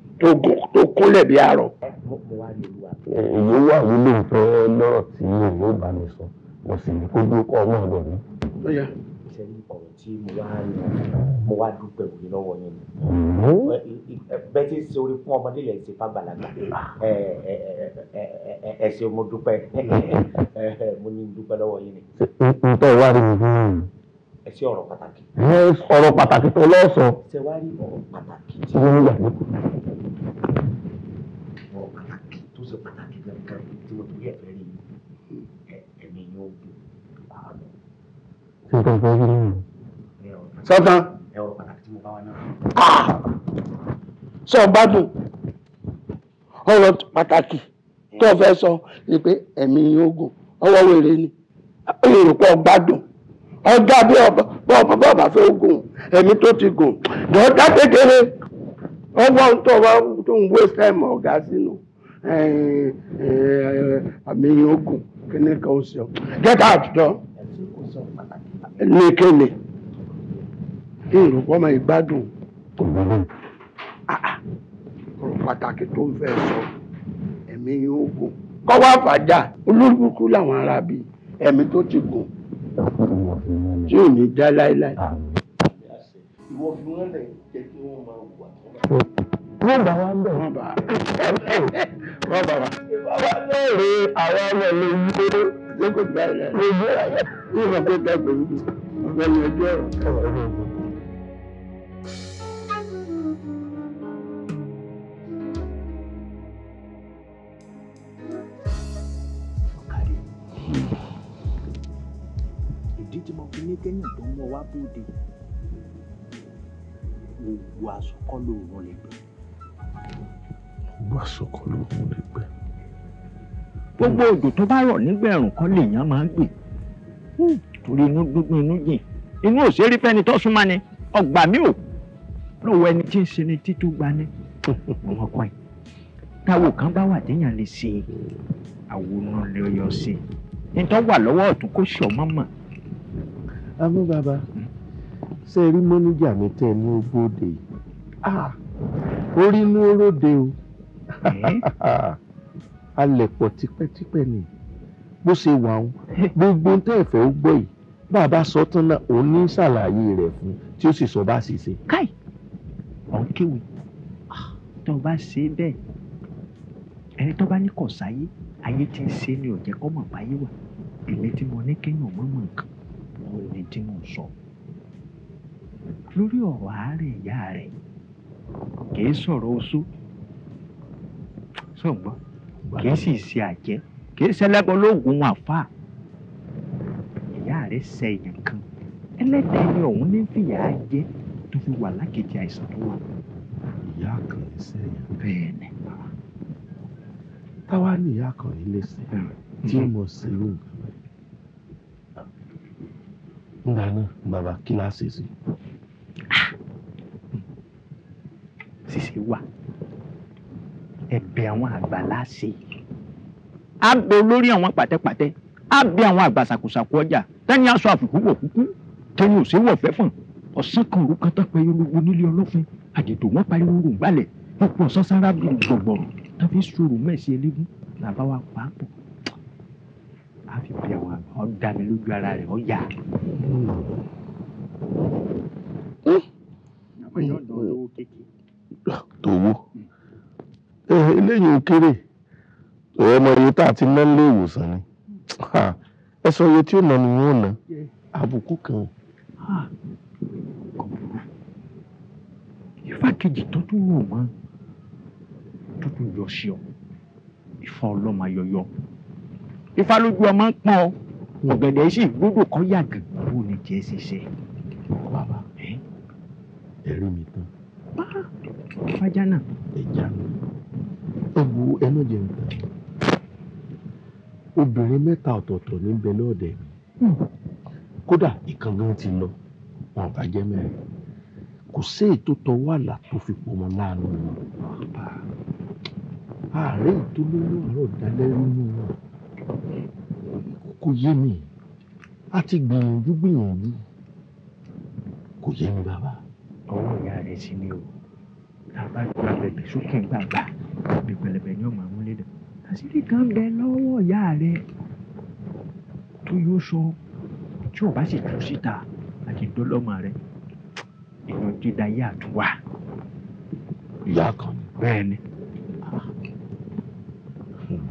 tó kúnlẹ̀ bí àrọ̀. ìwé wà wúlò fẹ́ lọ́rọ̀ tí èyí ò bá mi sọ mo sì ní kó dúró ọmọ ọ̀dọ̀ mi. ìṣẹ́lẹ̀ ọ̀rọ̀ tí mo wá mo wá dúpẹ́ òye lọ́wọ́ yẹn ni bẹ́ẹ̀ tí sori fún ọmọdé lẹ̀ ṣe fàgbàlagbà ẹ ṣe mo dúpẹ́ mo ní dúpẹ́ lọ́wọ́ yẹn ni. ntọ́ wa rí mi ẹ sí ọ̀rọ̀ pàtàkì. ọ̀rọ̀ pàtàkì tó lọ́sọ̀. ṣe wá rí ọ̀rọ̀ pàtàkì tí wọ́n yà ní kù. ọ̀rọ̀ pàtàkì tó ṣe pàtàkì gangan tí mo torí ẹ̀ fẹ́ rí ẹ̀mí yóò dùn àánú. nǹkan kan rí nínú. sọ́tàn. ọ̀rọ̀ pàtàkì tí mo bá wà náà. sọ ah! gbádùn ọ̀rọ̀ pàtàkì tó fẹ́ sọ ni pé ẹ̀mí yóò gùn ọwọ́ wèrè ni èrò pọ̀ gbádùn ọjà bí ọba bàbá fẹ́ gùn ẹ̀mí tó ti gùn dọ́jà kékeré ọwọ́ tó wá tó ń wé sẹ́mọ̀ ọ̀gá sínú àmì ogun kíní kan ó sọ get out jọ ní kéle ìrùkọ́ ọmọ ìgbádùn ah, ah. ọ̀rọ̀ pàtàkì tó ń fẹ́ sọ ẹ̀mí ogun kọ́ wá fàjà olúkúlùkù làwọn arábí ẹ̀mí tó ti gùn tí ò ní dá láéláé. ìwọ fi wọn lẹ jẹ kí wọn máa wà. wọ́n bá wa ń bẹ̀. wọ́n bá wọ́n bá wa. bàbá lóore àwọn ọmọ mi ń gbé lókùn báyìí. mo gbé àyà. mo gbé àgbẹ̀ mi. mo gbé ẹni ọjọ́ ní kéèyàn tó mọ wá bóde gbogbo àsọkọ́ lòun lè gbẹ. gbogbo àsọkọ́ lòun lè gbẹ. gbogbo òjò tó bá rọ̀ nígbà kan lèèyàn máa ń gbè hmm, torí inú gbígbó inú jìn inú òṣèré fẹ́ni tó súnmọ́ ni ọgbà mi ò lówó ẹni tí ń sinmi títú gbani ọmọ kan yìí táwo kan bá wà téèyàn lè ṣe àwòrán lè yọ sí i nítorí wà lọ́wọ́ ọ̀tún kó ṣe ọmọ àmú bàbá ṣe rí mọ́níjà mi tẹ́ ní ogbóde ah, orí inú oróde o alẹ̀ pọ̀ tipẹ́tipẹ́ ni bó ṣe wà ó gbogbo tẹ́ ẹ̀fẹ́ ó gbọ́ yìí bàbá sọ tán náà òun ní ṣàlàyé rẹ̀ fún tí ó sì sọ bá sì ṣe. káì ọ̀n kéwì ah, tó bá ṣe bẹ́ẹ̀ ẹni tó bá ní kọ̀ ayé ti ń ṣe ni ò jẹ́ kọ́ mọ̀ báyé wà èmi tí mo ní kéèyàn mọ̀ mọ̀ nǹkan gbọ́ ẹni tí mò ń sọ lórí ọ̀rọ̀ àárẹ̀ ìyá rẹ̀ kìí sọ̀rọ̀ oṣó sọ̀gbọ́n kìí sì ṣe àjẹ́ kìí ṣẹlẹ́bọ lóògùn àfáà ìyá rẹ̀ ṣe èèyàn kan ẹlẹ́dàá ni òun ní fìyà jẹ tó fi wà lákejì àìsàn tó wà. ìyá kan ní sẹ́yìn. bẹ́ẹ̀ ni. táwa ní ìyá kan ní lẹ́sẹ̀ tí mo ṣe irú nígbà náà bàbá kí la ṣe sí. ṣíṣe wà ẹ̀bẹ̀ àwọn àgbà láṣẹ á bẹ olórí àwọn pàtẹ́pàtẹ́ á bẹ àwọn àgbà ṣàkóṣàkó ọjà tẹ́ni aṣọ àfùkù wọ̀ kúkú tẹ́ni ò sí wọ̀ fẹ́ fún ọ̀sán kan òru kan tọ́pẹ́ olówó nílé ọlọ́fin àdètò wọn pariwo rògbàlẹ̀ gbogbo ọ̀sán sára bí gbọ̀gbọ̀rọ̀ tàbí sòrò mẹ́sì elégún làbá wa pàápọ̀ a fi bí àwọn àgbà ọ dá mi lójú ara rẹ ọ yà. tòwó eléyìí ò kéré ọ̀rọ̀ ọmọ iye tá a ti ná nílé ìwòsàn ni ẹ sọ iye tí ó nà ni wọn ò ná àbùkù kan. ìfà kejì tó tún wù mọ́ tó tún yọ sí ọ ìfọ̀n ọlọ́mọ ayọyọ ifá lójú ọmọ ń pọn ọ ọ̀gẹ̀dẹ̀ sì gbọ́dọ̀ kọ yàgàn. bó ni jẹ́ ṣiṣẹ́. bàbá ẹ̀rí mi tán. fájà náà. ẹja ọgbù ẹnu jẹun tán. obìnrin mẹ́ta ọ̀tọ̀ọ̀tọ̀ ní bẹ lọ́ọ̀dẹ̀ mi hmm. kódà ìkàngán ti lọ wọn bá jẹ́ mẹ́rin kò sí ètò tọwọ́ àlà tó fi pọ̀ láàánú wọn ààrẹ ìtòlóyún àárọ̀ dalẹ́ nínú wọn kò yé mi a ti gbìyànjú gbìyànjú kò yé mi bàbá. ọwọ́ ìyá rẹ̀ sí ni o bàbá gba bẹ̀bẹ̀ sókè gbàgbà bí pẹlẹbẹ ni ó máa múlẹ̀ dàn. àṣírí kan bẹ lọ́wọ́ ìyá rẹ̀ tó yóò sọ tí ò bá sì tú síta àti dọ́lọ́mọ rẹ̀ inú dídá yé àtúwà. ìyá kan ni. bẹ́ẹ̀ ni. Ah.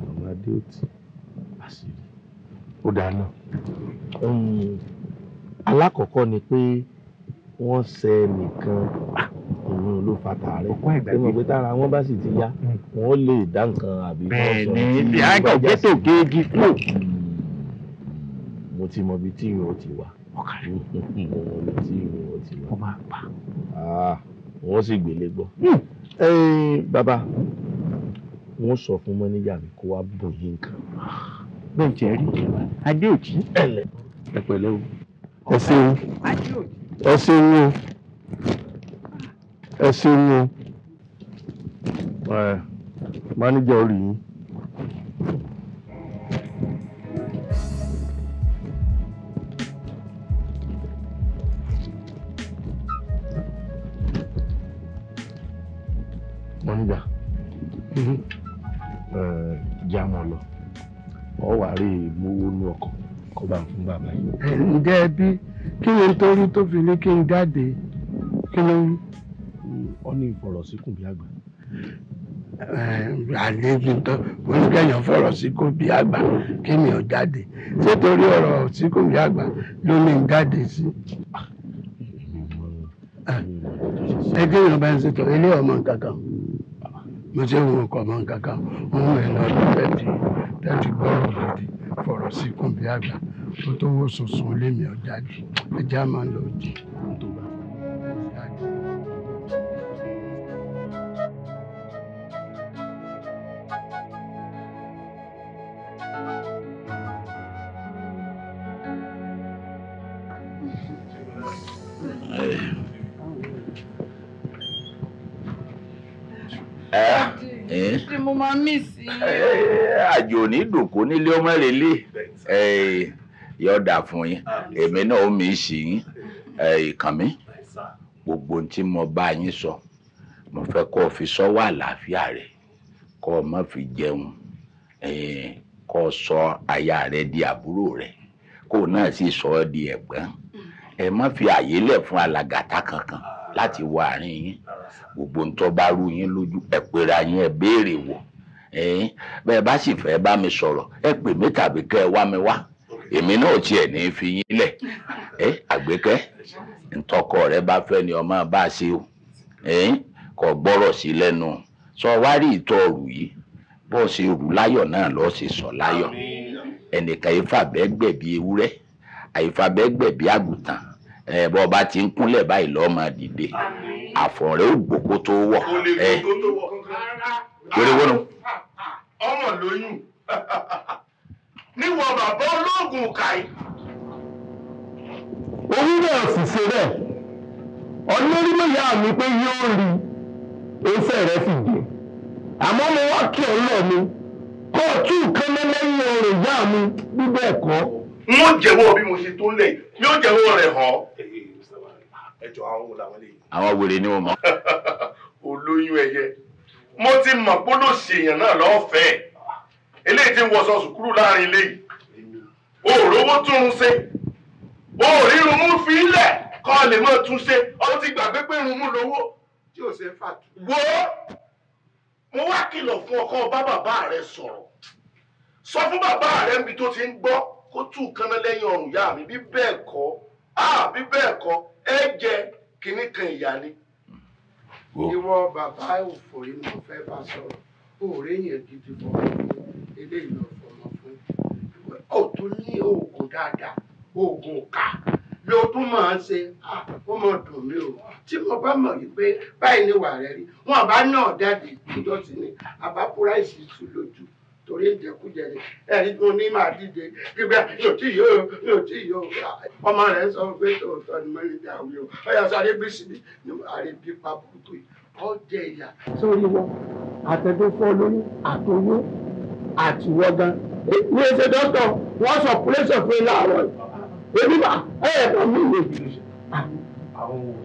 ọmọ ò tí àṣírí ó dáa náà alákọ̀ọ́kọ́ ni pé wọ́n ṣe nìkan òun ah, ló fa tààrẹ ṣé mo pé tára wọn bá sì ti yá hmm. wọn lè dá nǹkan àbí wọn sọ ní ti àgbà gbẹ́tò géègì kú. mo ti mọ ibi tí ìrìn ò ti wà hmm, mo ti ìrìn ò ti wà ah, wọ́n sì gbélé gbọ́. Hmm. bàbá wọ́n sọ fún mọ́níjà mi kó wá bùn yín kan bẹ́ẹ̀ jẹ́ rí adéòjì ẹ pẹ̀lẹ́ o ẹ ṣeun ẹ ṣeun o ẹ ṣeun o máníjà orí yín. máníjà mhm. jẹ́ àwọn lọ ọ wà rí ìmúwó ní ọkọ̀ kó bá ń fún bàbá yìí. ǹjẹ́ ẹbí kí ni nítorí tó fi ní kí n jáde kí ló ń. ọ ní ìfọ̀rọ̀síkùn bí àgbà. àlejò tó oníkẹyàn fọ̀rọ̀ síkùn bí àgbà kí mi ò jáde ṣé torí ọ̀rọ̀ síkùn bí àgbà ló ní n jáde sí. Ah, ẹ kí ni ọba ẹ ń ṣètò ilé ọmọ nǹkan kan mo ṣe ń wọkọ̀ ọmọ nǹkan kan òun ẹ̀ lọ́ọ́ fẹ́ẹ́ di dádì gbọ́rọ̀ lòdì fọ̀rọ̀ síkùn bí àgbà tó tó wò sùn sùn lé mi ọ̀jáde ẹ̀já máa ń lọ jì tó mo máa mí sí i. àjò ní dòkó nílé ọmọ rẹ lé eh, yóò fún yín èmi náà ó mi sí yín eh, ìkàn mi gbogbo tí mo bá yín sọ mo fẹ́ kó o fi sọ́wọ́ àlàáfíà rẹ kó o má fi jẹun eh, kó o sọ aya rẹ di àbúrò rẹ kó o náà sì sọ ọ di ẹ̀gbọ́n ẹ má fi àyè lẹ̀ fún alàgàtà kankan láti wọ àárín yín gbogbo ń tó bá rú yín lójú ẹ pera yín ẹ béèrè wò bẹ́ẹ̀ bá sì fẹ́ bá mi sọ̀rọ̀ ẹ pè mí tàbí kẹ́ ẹ wá mi wá èmi náà tiẹ̀ ní fi yín lẹ̀ ẹ àgbékẹ́ ntọ́kọ rẹ bá fẹ́ ni ọmọ bá ṣe o kò gbọ́rọ̀ sí lẹ́nu sọ wá rí ìtọ́rù yìí bó ṣe rù láyọ̀ náà ló ṣe sọ láyọ̀ ẹnìkan ìfàbẹ́gbẹ̀bí ewúrẹ́ àìfàbẹ́gbẹ̀bí àgùntàn ẹ bọ́ ọba ti ń kúnlẹ̀ báyìí lọ́ọ́ máa dìde àfọ̀rẹ́ ògbókó tó wọ̀ ẹ wéréwónú. ọmọ lóyún níwọ̀n bàbá olóògùn kàí. orí náà sì ṣe bẹ́ẹ̀ ọlọ́rí ló yá mi pé yóò rí ẹsẹ̀ rẹ sì dé àmọ́ mo wá kí ọ lọ mi kó o tú nǹkan mọ́ lẹ́yìn oòrùn yá mi bí bẹ́ẹ̀ kọ́ n ó jẹ́wọ́ bí mo ṣe tó lẹ̀ yóò jẹ́wọ́ rẹ̀ hàn. ẹjọ àwọn wo làwọn lè. àwọn wèrè ni wọn mọ. olóyún ẹyẹ mo ti mọ̀ pé ló ṣèyàn náà lọ́fẹ̀ẹ́ eléyìí ti ń sùkúrù láàrin ilé yìí òòrówó tún un ṣe òòrírun mú fi ilẹ̀ kọ́ lè mọ̀ tún ṣe ó ti gbàgbé pé irun mú lówó. tí ò ṣe fà tù. wo mo wá kìlọ̀ fún ọkọ bá bàbá rẹ sọ̀rọ̀ sọ fún bàbá rẹ níbi tó ti ń gbọ́ kó tù kánná lẹ́yìn ọrùn yá mi bí bẹ́ẹ̀ kọ́ á bí bẹ́ẹ̀ kọ́ ẹ jẹ kínní kan ìyá ni. ìwọ bàbá òfòrí ni mo fẹ́ bá sọ̀rọ̀ òòrè yẹn gidi fọ́ eléyìí lọ fọmọ fún ọ tó ní oògùn dáadáa oògùn ká o tún máa ń ṣe ó mọ dùn mí o tí mo bá mọ̀ wípé báyìí ni wàá rẹ rí wọn àbá náà jáde ìjọsìn ni àbá púráìsì tù lójú torí ìjẹkújẹ ni ẹni tó ní máa dìde gbígbà yóò tí yóò yóò tí yóò ọmọ rẹ sọ pé tòótọ́ ni mo ní dà wí o ọyà sáré bí sí ni àrè bí pa burúkú yìí ọ jẹ ìyà. sórí wọn àtẹ̀dọ́fọ́ lóyún àtọyún àtiwọ́ gan ní ẹsẹ̀ dọ́tọ̀ wọ́n sọ púlẹ́sọ̀ fún ilé àwọn èmi bá ẹ̀yẹ̀ kan mí lè.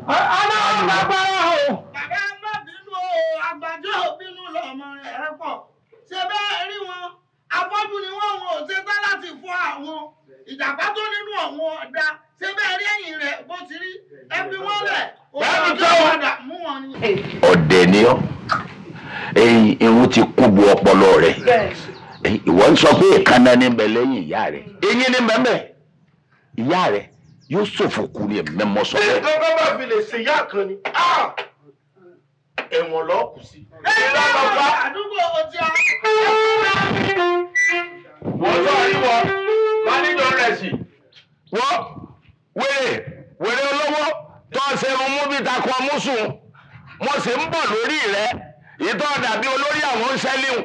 ọ̀nà bàbá o. bàbá má bínú o àgbàdo bínú lọ́mọ rẹ̀ pọ̀ ṣé bẹ́ẹ̀ tẹ o ọ̀dẹ̀ ni ọ́ irun ti kú bu ọpọlọ rẹ ìwọ ń sọ pé ìkànnà ní bẹ lẹ́yìn ìyá rẹ eyín ní bẹ bẹ ìyá rẹ yóò ṣòfò kú ni mẹmọ sọ bẹ́ẹ̀. ṣé ìjọba bá fi lè ṣe ìyá kan ni ah! ẹ̀wọ̀n lọ kù sí. ìlà bàbá àdúgbò ọjà. wọ́n sọ ìwọ mánídọ̀ rẹ̀ sí. wọ́n wèrè wèrè olówó tọ́sẹ̀ mú bí takọ mùsùn mo sì ń bọ̀ lórí rẹ ìtọ́ dàbí olórí àwọn sẹ́líù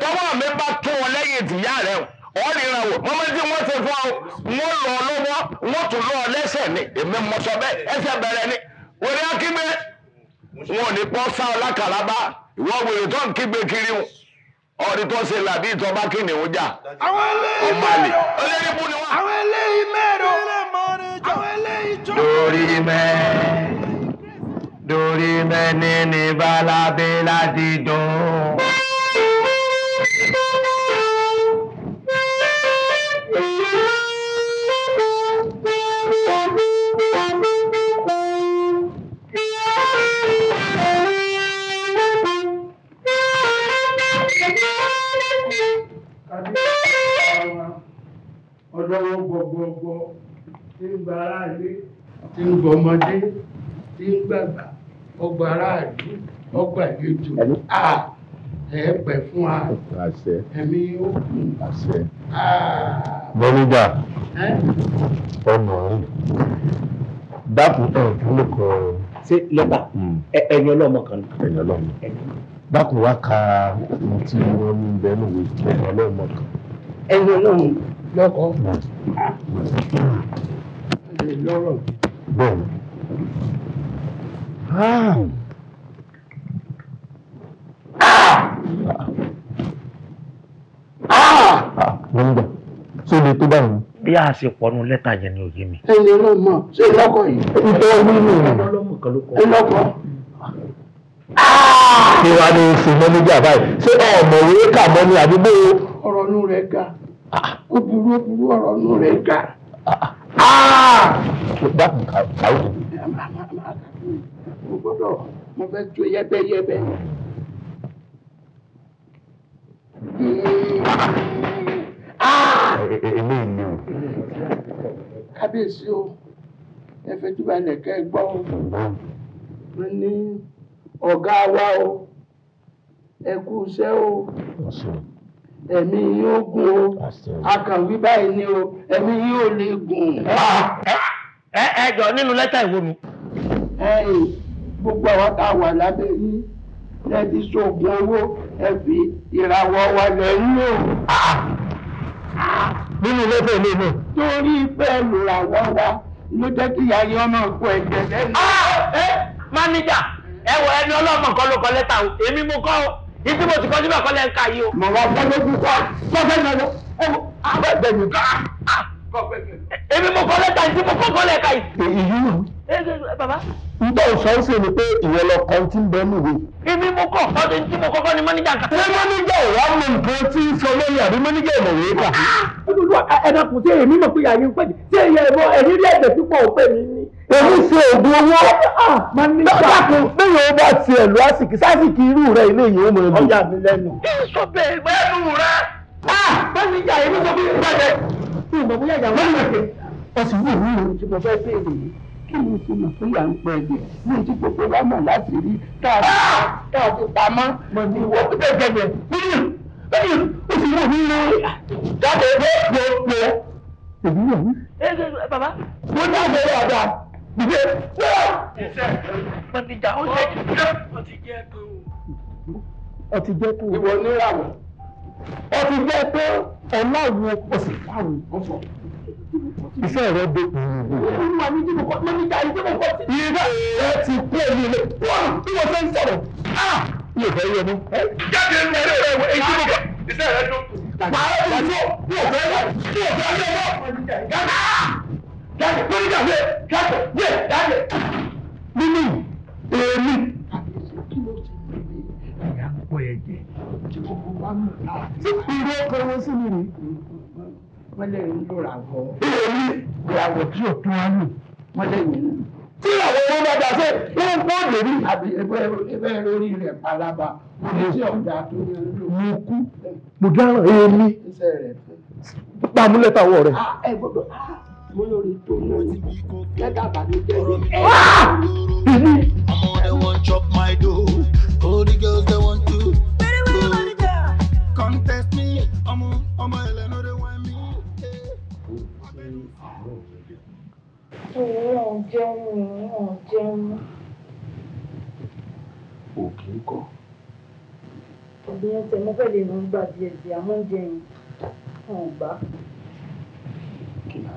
tọ́wọ́ mi bá tún ọ lẹ́yìn ìdìyà rẹ ọ ríran wò mọ́mọ́ tí wọ́n ti fún ọ wọ́n lọ lọ́wọ́ wọ́n tún lọ lẹ́sẹ̀ ni èmi mọ sọ bẹ́ẹ̀ ẹsẹ̀ bẹ̀rẹ̀ ni wòlé akígbe wọn ò ní pọ́ sá ọ lákàlábá ìwọ wèrè tó ń kígbe kiri wọn ọ̀rí tó ṣe làbí ìtọ́ bá kí ni ó jà. àwọn eléyìí mẹ́rọ àwọn eléyìí mẹ́rọ mẹ́ dorí mẹ́ níní balábẹ́ láti dùn. ọjọ́ wọn gbọ̀gbọ̀gbọ̀ ń gbàrá tí ń gbọmọdé tí ń gbàgbà ọgbà aráàlú ọgbà ìlejò a ẹ pẹ́ fún wa ẹ̀mí ó kù. bọ́lídà ọ̀nà rẹ̀ dákun ẹ̀ẹ́dún ló kọ́ ṣé lẹ́tà hmm. ẹ̀yìn ọlọ́mọ kan. ẹ̀yìn ọlọ́mọ dákun wá ka ohun tí wọ́n ń bẹ́ẹ̀ nìwé ẹ̀yìn ọlọ́mọ kan. ẹ̀yìn ọlọ́mọ lọ́kọ̀ọ́ hmm. hmm. lọ́rọ̀ gidi bẹ́ẹ̀ mo ń gbà ṣé ilé tó báyìí. bí a ṣe pọnú lẹ́tà yẹn ni òye mi. ẹ lè lọ mọ ṣé ìlọkọ yìí. ìtọ́ ìlú mi ni ìlọkọ. Ah. kí wàá ní ṣe mọ́nìjà báyìí ṣé ọ̀mọ̀wé kà mọ́ ní àdúgbò. ọ̀rọ̀ inú rẹ̀ ga ah. ó burú ó burú ọ̀rọ̀ inú rẹ̀ ga. Ah dákun kàwé. mo gbọ́dọ̀ mo fẹ́ jó yẹ́bẹ́yẹ́bẹ́. èmi ni o. kábíyèsí o ẹ fẹ́ jùlọ ẹnìkan ẹ gbọ́ o wọ́n ní ọ̀gá wa o ẹ kú iṣẹ́ o ẹ̀mí yóò gùn o akànwí báyìí ni o ẹ̀mí yóò lè gùn. ẹ ẹ jọ nínú lẹ́tà ìwo mi. ẹ̀yin gbogbo àwọn tá a wà lábẹ́ yín lẹ́ẹ̀dí sóògùn owó ẹ fi ìràwọ̀ wa lẹ́yìn o. nínú lẹ́tà ìlú mi. torí bẹ́ẹ̀ lòràwọ̀ wa ló jẹ́ kí ayé ọmọ kó ẹ̀jẹ̀ lẹ́nu. Ah, máníjà ẹ wọ ẹni ọlọ́mọ kan ló kọ lẹ́tà o èmi mo kọ́ o ìdí mo ti kọjú bá kọ́lẹ̀ ń ka yìí o. màmá fẹ́ ló kú kọ́ kọ́fẹ́ mi lọ abẹ́ bẹ̀rù ká. èmi mo kọ́ lẹ́ka yìí tí mo kọ́ lẹ́ka yìí. èyí wù mí. bàbá. ntọ́ sọ sí ni pé ìwọ lọ kọ́ tí ń bẹ níwèé. èmi mo kọ́ ọdún tí mo kọ́kọ́ ni mọ́níjà kan. ṣé mọ́níjà ò wá mọ nǹkan tí ń sọ lórí àbí mọ́níjà ìmọ̀wé kà. olùdó ẹ̀dàkùn èmi mọ̀ pé yàrá yín pẹ̀lú èmi ṣe oògùn owó lọ́dàkùn lẹ́yìn owó bá ti ẹ̀ lọ àsìkí sásìkí irú rẹ̀ ilé yìí ó mọ̀ ẹ́ lò. ọjà mi lẹ́nu. kí n sọ bẹ́ẹ̀ mẹ́nu rẹ̀ ah! bá mi jà èmi sọ fún mi bẹ́ẹ̀ ìmọ̀ bóyá ìyàwó mi rẹ̀ ọ̀sùn wò mí o tí mo fẹ́ béèrè yìí kí ni ṣe mọ̀ pé à ń pẹ́ ẹ̀jẹ̀ ní ojú gbogbo wa mọ̀ láti rí tá a ti ah! pamọ́ mọ̀ ní ìwọ pípẹ́ jẹjẹ nínú lẹ́yìn ó sì wò mí lórí jáde gbogbo. èmi yẹ̀ mí. bàbá mo ní àgbẹ̀rẹ̀ àgbà dìde náà. ìṣe pọtìjà ó ṣe jù. ọtí jẹ́ pé o. ọtí jẹ́ pé o. ìwọ níyàwó. ọtí jẹ́ pé ọlọ́run ọ̀sẹ̀ fáwọn ọ̀sọ̀ iṣẹ́ rẹ dé. Olúwa rẹ ti kú èmi lè wá bí wọ́n ṣe ń sọ̀rọ̀. Mi ò fẹ́ yẹ mú. Jáde ní ẹ̀rọ rẹ̀ wọ èyí mọ̀ kọ́. Iṣẹ́ rẹ dùn. Màá rẹ̀ dùn. Mi ò fẹ́ yẹ Mi ò fẹ́ yẹ mọ́ jáde lórí ìdàgbé jáde yé jáde nínú èmi. ìyá pọ̀ ẹ jẹ. ìró kọ́wọ́ sí mi rí. wọ́n lè ń lòrà wọ́. èmi ìyàwó tí ò tún wá lù wọ́n lè yìn ín. tí àwọn ọmọ bá dàsẹ́ ló ń pọ̀ lórí. àbí ẹgbẹ́ lórí rẹ̀ palaba kò ní sí ọ̀gá tó ní lò. mo kú mo dáràn èmi. iṣẹ́ rẹ̀ fẹ́. pàmùlẹ́ta wọ̀ rẹ̀. Ah, ẹ gbọ́dọ̀. Ah mo lórí tó lórí lẹ́tà àbànújẹ́ mi. Ah! ọmọ ọdẹ wọn chop my dough all the girls dey want to. contest me ọmọ ọmọ ẹlẹ́nu dey wá mi. ìrìn ọ̀jẹun ìrìn ọ̀jẹun. òkè ń kọ́ ọdún yẹn tẹ mo fẹ́ lè rún gbà díẹ̀ díẹ̀ àmọ́ oúnjẹ yẹn wọn ò gbà. kí ni a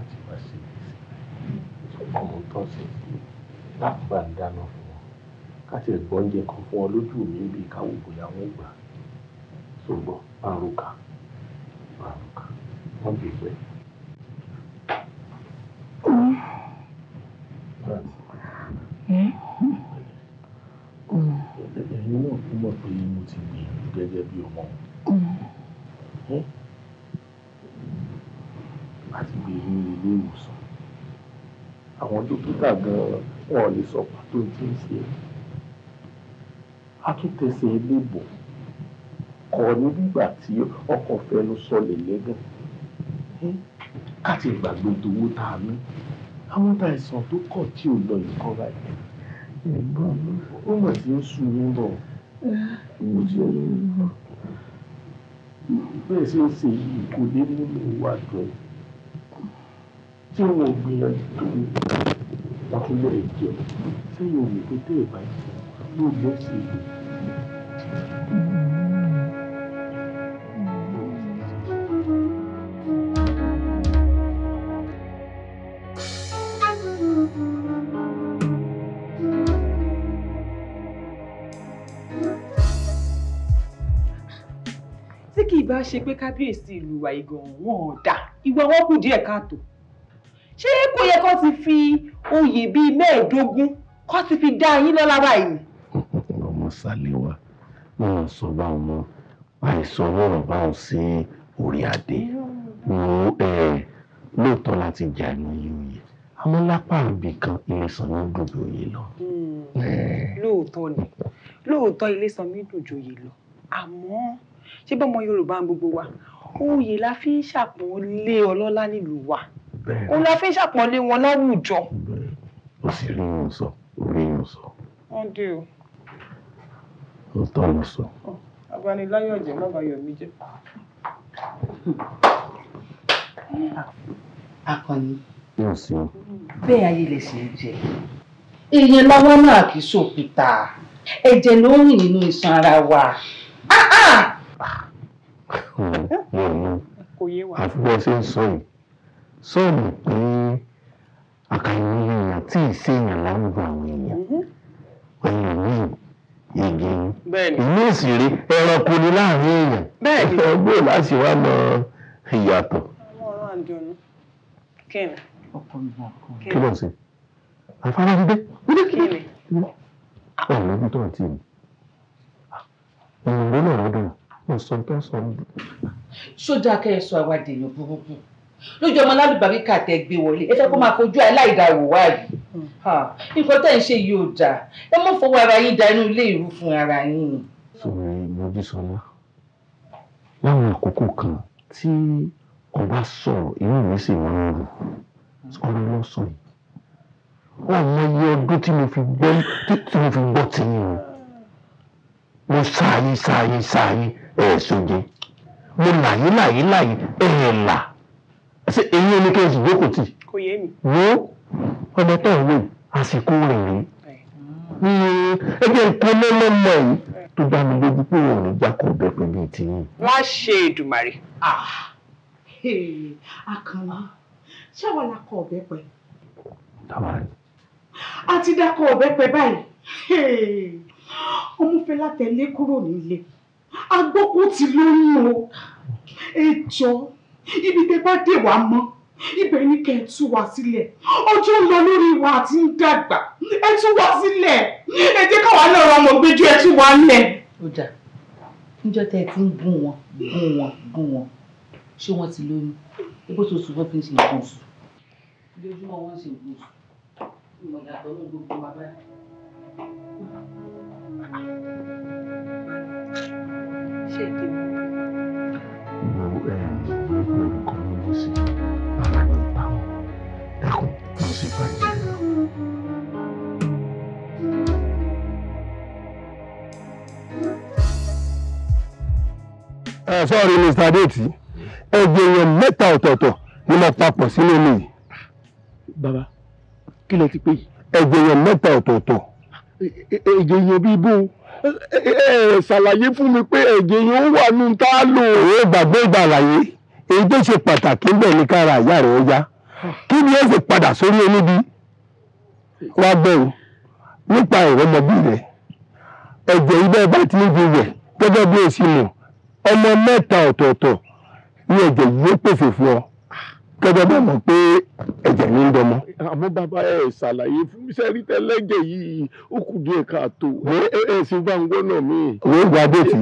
ọmọ tán sí láti bá ń dáná fún wọn ká tiẹ̀ gbọ́ oúnjẹ kan fún wọn lójú mi bí káwọ́ bóyá wọ́n gbà ṣùgbọ́n àrùkà àrùkà wọ́n bí pẹ́. ẹ̀yin náà tún mọ̀ pé mo ti gbìyànjú gẹ́gẹ́ bí ọmọ wọn láti gbé yín ilé ìwòsàn àwọn dókítà gan-an wọn ò lè sọ pàtó tí ń ṣe akíntẹsẹ̀ eléèbò kọ ní bígbà tí ọkọ̀ fẹnu sọlẹ̀ lẹ́gàn káti ìgbàgbé ìdòwò tá a ní àwọn tá àìsàn tó kọ̀ tí ò lọ yìí kọ́ra yìí ó mọ̀ sí ń sun yín bọ̀ ó ti ń bẹ́ẹ̀ sì ń ṣe yìí kò dé nínú ìwádìí tí wọn ò gbìyànjú tó ní wọn tún lè jẹ sẹ́yìn òní tó tẹ ẹ báyìí yóò gbé sí i. tí kì í bá ṣe pé kábíyèsí ìlú wa ìgàn wọn ò dà ìwà wọn kù díẹ̀ káàtó ṣé kò yẹ kó ti fi oyè bíi mẹ́ẹ̀ẹ́dógún kó ti fi dá yín lọ́lá báyìí. ọmọ Sàléwà wọn ò sọ báwọn mọ àìsàn ọ̀rọ̀ báwọn sí orí adé wo lóòótọ́ láti jà ní oyè àmọ́ lápá àbí kan ìlẹ̀sàn ní dùdú oyè lọ. Hmm. lóòótọ́ ni lóòótọ́ ìlẹ̀sàn mi dùjú oyè lọ àmọ́ ṣé bọ́mọ Yorùbá gbogbo wa oyè la fi ń ṣàpọ́nlé ọlọ́lá nílùú wa. Mm òun la fi ń ṣàpọ́nlé wọn láwùjọ. ó sì rí yín sọ orí yín sọ. wọ́n dé o. ó tọ́ lọ sọ. abániláyọ̀ jẹ́ má bàa yọ̀ mí jẹ́. akọni. yóò sí. bẹ́ẹ̀ ayé lè ṣe é jẹ. ìyẹn lọ́wọ́ náà kì í ṣòkúta ẹ̀jẹ̀ ló ń rìn nínú iṣan ara wa. Ah, ah! Ah, kò yé wa. àfi bẹ́ẹ̀ ṣe ń sọ yìí ṣó o mọ̀ pé àkàìmọye èèyàn tí ì ṣèyàn láwùjọ àwọn èèyàn èèyàn míì igi inú ìsìrí ẹranko ni láàrin èèyàn bẹ́ẹ̀ni ọgbọ́n láti wá mọ ìyàtọ̀. kí ló ń ṣe afárá ń dé ọ̀nà ibi tó ń tì mí òun ló lọ́rọ̀ dùn mo sọ tó sọ ń dùn. ṣó dáa kẹ́ ẹ sọ àwa dèèyàn burúkú lójú ọmọ lálùbáríkà tẹ gbé wọlé ẹ fẹ́ kó máa fojú aláìdáwò wá yìí hmm. nǹkan tẹ́ ń ṣe yìí ò dáa ẹ mọ̀ fọwọ́ ara yín da inú ilé ìrú fún ara yín ni. sọ̀rọ̀ Mojísọ́lá láwọn àkókò kan tí ọba sọ̀rọ̀ inú mi sì máa ń rò ọ̀rọ̀ lọ sọ yìí ọmọ iye ọdún tí mo fi gbọ́ tí mo fi gbọ́ tìyìn o mo ṣàyè ṣàyè ṣàyè ẹ̀ ṣoje mo làyè làyè làyè ẹ̀ ṣé èyí ò ní kí n sì jókòó tì. kò yé mi. wo ọmọ tó ń wò àsìkò rẹ̀ rí ẹgbẹ́ nǹkan lọ́lọ́mọ yìí tó dá mi lójú pé òun ní jákọ̀ ọ̀bẹ pẹ̀lú ìtìyìn. wọ́n ṣe Èdùmàrè. àkànlá ṣáwọn la kọ ọ̀bẹ pẹ̀. dábàárẹ̀. a ti dákọ ọ̀bẹ pẹ̀ báyìí ọmọfẹ́lá tẹ̀lé kúrò nílé agbókùn ti lóyún o ẹjọ́ ibi tẹ bá dè wá mọ́ ibẹ̀ ni kẹ́ ẹ tú wa sílẹ̀ ọjọ́ ń lọ lórí wa àti ń dàgbà ẹ tú wa sílẹ̀ ẹ jẹ́ káwa náà rọmọ gbẹ́jọ́ ẹ tú wa lẹ̀. ó dà níjọ́ tẹ́ ẹ ti ń gún wọn gún wọn gún wọn ṣé wọ́n ti lóyún ebó tó sùn wọ́n fi ń ṣe nǹkan oṣù lójúmọ́ wọ́n ń ṣe nǹkan oṣù ìmọ̀ ìyàtọ̀ ló ń gbogbo wa báyìí. ṣé èké mi. Merci Père. ẹ sọ́ọ̀rì Mr. Adétì ẹgbẹ́ èèyàn mẹ́ta ọ̀tọ̀ọ̀tọ̀ ni mo papọ̀ sínú omi yìí. bàbá kí lẹ ti pè yìí. ẹgbẹ́ èèyàn mẹ́ta ọ̀tọ̀ọ̀tọ̀. ẹ̀jẹ̀ èèyàn bíi bó ẹ ṣàlàyé fún mi pé ẹ̀jẹ̀ èèyàn ó wà nù tá a lò. òun gbàgbé ìgbà èyí tó ṣe pàtàkì ń bẹ̀ ní kára ìyá rẹ̀ ó yá kí ni ó sì padà sórí olúbi wá gbọ́ o nípa ìrọmọbí rẹ ẹ̀jẹ̀ ibẹ̀ bá ti ń ju rẹ̀ gẹ́gẹ́ bí o sì mọ̀ ọmọ mẹ́ta ọ̀tọ̀ọ̀tọ̀ ní ẹ̀jẹ̀ yìí ó pèsè fún ọ gẹ́gẹ́ bá mọ̀ pé ẹ̀jẹ̀ ní í dọmọ. àmọ́ bàbá ẹ ṣàlàyé fún mi ṣe rí tẹ́lẹ́jẹ̀ yìí ó kù díẹ̀ káàtó ẹ sì bá ń gbọ́nà mi. òwe ìgbà dé ti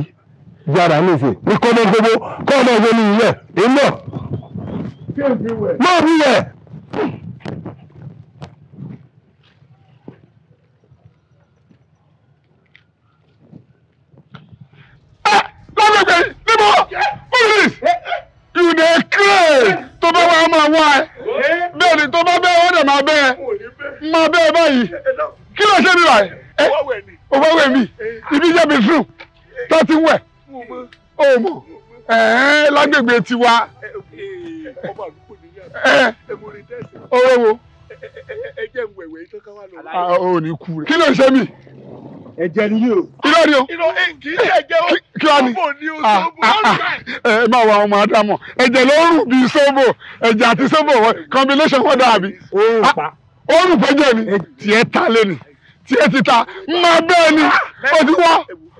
yára nífẹ̀ẹ́ ní kọ́mọ́gbogbo kọ́mọ́gbogbo ní ilẹ̀ ìmọ̀. Not ah, here. You dey craze tó bá wá máa wá ẹ. Bẹ́ẹ̀ ni tó bá bẹ́ẹ̀ wọ́n dẹ̀ máa bẹ́ẹ̀. Máa bẹ́ẹ̀ báyìí. Kí ló ṣe mi wà? Ó wá wẹ̀ mí. Ibi jẹ́ mi sùn. Tó ti wẹ̀. Ó lágbègbè tiwa. ọmọ ọwọ́ wo. ẹ ń wẹ̀wẹ̀ tó ká wà lọ́wọ́. a ní kú rẹ̀. kí ló ń ṣe mí. ẹ̀jẹ̀ ni yóò. kí ló o. kí kì í ṣẹ̀jẹ̀ o. kí ni o sóbò ọ̀rọ̀ ẹ máa wà ọmọ ádámọ̀ ẹ̀jẹ̀ ló rùn bíi sóbò ẹ̀jẹ̀ àti sóbò combination wọn dàbí. ó rùn pa. ó rùn pa mi. tiẹ̀ ta lé ni tí ẹ ti ta máa bẹ́ẹ̀ ni ó ti wá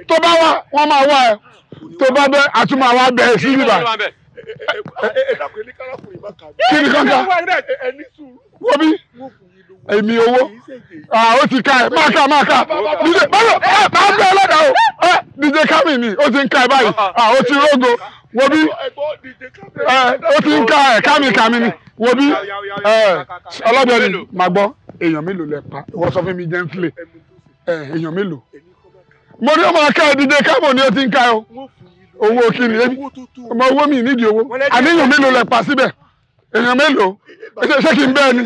tó bá wá wọ́n máa wá ẹ tó bá bẹ́ẹ̀ àtúmọ̀ àwọn abẹ́ ẹ sí ibà. kí ni kankan wọ́n bí èmi owó ó ti ka ẹ máa ka máa ka dj báwo ẹ máa ń bẹ ọlọ́dà o ẹ dj kami ni ó ti ń ka ẹ báyìí ó ti rógo wo ó ti ń ka ẹ kami kami ni wobi. bí ọlọ́dọ̀ ni màá gbọ́ èèyàn mélòó lẹ pa ìwọ sọ fún mi jẹ́ ń filẹ̀ èèyàn mélòó mo ní ó máa ká ẹ dj kami ni ó ti ń ka ẹ o owó kí ni ọmọ owó mi nídìí owó àníyàn mélòó lẹ pa síbẹ̀ èèyàn mélòó ṣé kí n bẹ́ẹ̀ ni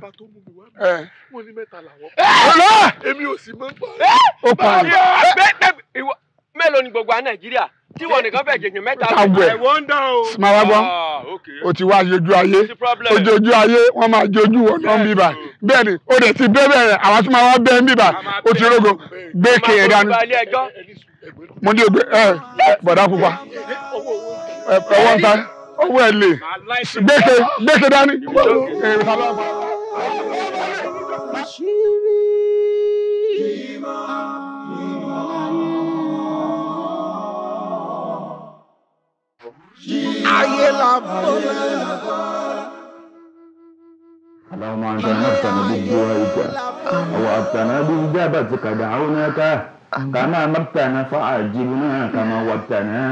bàbá tó mú mi wá mi wọn ní mẹ́ta làwọn. èmi ò sì mọ̀ pa. ó parí. mélòó ni gbogbo nàìjíríà tí wọn nìkan fẹ́ jẹjẹ mẹ́ta ẹwọn dán o. o ti wá jojú ayé ojojú ayé wọ́n máa jojú wọn náà ń bíbà bẹ́ẹ̀ ni o dẹ̀ ti bẹ́ẹ̀ bẹ́ẹ̀ àwọn tí màá wá bẹ́ẹ̀ o ti rogo gbé kéèyàn dání. mo ní o ẹ bọ̀dá pupa ẹ wọ́n ta owó ẹ lè gbé ké dání àṣírí ayé ayé la bọ́ lẹ́yìn. اللهم انت نفسنا بالدعاء وابتنا باجابتك دعوناك كما مبتنا فعجبنا كما وابتنا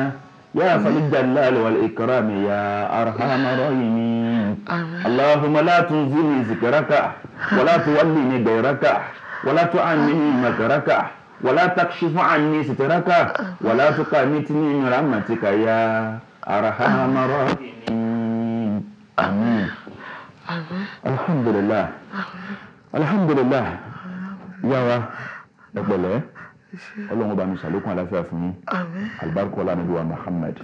يا ذا الجلال والإكرام يا أرحم الراحمين اللهم لا تنزني ذكرك ولا تولني غيرك ولا تعني مكرك ولا تكشف عني سترك ولا تقامتني من رحمتك يا أرحم الراحمين آمين الحمد لله الحمد لله يا رب ọlọ́run bá mi ṣàlékún àlàáfíà fún yín alibarika ọlá níbi wa Muhammad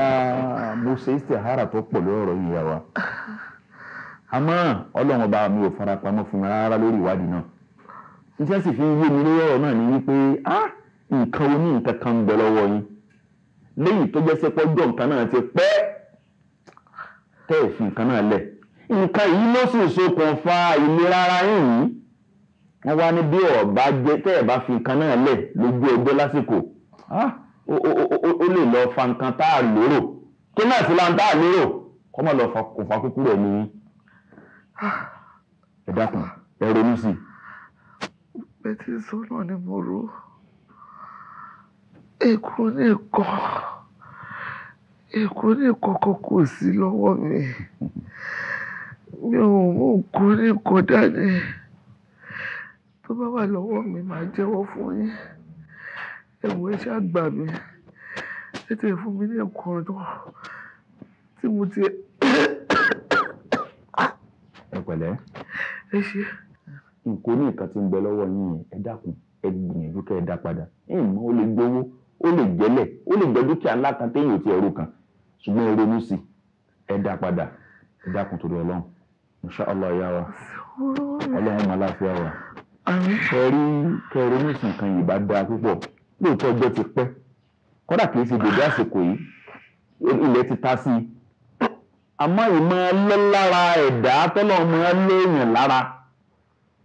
ah, mo ṣe istihara tó pọ̀ lórí ọ̀rọ̀ yìí yà wá àmọ́ ọlọ́run bá mi ò fara pamọ́ fún mi rárá lórí ìwádìí náà iṣẹ́ sì fi ń yé mi lórí ọ̀rọ̀ náà ni wípé ah, nǹkan oní nǹkan kan ń bẹ lọ́wọ́ yín léyìí tó jẹ́ sẹ́pọ̀ jọ nǹkan náà ti pẹ́ tẹ́ ẹ̀ fi nǹkan náà lẹ̀ nǹkan yìí ló sì ṣokùnfà ìlera ara yín yìí wọ́n wá ní bí ọ̀bá jẹ́ tẹ́ ẹ̀ bá fi nǹkan náà lẹ̀ lójú ẹgbẹ́ lásìkò ó lè lọ fa nǹkan tá a lérò kí náà sí láǹtá a lérò kọ́ mọ̀ lọ fa kò fa kúkú rẹ̀ ní ẹ dákun ẹ ronú sí i. bẹ́ẹ̀ tí sọ náà ni mo rò èkó nìkan èkó nìkan kan kò sí lọ́wọ́ mi mi ò mú nǹkan nìkan dání tó bá wà lọ́wọ́ mi màá jẹ́wọ́ fún yín ẹ̀wọ̀ ẹ ṣáà gbà mí ẹ tẹ̀ fún mi ní ẹ̀kọ́ ọ̀dọ́ tí mo ti. ẹ pẹ̀lẹ́. ẹ ṣe. nǹkan ní nǹkan tí ń bẹ lọ́wọ́ yín yẹn ẹ dákun ẹ gbìyànjú kẹ́ ẹ dá padà ìmọ̀ ó lè gbowó ó lè jẹ́lẹ̀ ó lè jẹ́ dúkìá ńlá kan téèyàn ò ti ẹ̀rù kan ṣùgbọ́n ẹ ronú sí ẹ dá padà ẹ dákun torí ọlọ́run inṣàlá ìyá wa ọlọ́run máa láfíà wa ẹ̀rí kẹrù nísìn kan yìí bá dáa púpọ̀ lóòótọ́ ọjọ́ ti pẹ́ kódà kìí ṣe dèdè àsìkò yìí ilẹ̀ ti ta sí i àmọ́ ìmọ̀ lọ́lára ẹ̀dá tọ́lọ̀ máa léèyàn lára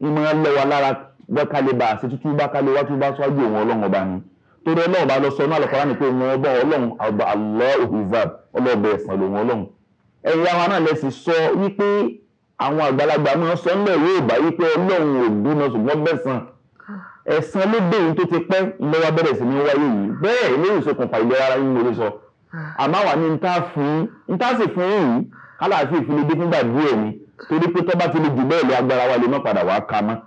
ìmọ̀ lọ́wọ́ lára gbọ́kálẹ̀ bá àṣẹ tútú bá kálẹ̀ wá tún bá ṣáájú òun ọlọ́run ọba ni torí ọlọ́run bá lọ sọ náà lọ́kọ́lá ni pé òun ọba ọlọ́run àbá àlọ́ òhùvà ọlọ́ọ̀bẹ ẹ̀sán lòun ọlọ́run ẹ̀yin àwọn náà lẹ́sìn sọ wípé àwọn àgbàlagbà máa sọ ńlẹ̀ yóò bá yí pé ọlọ́run ò gbóná ṣùgbọ́n bẹ̀sán ẹ̀sán ló dé yìí tó ti pẹ́ lọ́wọ́ bẹ̀rẹ̀ sí ní wáyé yìí bẹ́ẹ̀ lóyún ìṣokùnfà ìlera ara yín lórí sọ àmọ́ wà ní níta fún níta sì fún yìí kálàáfíà ìfúnni dé fúngbà díẹ̀ ni torí pé tọ́ba ti lè jù bẹ́ẹ̀ lọ agbára wa lè má padà wá ka mọ́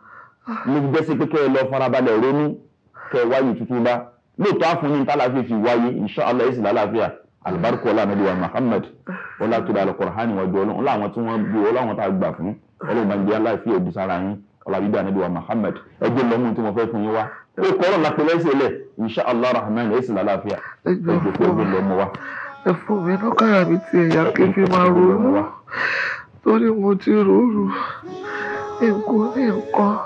mo jẹ́ sí pé kẹ́ ẹ lọ farabalẹ̀ ronú kẹ́ ẹ wáyé tuntun bá lóòótọ́ àfúnni níta láfi fi wáyé insha Allah ẹ̀sìn lálàáfíà alibarika ọlá Nabi wa muhammed ọlá tó dára kọrọhánì wọn bí ọlọ́run láwọn tí wọ́n bí ọlọ́run tá a gbà fún ọlọ́run máa ń di aláìsí òbí sára yín ọlá bíbí anabi wa muhammed ẹgbẹ́ lọ́mú tí mo fẹ́ fún yín wá ó kọ́rọ̀ la pẹ̀lẹ́ sí insha allah rahman ẹ̀ sì lálàáfíà ẹgbẹ́ fún ẹgbẹ́ lọ́mú wa. ẹ fún mi ní káyà mi ti ẹ̀yà kéfì máa ronú torí mo ti rúurú nǹkan nǹkan.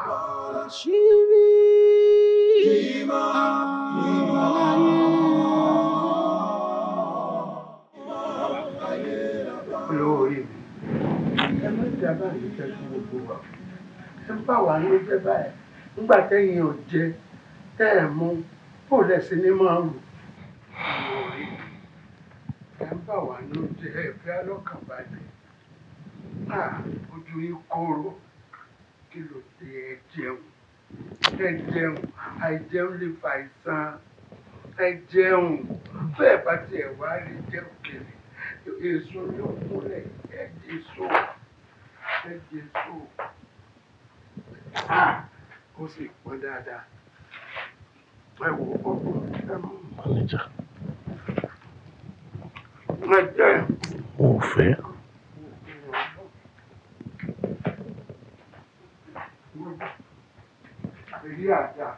dá báyìí jẹ fún gbogbo wa ṣé bá wà ló jẹ báyìí nígbà tẹ̀yin ò jẹ tẹ ẹ mú kó lẹ sí ní máa rù lórí ẹ ń bà wà ló jẹ ẹgbẹ́ alọkànbalẹ̀ náà ojú yín kóró kí ló dé ẹ jẹun ẹ jẹun àìjẹun lè fa àìsàn ẹ jẹun bẹ́ẹ̀ bá tiẹ̀ wá lè jẹ òkèlè èso ló kúnlẹ̀ ẹ jẹ èso ẹ̀jẹ̀ ah, ó sì pọn dáadáa ẹ wò ọgbọ́n ẹ mo fẹ́. Èyí àjà.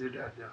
ṣe dáadáa.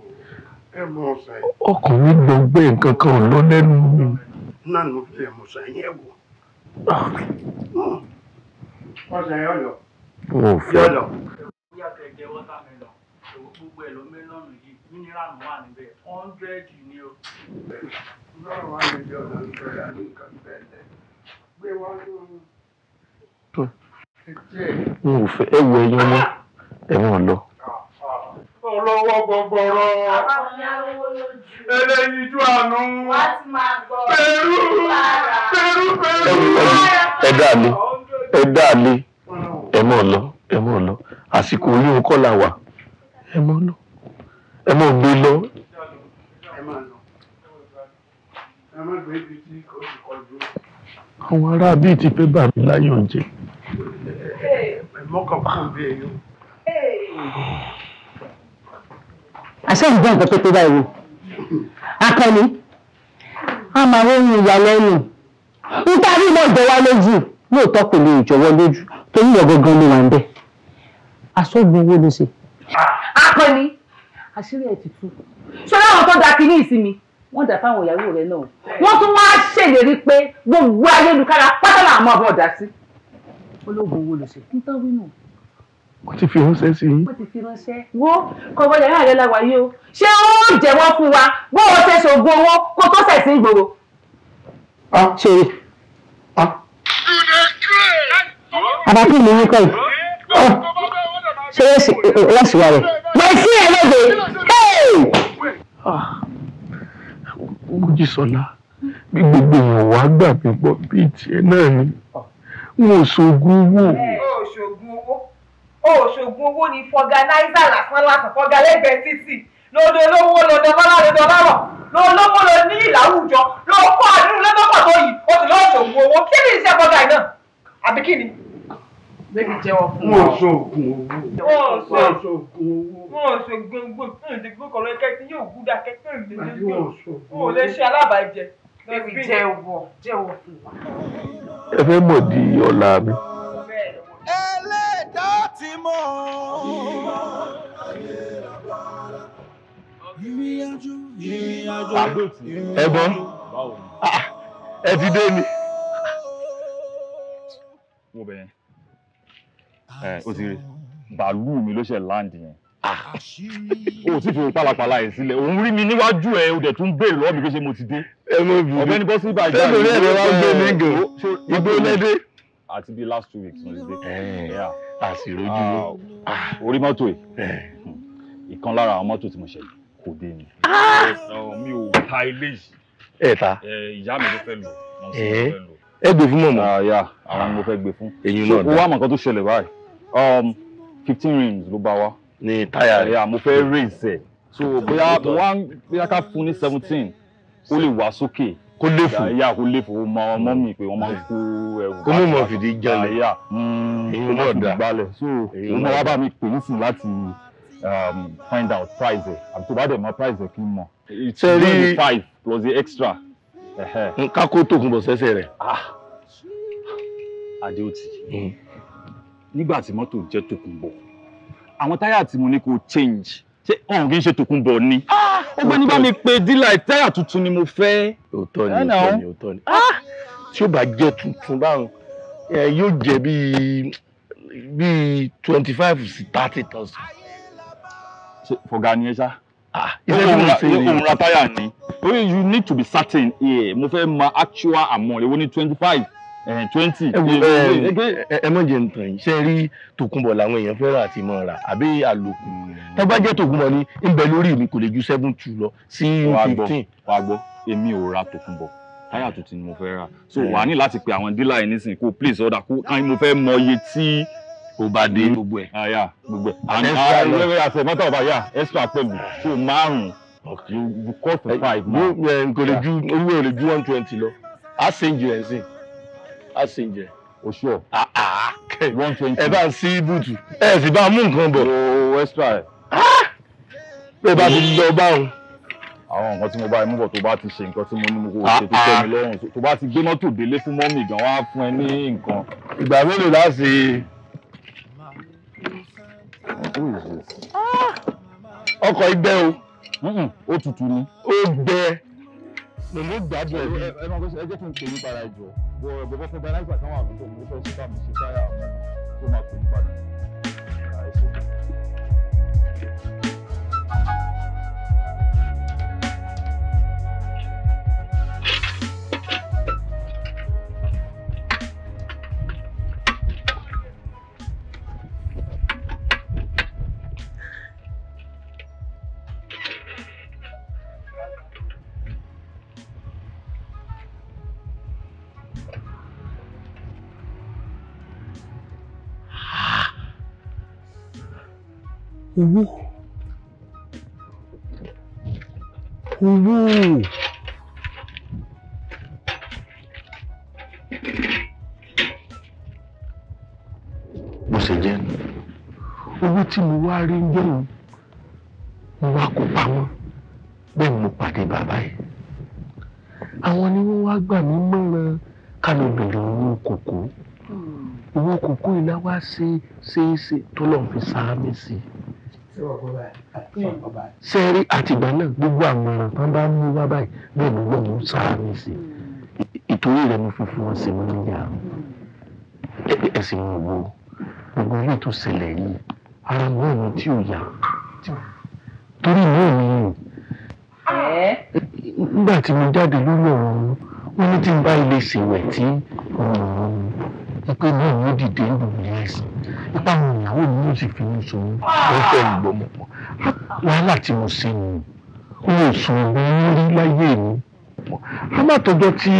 ọkùnrin gbọgbẹ́ nǹkan kan lọ lẹ́nu. náà ló fi ẹ̀mọ̀ sàyẹn wò. ọ̀sẹ̀ yọ lọ. mo fẹ́. yọ lọ. bóyá kẹ jẹ wọ́tàmẹ́lọ òwò gbogbo ẹ̀ ló mẹ́lọ́nù yìí mínírààmù wà níbẹ̀ ọ́ndẹ́ẹ̀dì ni o. lọ́rọ̀ wà níbi ọ̀dà nígbà ní nǹkan bẹ́ẹ̀ lẹ̀ gbé wá lóru. ẹ wọ ẹyin ọmọ ẹ̀wọ̀n lọ olówó gbọgbọrọ eléyìíjú àánú pẹ̀lú pẹ̀lú pẹ̀lú. ẹ dáàlé ẹ dáàlé ẹ mọ̀ lọ ẹ mọ̀ lọ àsìkò yóò kọ́ la wà ẹ mọ̀ lọ ẹ mọ̀ gbé lọ. àwọn ará bíi ti pé bàbí láyọ̀ ń jẹ. ẹ mọ́kàn kúrò bí ẹ yóò àṣẹ ìjọ nǹkan tó tó báyìí wò akọni a máa ròyìn ìyàlẹ́nu nítorí mo jọwọ́ lójú lóòótọ́ kò lè jọwọ́ lójú torí ìyọ̀ gangan ló wà ń bẹ̀ aṣọ́gun owó ló ṣe. akọni àṣírí ẹ̀ ti tú ṣọlá àwọn tó da kínní ìsinmi wọ́n dà fáwọn ìyàwó rẹ̀ náà wọ́n tún wá ṣèlérí pé gbogbo ayélujára pátá làwọn máa bọ̀ dá sí. olóògùn owó ló ṣe nítorí náà wọ́n ti fi ránṣẹ́ sí yín. wọ́n ti fi ránṣẹ́. wo kọ̀ọ̀bọ̀ yàrá rẹ la wà yìí o ṣé ó jẹ̀wọ́ fún wa bó o ṣe ṣògùn owó kó tó ṣẹ̀ sí ìgboro. a ah, ṣe a. àbákí mi ní kọ́ọ̀lù ah, ṣé wọ́n sì eh, eh, wà rẹ̀. Ah, mo sí ẹ lóde. Mojísọ́lá bí gbogbo èèyàn wá gbà mí gbọ́ bíi tiẹ̀ náà ni n ò ṣògùn owó òṣògùn owó ni fọganáísà lásán lásán fọgalẹ́gbẹ̀ẹ́ títì lọ́dọ̀ olówó lọ́dọ̀ bọ́lá lọ́dọ̀ bọ́lọ̀ lọ́lọ́wọ́ lọ ní ìlàwùjọ lọ́kọ́ àdúrú lọ́dọ̀pọ̀ tó yìí ó ti lọ́ọ́ ṣògùn owó kí ni iṣẹ́ fọgà náà àbí kí ni. bébí jẹ́wọ́ fún wa. wọ́n ṣògùn owó. wọ́n ṣògùn owó. wọ́n ṣògùn owó ǹdẹ̀gbọ́n kọ̀ọ̀rọ̀ ẹ̀kẹ́ tí yóò gúdà kẹ́kẹ́ ǹdẹ̀gbọ́n ò lè ṣe alábàájẹ. bébí jẹ́wọ́ jẹ́wọ́ fún wa. ẹ fẹ́ mọ̀ di ọ̀la mi ẹlẹ́dàá ti mọ̀. ìrìnàjò ìrìnàjò ẹ̀gbọ́n ah, ẹ ti dé mi. wo bẹ́ẹ̀ ẹ o ti rí bàálù mi ló ṣe láǹdì yẹn ah, o sì fi pálapàla ẹ sílẹ̀ òun rí mi níwájú ẹ o dẹ̀ tún béèrè lọ́wọ́ mi pé ṣé mo ti dé. ẹ mọ bìrì ọ̀gbẹ́ni bọ́sí ìbàjẹ́ ìgbó lẹ́dẹ̀ẹ́ àti bíi last two weeks ló ti dé. a sì rojú ah, orí mọ́tò yìí ìkan lára àwọn mọ́tò tí mo ṣe kò dé mi. Ah! mi ò ta ilé yìí. ẹ ta ìyá mi ló fẹ́ lò wọ́n sì ló fẹ́ lò. ẹ gbé fún mọ̀mọ́. Ah, àwọn ni mo fẹ́ gbé fún. èyí náà dá owó àmọ̀kan tó ṣẹlẹ̀ báyìí um, fifteen rings ló bá wa. ní táyà rẹ̀ eh, mo fẹ́ raise ẹ̀ so bóyá mo wá bóyá ká fún ní seventeen ó lè wá sókè kó léfò yà kó léfò ó máa mọ́ mi pé wọ́n máa kó ẹrù bá mi mọ̀ fìdí jalè yà hmm, èyí náà dá balẹ̀ so èyí náà wá bá mi pè é láti um, find out price ẹ̀ tó bá dẹ̀ mọ price kí n mọ̀. sẹ́rí five plus the extra. nǹkan kó tókun bọ̀ sẹ́sẹ̀ rẹ̀. Ah. Adéòtì hmm. nígbà tí mọ́tò jẹ́ tókun bọ̀ àwọn táyà tí mo ní kó change ṣé ọ̀hún kì í ṣe tókun bọ̀ ni. Ah! ó gbé ní bá mi pe dílà táyà tuntun ni mo fẹ́. òótọ́ ni òótọ́ ni òótọ́ ni ah! tí ó bá jẹ́ tuntun báwọn yóò jẹ́ bíi bíi twenty five sí thirty thousand. fọ̀gá ni ẹ ṣá. Ah, iṣẹ́ tí ṣe ni òun you need to be certain here mo fẹ́ mọ actual amount èwo ni twenty five. Eh, twenty. Eh, eh, ẹ mọ̀ jẹ́ ntàn yìí ṣe rí tòkunbọ̀ làwọn èèyàn fẹ́ràn àti mọ̀ ra àbí àlòkù tábà jẹ́ tòkunbọ̀ ni ń bẹ lórí mi kò lè ju seven two lọ sí fifteen. wàá gbọ́ èmi ò ra tòkunbọ̀ táyà tuntun ni mo fẹ́ ra so wàá ní láti pe àwọn dílà yìí nísìnyí kó please order kó káyìn mo fẹ́ mọ iye tí o bá dé gbogbo ẹ̀. àyà ah, gbogbo ẹ̀ àti ẹ̀rọ àti ẹ̀mọ́tà ọba yà extra pẹ̀lú so márùn-ún you cost five. kò lè ju owó rẹ̀ ju one twenty lọ á ṣe ń jìnà sí a sì ń jẹ. o sure. Ah, ah, one twenty. ẹ bá sí bùtù ẹ sì bá mú nǹkan bọ̀. o extra. pé bá ti lọ báwọn. àwọn nǹkan tí mo bá mú bọ̀ tó bá ti ṣe nǹkan tí mo ní mo kò ṣe ah, tó tẹ́ mi lọ́rùn tó bá ti gbé mọ́tò délé fún mọ́mì gan wá fún ẹ ní nǹkan. ìgbà mélòó láti. ọkọ̀ ìgbẹ́ o. ó tutù ni. ó gbẹ pẹ̀lú ìgbàdùn ẹ̀mí. ẹ máa gbèsè ẹ jẹ́ kí n pè yín padà jọ bọ̀ bọ̀bọ̀ fún dáná ìgbà kan wà lóko mo fẹ́ sọ́kà mi ṣe táyà ọmọ tó máa pè yín padà. owó owó mo sì jẹ owó tí mo wá rí ń jẹun mo wá kó pamọ́ bẹ́ẹ̀ mo pàdé bàbá yìí àwọn ni wọ́n wá gbà mí mọ́ra ká lọ bèrè owó kòkó owó kòkó yìí náà wá ṣe ṣe é ṣe tó lọ́n fi sáámi sí i ṣe rí àtìgbà náà gbogbo àwọn ọ̀ràn kan bá mú wá báyìí bẹ́ẹ̀ ló gbọ́n mú sára mi sí ìtòrí rẹ̀ mo fi fún ọ sí mi níyà ẹ̀sìn mi wo gbogbo ilé tó ṣẹlẹ̀ yìí ara mi ò tí ò yá torí mi ò nígbà tí mo jáde lórí ọ̀rọ̀ wọn ní tí n bá ilé ṣèwẹ̀ tí ọ̀rọ̀ ọ̀rọ̀ mi ipe mi ò ní dìde ń lòun ní àìsàn ipa mi ìyàwó mi ò sì fi mí sọ ó fẹ́ gbọmọ pọ̀ wàhálà tí mo ṣe nù mi ò sùn mi rí láyé mi pọ̀ á má tọjọ́ tí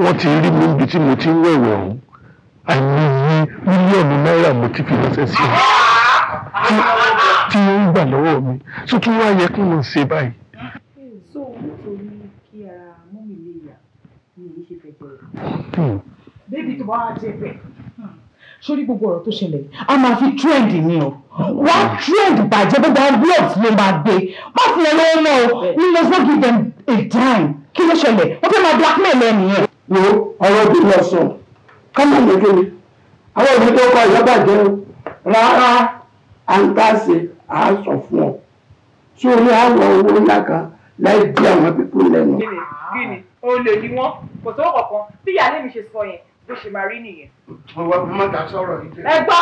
wọ́n ti rí mi níbi tí mo ti ń wẹ̀wẹ̀ ọ̀hún àìmọye mílíọ̀nù náírà mo ti fi ránṣẹ́ sí i tí ó ń gbà lọ́wọ́ mi tó tún wá yẹ kí wọ́n ṣe báyìí. so nítorí kí ara mọ́mí lè yà ni èyí ṣe fẹ́ jẹ́ hmm débi tó bá wá jẹ bẹ́ẹ̀ sórí gbogbo ọ̀rọ̀ tó ṣẹlẹ̀ a máa fi trend ni o wá trend bàjẹ́ gbogbo envelopes ló máa gbé má fún ẹ lọ́wọ́ o we must not give them a dime kí ló ṣẹlẹ̀ ó fẹ́ máa blackmail ẹ nìyẹn. wo ọ̀rọ̀ bí lọ sọ kọ́mọ̀ lójú mi àwọn òbí tó kọ ìyọ́bàjẹ́ o rárá à ń tà ṣe à á sọ fún ọ tí o ní àwọn owó ńlá kan láì bí àwọn pípọ̀ lẹ́nu. kí ni olè ni wọn kò sówó kankan tí ìyá lèmi ṣe sọ yẹn ló ṣe máa rí nìyẹn. ọwọ́ fún mọ́ta sọ̀rọ̀ yìí. ẹ gbọ́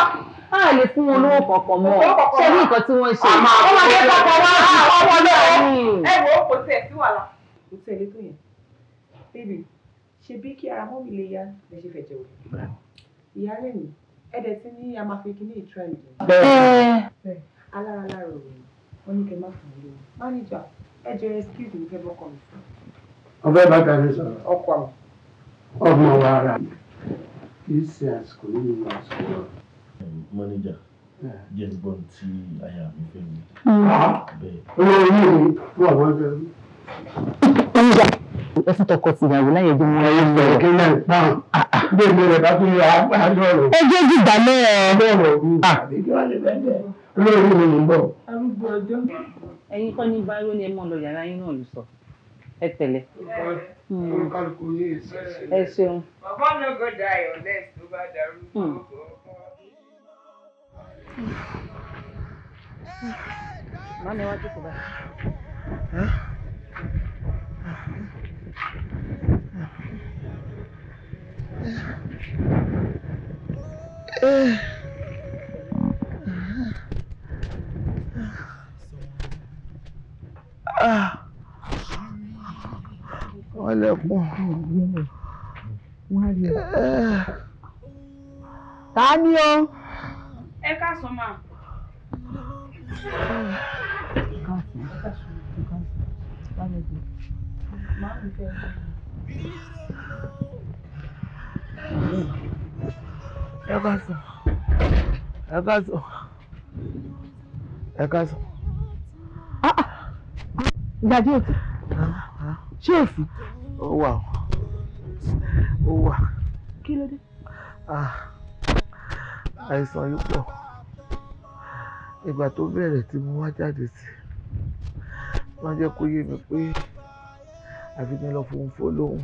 a lè fún wọn lówó kọ̀ọ̀kan mọ́ ṣé ní nǹkan tí wọ́n ṣe. ọmọ àwọn ọmọdé kọ̀ọ̀kan wá sí ọwọ́ lọ́wọ́. ẹ wo kò tẹ̀ sí wàhálà kò tẹ̀ lé tó yẹn. bébì ṣe bí kí ara mọ́mí lè ya lè ṣe fẹ̀jẹ̀ wò. ìyá rẹ̀ mi ẹ̀dẹ̀ tí ní a máa fi kíní ìtura ìdè. bẹ́ẹ̀ alára lára òòrùn wọn ní kẹ́ má fún sọ̀rọ̀ ọkọ̀ mi. ọmọ wa ara kì í ṣe àsìkò yìí ni àsìkò rẹ̀. mọ́nẹ́jà jẹ́ gbọ́n tí aya mi fẹ́ mi. Mm. olórí mi wà wọ́n fẹ́ mi. mọ́nẹ́jà ẹ tọkọ tìyàwó láyé bí wọ́n ń lọ. kí lè tán ah, ah. bí èmi rẹ̀ bá tún yọ àjọ rẹ̀. ẹ jẹ́ jìgbà náà. bẹ́ẹ̀ rẹ̀ mi àbí kí bẹ́ẹ̀ ah. bẹ́ẹ̀ olórí mi ń bọ̀. arúgbó kọ́ ní báyọ̀ ni ẹ mọ̀ lọ yàrá yín náà lù sọ. Hmm. ẹ tẹ̀lẹ́. olùkálùkù yìí ẹ ṣeun. bàbá náà go die unless tó bá dàrú. màá mi wá jókòó báyìí. Ugh. Eh. ẹkún. ta ni o. ẹ ká sọ ma. ẹ ká sọ ẹ ká sọ ẹ ká sọ. ìdájọ́ òtún ṣé òfin ó wà ó wà. kí ló dé. Ah. àìsàn yìí pọ̀ ìgbà tó bẹ̀rẹ̀ tí mo wá jáde sí wọ́n jẹ́ kó yé mi pé àfi mi lọ fòun fó lóhùn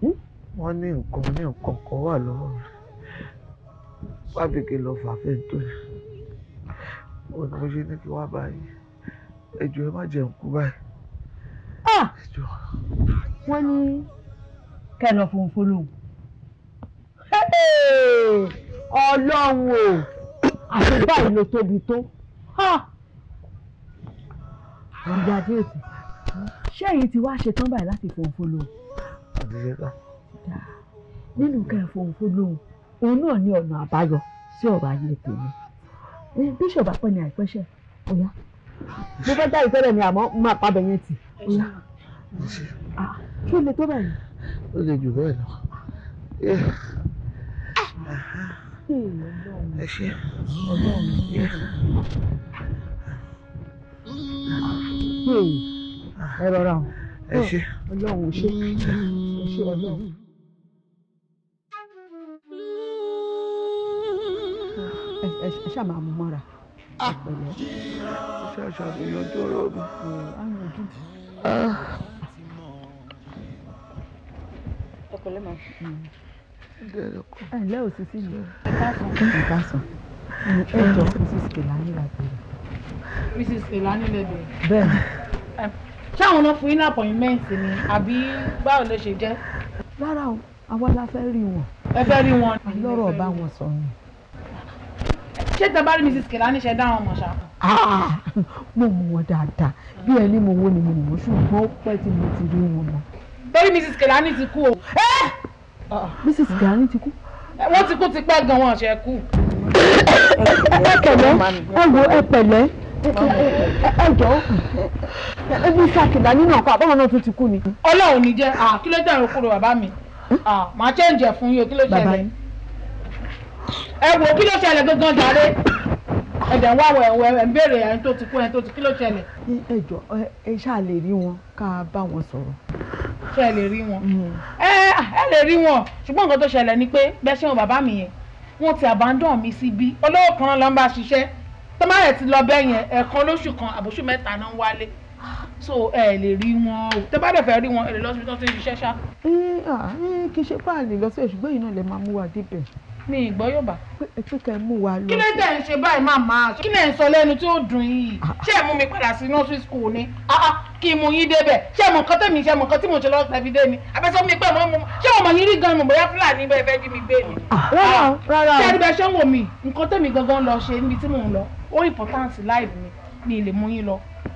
hmm? wọ́n ní nǹkan ní nǹkan kan wà lọ́wọ́ rẹ̀ wábìkì lọ fà fẹ́ tó ní òun ni mo ṣe ní kí wá báyìí ẹ jọ̀ọ́ ẹ má jẹun kú báyìí. Ah! wọ́n ní kẹ́lọ fún fọlọ́hún ọlọ́run o àti báyìí ló tóbi tó ìjà ah! déètì ṣé èyí ti wá ṣetán báyìí láti fòun fọlọ́hún. nínú kẹ́ẹ̀fọ́ fọlọ́hún òun náà ní ọ̀nà àbáyọ sí ọ̀rọ̀ ayé tèmi bíṣọ̀bù apẹ́ni àìpẹ́ṣẹ̀ ọ̀yá mo fẹ́ dá ìfẹ́lẹ̀ mi àmọ́ máa pàbẹ̀ yẹn tì ṣé o lè tó bẹ́ẹ̀ ni. ó lè jù bẹ́ẹ̀ lọ. ẹ ṣe ọlọ́run ẹ ẹ rọra o ẹ ṣe ọlọ́run ò ṣe ẹ ṣe ọlọ́run. ẹ ṣáà máa mú mọ́ra. ẹ ṣáà ṣàbíyànjú ọ̀rọ̀ mi ọkọ lẹ́mọ̀. ẹ ǹlẹ́ òsìsì mi nǹkan sàn ẹ jọ mrs kelani lẹ́bẹ̀rẹ̀. mrs kelani lẹ́bẹ̀rẹ̀. bẹ́ẹ̀ni. ṣáwọn náà fún yín ní àpọ̀yìnmẹ́ǹtì ni àbí báwo ló ṣe jẹ́. rárá o àwa la fẹ́ rí wọn. ẹ fẹ́ rí wọn. lọ́rọ̀ ọba wọn sọ̀rọ̀ ṣé tẹ bá rí mrs kìlání ṣe dá wọn mọ̀ ṣá. Ah, mo mọ̀ wọ́n dáadáa bí ẹni mo wo ni mo mọ̀ ṣùgbọ́n ó pẹ́ tí mo ti rí wọn mọ̀. torí mrs kìlání ti kú o. Ah. mrs kìlání ti kú. wọ́n ti kú ti pẹ́ gan wọn ṣe kú. ẹ pẹ̀lẹ́ ẹ wo ẹ pẹ̀lẹ́ ẹ jọ ẹ bí sàkìlá nínú ọkọ àbọ̀mọ̀ náà tún ti kú ni. ọlọ́run ní jẹ́ ah, kí ló dẹ̀rùn kúrò bàbá mi hm? màá ṣe ń jẹ fún yín o kí ló ṣẹlẹ̀ ẹ wò kí ló ṣẹlẹ̀ gangan jàre ẹ̀dẹ̀ ń wá wẹ̀ wẹ̀ ẹ̀ ń béèrè ẹni tó ti kú ẹni tó ti kí ló ṣẹlẹ̀. ẹ jọ ẹ ṣáà lè rí wọn ká bá wọn sọ̀rọ̀. ṣé ẹ lè rí wọn. Mm-hmm. ẹ lè rí wọn ṣùgbọ́n nǹkan tó ṣẹlẹ̀ ni pé bẹ́ẹ̀ wọn bàbá mi yẹn wọn ti àbádọ́n mi síbí olówó kan ló ń bá ṣiṣẹ́ tó má rẹ̀ ti lọ bẹ́ẹ̀ yẹn ẹ̀ẹ̀kan lóṣù kan àbóṣù mẹ́ta náà ń wálé so ẹ lè rí wọn o tẹ bá dẹ̀ fẹ́ rí wọn ẹ lè lọ síbi tó ti ṣiṣẹ́ ṣá. kì í ṣe pààlè lọ sí èṣù gbẹ̀yìn náà lè máa mú débẹ̀ mi ìgbọ́ Yorùbá. ẹtú kẹ mú wa lọ. kí ló tẹ̀ ń ṣe báyìí màmá kí lẹ̀ ń sọ lẹ́nu tí ó dùn yìí ah, ah. ṣé ẹ mú mi padà sí nursery school ni ah, kí mú yín débẹ̀ ṣé ẹ mọ̀ nǹkan tẹ̀mí ṣe mọ̀ nǹkan tí mo ṣe lọ́sẹ̀ fi dé ni abẹ́sọ́ mi pẹ̀ mọ́ mu ṣé ọmọ yín rí gan-an bóyá Fúlàní bẹ́ẹ̀ fẹ́ jí mi gbé ni. rárá rárá ṣé ẹgbẹ́ ṣé ń wò mí nǹkan tẹ̀mí gangan lọ ṣe níbi tí mò ń lọ ó ìpọ́táǹsì láì mi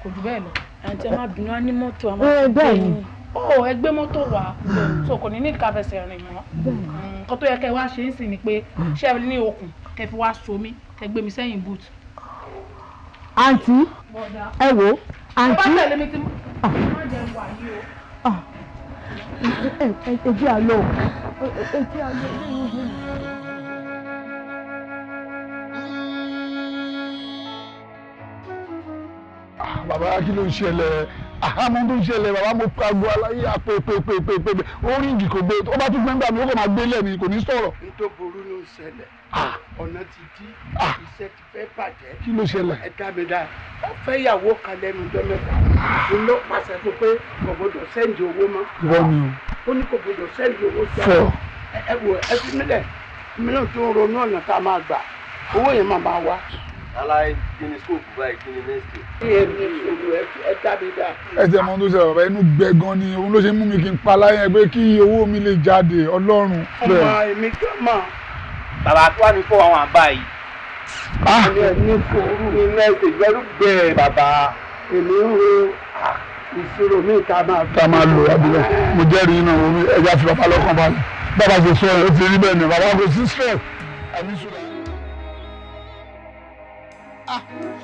kò jù bẹ́ẹ̀ lọ. àti ọmọ àbínú á ní mọ́tò àmọ́ eh, bẹ́ẹ̀ ni oh ẹgbẹ́ mọ́tò wá so kò ní ní ká fẹsẹ̀ rìn mọ́ nǹkan tó yẹ kẹ́ wá ṣe ń sìn ni pé ṣé ẹ ní okùn kẹ́ fi wá so mí kẹ́ gbé mi sẹ́yìn boot. àǹtí ẹ wo àǹtí ẹ jẹ́ àlọ́ ẹ jẹ́ àlọ́ ẹ jẹ́ àlọ́. Ah, bàbá kí ló ń ṣẹlẹ̀ àmọ́ tó ń ṣẹlẹ̀ bàbá mo pe aago aláyé àpè pè pè pè pè pè oríǹgì kò gbé ọba tó gbẹ́ngbà mi ó kò máa gbé lẹ́mìí kò ní sọ̀rọ̀. n tó burú ló ń ṣẹlẹ̀ ah. ọ̀nà ti dí ah. iṣẹ́ ti fẹ́ bàjẹ́ kí ló ṣẹlẹ̀ ẹ dá mi dá ó fẹ́ ìyàwó kan lẹ́nu ọjọ́ mẹ́ta ah. n ló pàṣẹ fún pé kò gbọdọ̀ sẹ́ǹdì owó mọ́ wọ́n ni o ó ní kò gbọdọ̀ sẹ́ǹdì owó sọ ẹ wò ẹ fi mílẹ̀ mílẹ̀ tó ń ronú ọ̀nà tá a máa gbà owó yẹn máa máa wá aláì kíni scope báyìí kíni next year. bí èmi ìṣòro ẹ dábì dá. ẹ tẹ mọ ohun tó ṣe bàbá inú gbẹ gan ni òun ló ṣe mú mi kí n pa láyé pé kí owó mi lè jáde Ọlọ́run. ọmọ èmi kan mọ. bàbá tó wà ní kó àwọn àbá yìí. ah ní kó ní mẹ́sẹ̀ ìgbẹ́rù gbẹ bàbá èmi ń ro ìṣòro mi ká máa. ká máa lò abúlé mo jẹ́rìí náà ẹja fi bàbá lọ́kàn balẹ̀ bàbá ṣe sọ ẹ̀ ó ti rí bẹ́ẹ̀ ni bàbá kò sí àmì ìṣúra. 啊。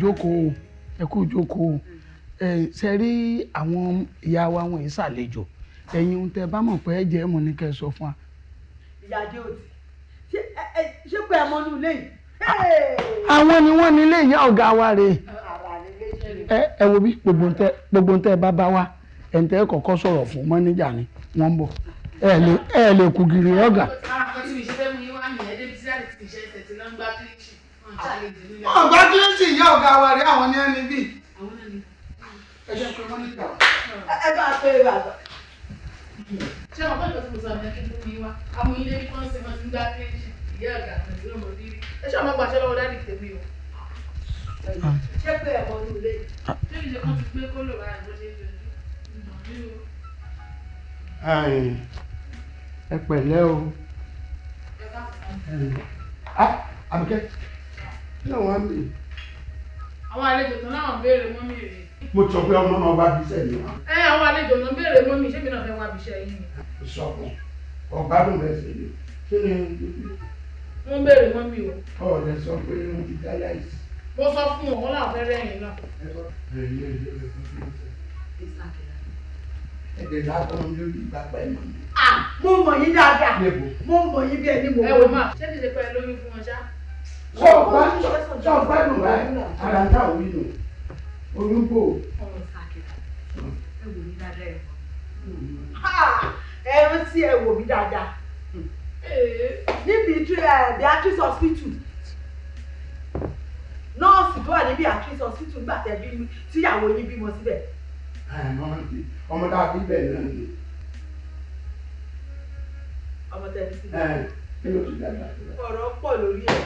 jókòó ẹ kú jókòó ẹ ṣe rí àwọn ìyá wa wọn yìí ṣàlejò ẹ̀yin ohun tẹ bá mọ̀ pé ẹ jẹ́ mọ̀ ní kẹ́ ẹ sọ fún wa. ìyá adé òtí ṣé pé ẹ mọ́nú ilé yìí. àwọn ni wọ́n ní ilé ìyá ọ̀gá wa rè é ẹ wo bí gbogbo ń bá bá wa ẹ̀ ń tẹ́ kọ́kọ́ fún mọ́níjà ni wọ́n ń ẹ lè kú gírí ọ̀gá. Ah, wọn gbá kí ló sì yá ọ̀gá wa rí àwọn ní ẹni bí. ẹ jẹ́ pé wọ́n ní ìgbà. ẹ bá a pé bàbá. ṣé wọn bọ́jọ́ tí mo sọ àmì akéwì mi wá àwọn ilé kí wọ́n ṣe máa ti ń gbá kéjì ìyá ọ̀gá àti ọmọdé rí ẹ ṣe ọmọ gbàṣẹ lọ́wọ́ dáàdì tèmi o. ṣé pé ẹ̀kọ́ ní ilé yìí. ṣé ìṣe kan ti gbé kólò é ẹ ah o kí àwọn á lè. àwọn àlejò tó náà béèrè mọ́ mi rè. mo sọ pé ọmọ náà bá bí iṣẹ́ yìí wá. ẹ àwọn àlejò náà béèrè mọ́ mi ṣé mi náà fẹ́ wá bí iṣẹ́ yìí. ìṣọ̀kan ọ̀gbádùn rẹ̀ ṣe lè kí ni. wọ́n béèrè mọ́ mi o. ọ̀rẹ́ sọ pé wọ́n ti dá láìsí. mo sọ fún wọn wọn làwọn fẹ́ rẹ́yìn náà. ẹ̀ẹ́dẹ̀ lágbọ́n lórí ìgbàgbọ́ ẹ̀ mọ̀ mi. Ah, mo mọ̀ yín dáadáa mo mọ̀ yín bí ẹni mo mọ̀. ẹ wò má ṣé kìí ṣe pẹ́ lóyún fún wọn sọ̀gbá sọ̀gbá nù báyìí ara ta òwe nù olúgbò. ẹ̀rọ tí ẹ wò mí dáadáa níbi Beatrice hospital nọ́ọ̀sì tó wà ní Beatrice hospital gbà tẹ́ bímú tíyàwó yín bímọ síbẹ̀. ọmọ tá a bí bẹ́ẹ̀ náà ni. ọmọ tẹ́ bí síbẹ̀. ọ̀rọ̀ pọ̀ lórí ẹ̀.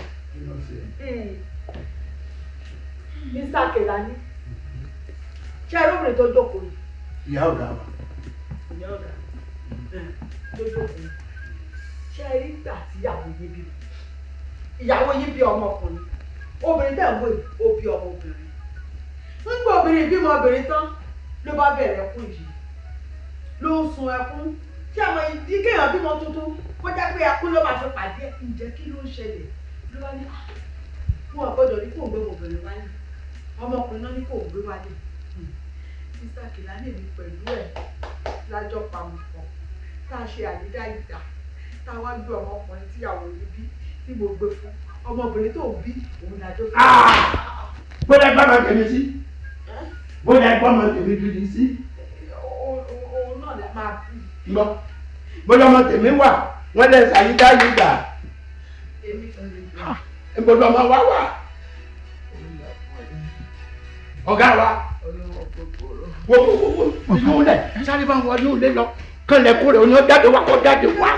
Mr. Kelani ṣe arúgbìn tó jókòó yìí. ìyá ọ̀gá wa. ìyá ọ̀gá tó jókòó yìí ṣe rí gbà tíyàwó yín bí ìyàwó yín bí ọmọkùnrin obìnrin tẹ̀ ń wò ó bí ọmọbìnrin nígbà obìnrin bímọ obìnrin tán ló bá bẹ̀rẹ̀ ẹkún yìí ló ń sun ẹkún ṣé àwọn ìdí kéèyàn bímọ tuntun kó jẹ́ pé ẹkún ló máa fi pàdé ǹjẹ́ kí ló ń ṣẹlẹ̀ ló bá ní ah, wọn gbọ́dọ̀ kò ń gbé obìnrin wálé ọmọkùnrin náà ní kò ń gbé wálé sísá kìláàmì mi pẹ̀lú ẹ̀ lájọ pamọ́ tá a ṣe àdídá ìdá tá a wá gbé ọmọkùnrin tíyàwó yìí bí tí mo gbé fún ọmọbìnrin tó bí òun làjọ fún. Ah! bóyá gbọ́ máa tẹ̀lé sí bóyá gbọ́ máa tẹ̀lé dúdú sí. òun náà lè máa bí. bóyá ọmọ tèmi wà wọ́n lè ṣàyídá yìí gbà ìgbọ́dọ̀ ọmọ wa wà ọ̀gá wa wo wo wo yóò lẹ̀ sáré bá wọn yóò lé lọ kọlẹ̀ kó rẹ̀ oní ọ̀dáde wa kọ́ dáde wa.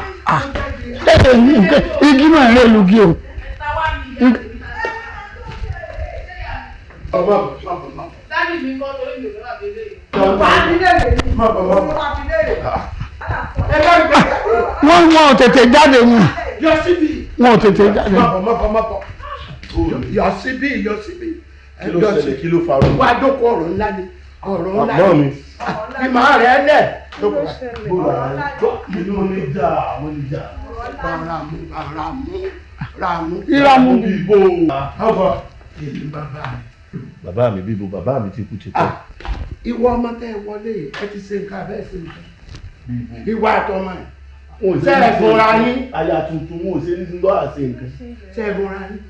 igi máa rẹ̀ lùgì o. ọba ọba. dájú mi kọ́ torí mi ò lọ́wọ́ àbílẹ̀ yìí. ọba àbílẹ̀ yìí. ọba àbílẹ̀ yìí. Ah. Ah, wọ́n wọ́n tètè jáde ni. yọ síbi wọn ò tètè jáde. mọ̀pọ̀ mọ̀pọ̀ mọ̀pọ̀ yọ síbí yọ síbí ẹjọ́ sí kí ló farò wá dókò ọ̀rọ̀ ńlá ni ọ̀rọ̀ ńlá ni ìmọ̀ rẹ̀ lẹ̀ dókò inú mi jà mo ní jà. ràmù ràmù ràmù. ìràmù bíbó. èmi bàbá mi. bàbá mi bíbó bàbá mi ti kú ti pẹ́. Ah, ìwọ ọmọ tẹ wọlé ẹ ti ṣe nǹkan abẹ́ ṣe nǹkan ìwà àtọmọ yìí sẹ́ẹ̀gùnra yín àyà tuntun wọn ò ṣe ní lọ́ àṣẹ nǹkan sẹ́ẹ̀gùnra yín.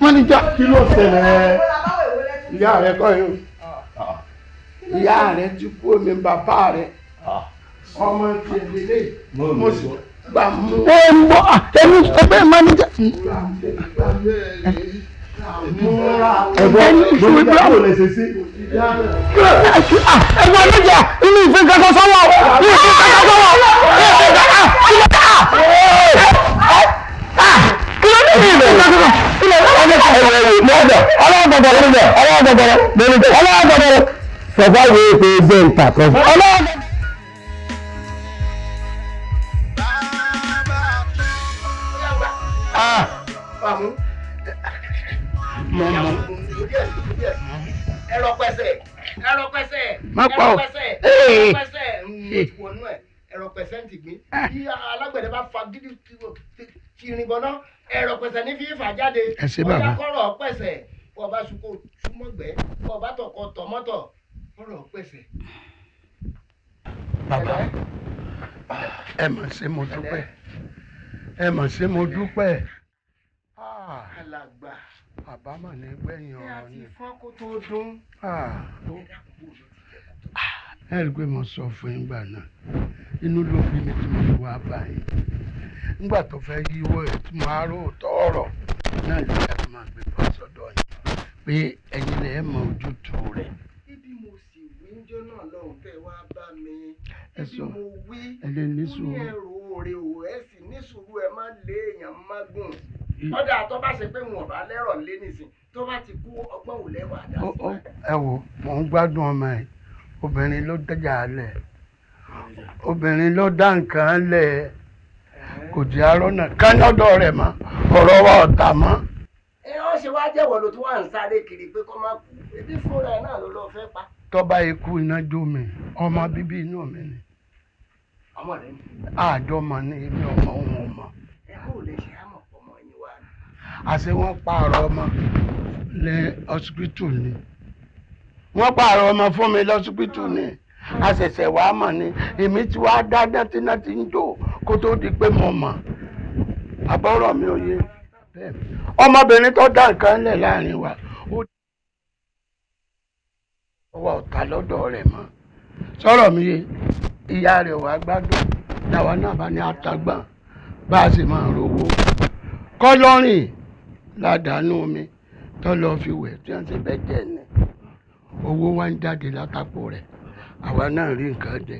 wọ́n ní já kí ló ṣẹlẹ̀ ìyá rẹ kọ́ yìí o ìyá rẹ ti kú omi bàbá rẹ ọmọ tiẹ̀ lélẹ̀ mo sì gbà mú. ẹ ń bọ́ ẹni ẹgbẹ́ mánìjà ẹ̀gbọ́n lórí báwo lè ṣe sí. ẹ̀gbọ́n ló jẹ inú ìfín kankan sọ́wọ́ inú ìfín kankan sọ́wọ́ inú ìfín kankan kí ló dé ìfín kankan ilẹ̀ ọlọ́dọ̀ ọlọ́dọ̀ lónìí ọlọ́dọ̀ lónìí ọlọ́dọ̀ sọ̀fà wo ètò ẹgbẹ́ ìta kan. Ah! Vamos mọ. ẹrọ pẹsẹ ẹrọ pẹsẹ ẹrọ pẹsẹ ẹrọ pẹsẹ wọnú ẹ ẹrọ pẹsẹ ń ti gbé ah. bí alágbẹ̀dẹ bá fa gidi tìrìn bọ́ná ẹrọ pẹsẹ ní fífa jáde ọjà kọ́rọ̀ pẹsẹ bọ́ọ̀ bá sunkó súnmọ́gbẹ́ bọ́ọ̀ bá tọkọ tọmọ́tọ̀ kọ́rọ̀ pẹsẹ. bàbá ẹ mà ṣe mo dúpẹ́ ẹ mà ṣe mo dúpẹ́. Ah. alàgbà àbámọ̀ ní gbẹ̀yìn ọ̀rọ̀ ni. ẹ rí i pé mo sọ fún yín gbà náà inú ló bí mi tí mo fi wá báyìí nígbà tó fẹ́ yíwọ́ ẹ̀ tí mo á rò tọ́ọ̀rọ̀ náà ló yẹ kí n máa gbé bọ́ sọ́dọ̀ yìí pé ẹ̀yin lẹ mọ ojútùú rẹ̀. ibi mo sì wí jọ náà lọ́hùn fẹ́ wá bá mi ibi mo wí ó ní ẹrù òòrè òòrè sì ní sùúrù ẹ má lé èèyàn mágùn. Mm. ọ̀dà tó bá ṣe pé wọn bá lẹ́rọ̀ lé nìsín tó bá ti kú ọgbọ́n ò lẹ́wà dá sí. ẹ wo mò ń gbádùn ọmọ ẹ obìnrin ló dájà lẹ obìnrin ló dá nǹkan lẹ kò jẹ́ arọ́nà kánádọ̀ rẹ̀ mọ́ ọ̀rọ̀ wa ọ̀tà mọ́. ẹ ọ ṣe wá jẹ́wọ́ ló tún wà ń sáré kiri pé kó má kú ebi fúnra ẹ náà ló lọ fẹ́ pa. tọ́ba ikú iná jó mi ọmọ bíbí inú mi ni àjọmọ ni èmi ọmọ òun ọmọ. ẹ kò lè ṣe àmọ́ àṣé wọ́n pààrọ̀ ọmọ ní ọsibítù ni wọ́n pààrọ̀ ọmọ fún mi lọ́sibítù ni a ṣẹ̀ṣẹ̀ wàá mọ̀ ni èmi ti wá dá nátíná ti ń jò kó tó di pé mo mọ̀ àbọ̀rọ̀ mi ò yé ọmọbìnrin tó dá nǹkan lẹ̀ láàrin wa ó wà ọ̀tá lọ́dọ̀ rẹ̀ mọ́ sọ̀rọ̀ mi yé ìyá rẹ̀ wàá gbádùn làwa náà bá ní àtàgbà bá a sì máa rówó kọ́lọ́rìn ládàánú omi tó lọ fi wẹ̀ tí wọ́n ṣe bẹ́ẹ̀ jẹ́ ni owó wa ń jáde látàpò rẹ̀ àwa náà rí nǹkan jẹ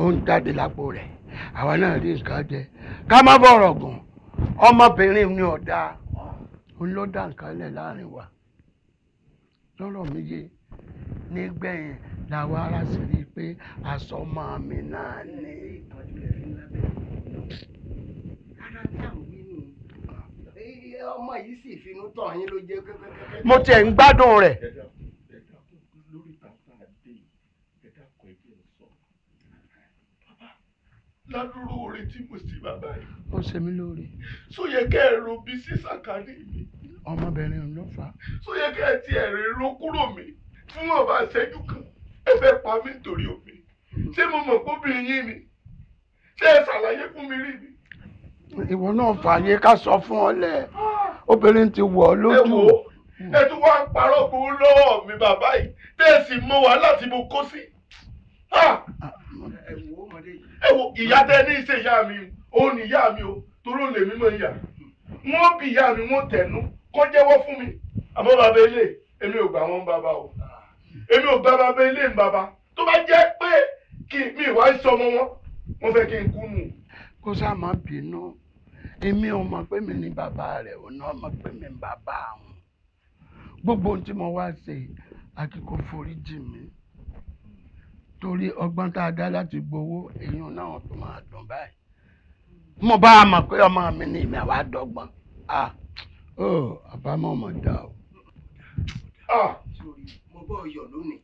ó ń jáde lápò rẹ̀ àwa náà rí nǹkan jẹ ká má bọ̀rọ̀ gùn ọmọbìnrin ni ọ̀dà ó ló dá nǹkan lẹ̀ láàrin wa lọ́rọ̀ méje nígbẹ̀yìn làwọn ará sì rí i pé aṣọ máa mi náà ní. ara tí àwọn ọmọ yìí sì finú tàn yín ló jẹ́ kékeré. mo tiẹ̀ ń gbádùn rẹ̀. ládùúrú orin tí mo sì bàbá yìí. ó ṣe mí lóore. sóyè kẹ́ ẹ ro bí sísàkárì mi. ọmọbìnrin ló fà. sóyè kẹ́ ẹ ti ẹ̀rín ro kúrò mi fún ọba ṣẹ́jú kan ẹ fẹ́ pa mí nítorí omi. ṣé mo mọ̀ kóbìnrin yín ni ṣé ẹ ṣàlàyé fún mi rí mi. ìwọ náà fààyè ká sọ fún ọ lẹ ah! obìnrin ti wọ̀ ọ́ lójú. ẹ tún wá ń parọ́ bu lọ́wọ́ mi bàbá yìí tẹ́sí mọ́ wa láti mo kó sí. ìyá tẹ ní ìṣe ìyá mi o ò ní ìyá mi o toró lè mímọ ìyá wọn bí ìyá mi wọn tẹnu kó jẹ́wọ́ fún mi àmọ́ bàbá ilé èmi ò gbà wọn bàbá o èmi ò gbà bàbá ilé ń bàbá tó bá jẹ́ pé kí mi ìwà ń sọmọ wọn wọn fẹ́ kí n kú nù. kó sáà má bínú èmi ò mọ̀ pé mi ni bàbá rẹ̀ òun náà mọ̀ pé mi ni bàbá àwọn gbogbo ohun tí mo wá ṣe akíkó foríjì mi torí ọgbọ́n tá a dá láti gbowó èyí náà tó máa dùn báyìí mo bá a mọ̀ pé ọmọ mi ni ìmọ̀ àwa dọ́gbọ́n ah oh àbámọ̀ ọmọ dá o. mo bọ́ ọyọ̀ lónìí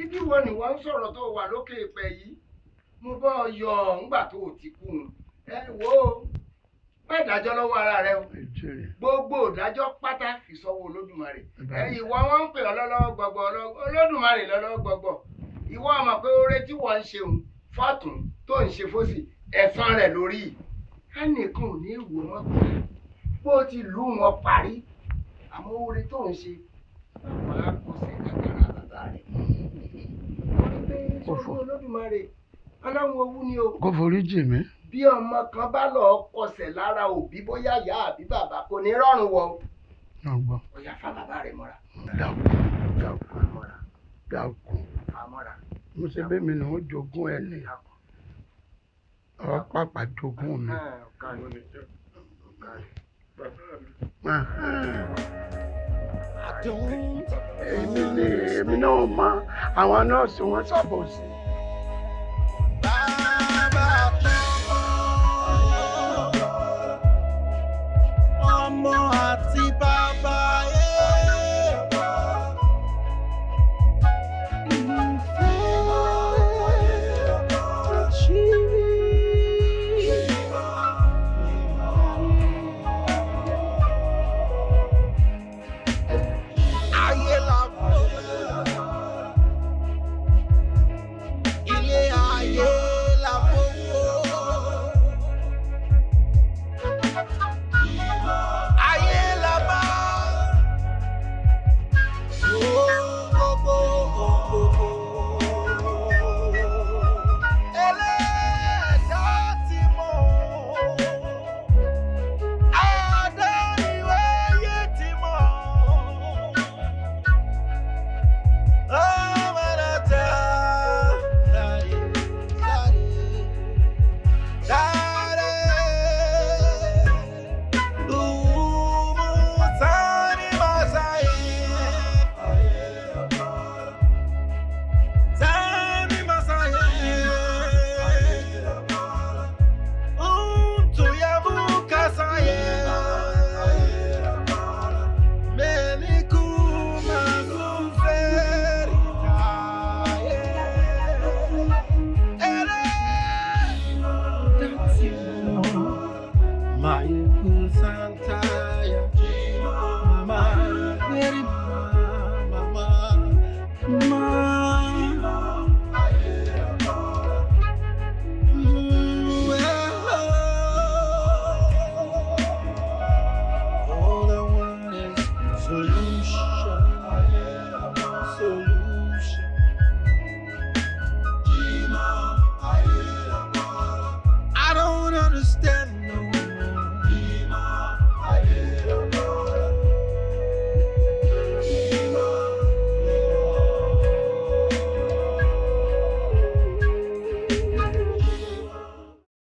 ibi wo ni wọ́n ń sọ̀rọ̀ tó wà lókè ìpẹ́ yìí mo bọ́ ọyọ̀ ńgbà tó o ti kú un ẹ wo pẹ́ ìdájọ́ lọ́wọ́ ara rẹ o gbogbo ìdájọ́ pátá ìsọwọ́ olódùmarè ìwọ wọn ń pè ọ́ lọ́lọ́wọ́ olódùmarè lọ́lọ́wọ́ gbọgbọ́ ìwọ ọmọ pé oore tí wọ́n ń ṣeun fọ́tún tó ń ṣe fósì ẹ̀san rẹ̀ lórí ẹnìkan ò ní ìwò wọn bó ti lù wọn parí àmọ́ oore tó ń ṣe bàbá kọsẹ̀ kàkàrà bàbá rẹ̀ wọ́n pé sọ́wọ́ olódùmarè aláwọ̀ owú ni o. kò forí jì mí bí ọmọ kan bá lọ kọsẹ̀ lára òbí bóyá ìyá àbí bàbá kò ní rọrùn wọ. ọ̀yà fa bàbá rẹ̀ mọ́ra. dàkú dàkú àmọ́ra dàkú àmọ́ra. mi ni wọ́n jogún ẹ̀ ní ọ pàpà jogún mi. èmi ni èmi náà mọ àwọn nọ́ọ̀sì wọn ṣàbòsí. hot, àti bàbá bye.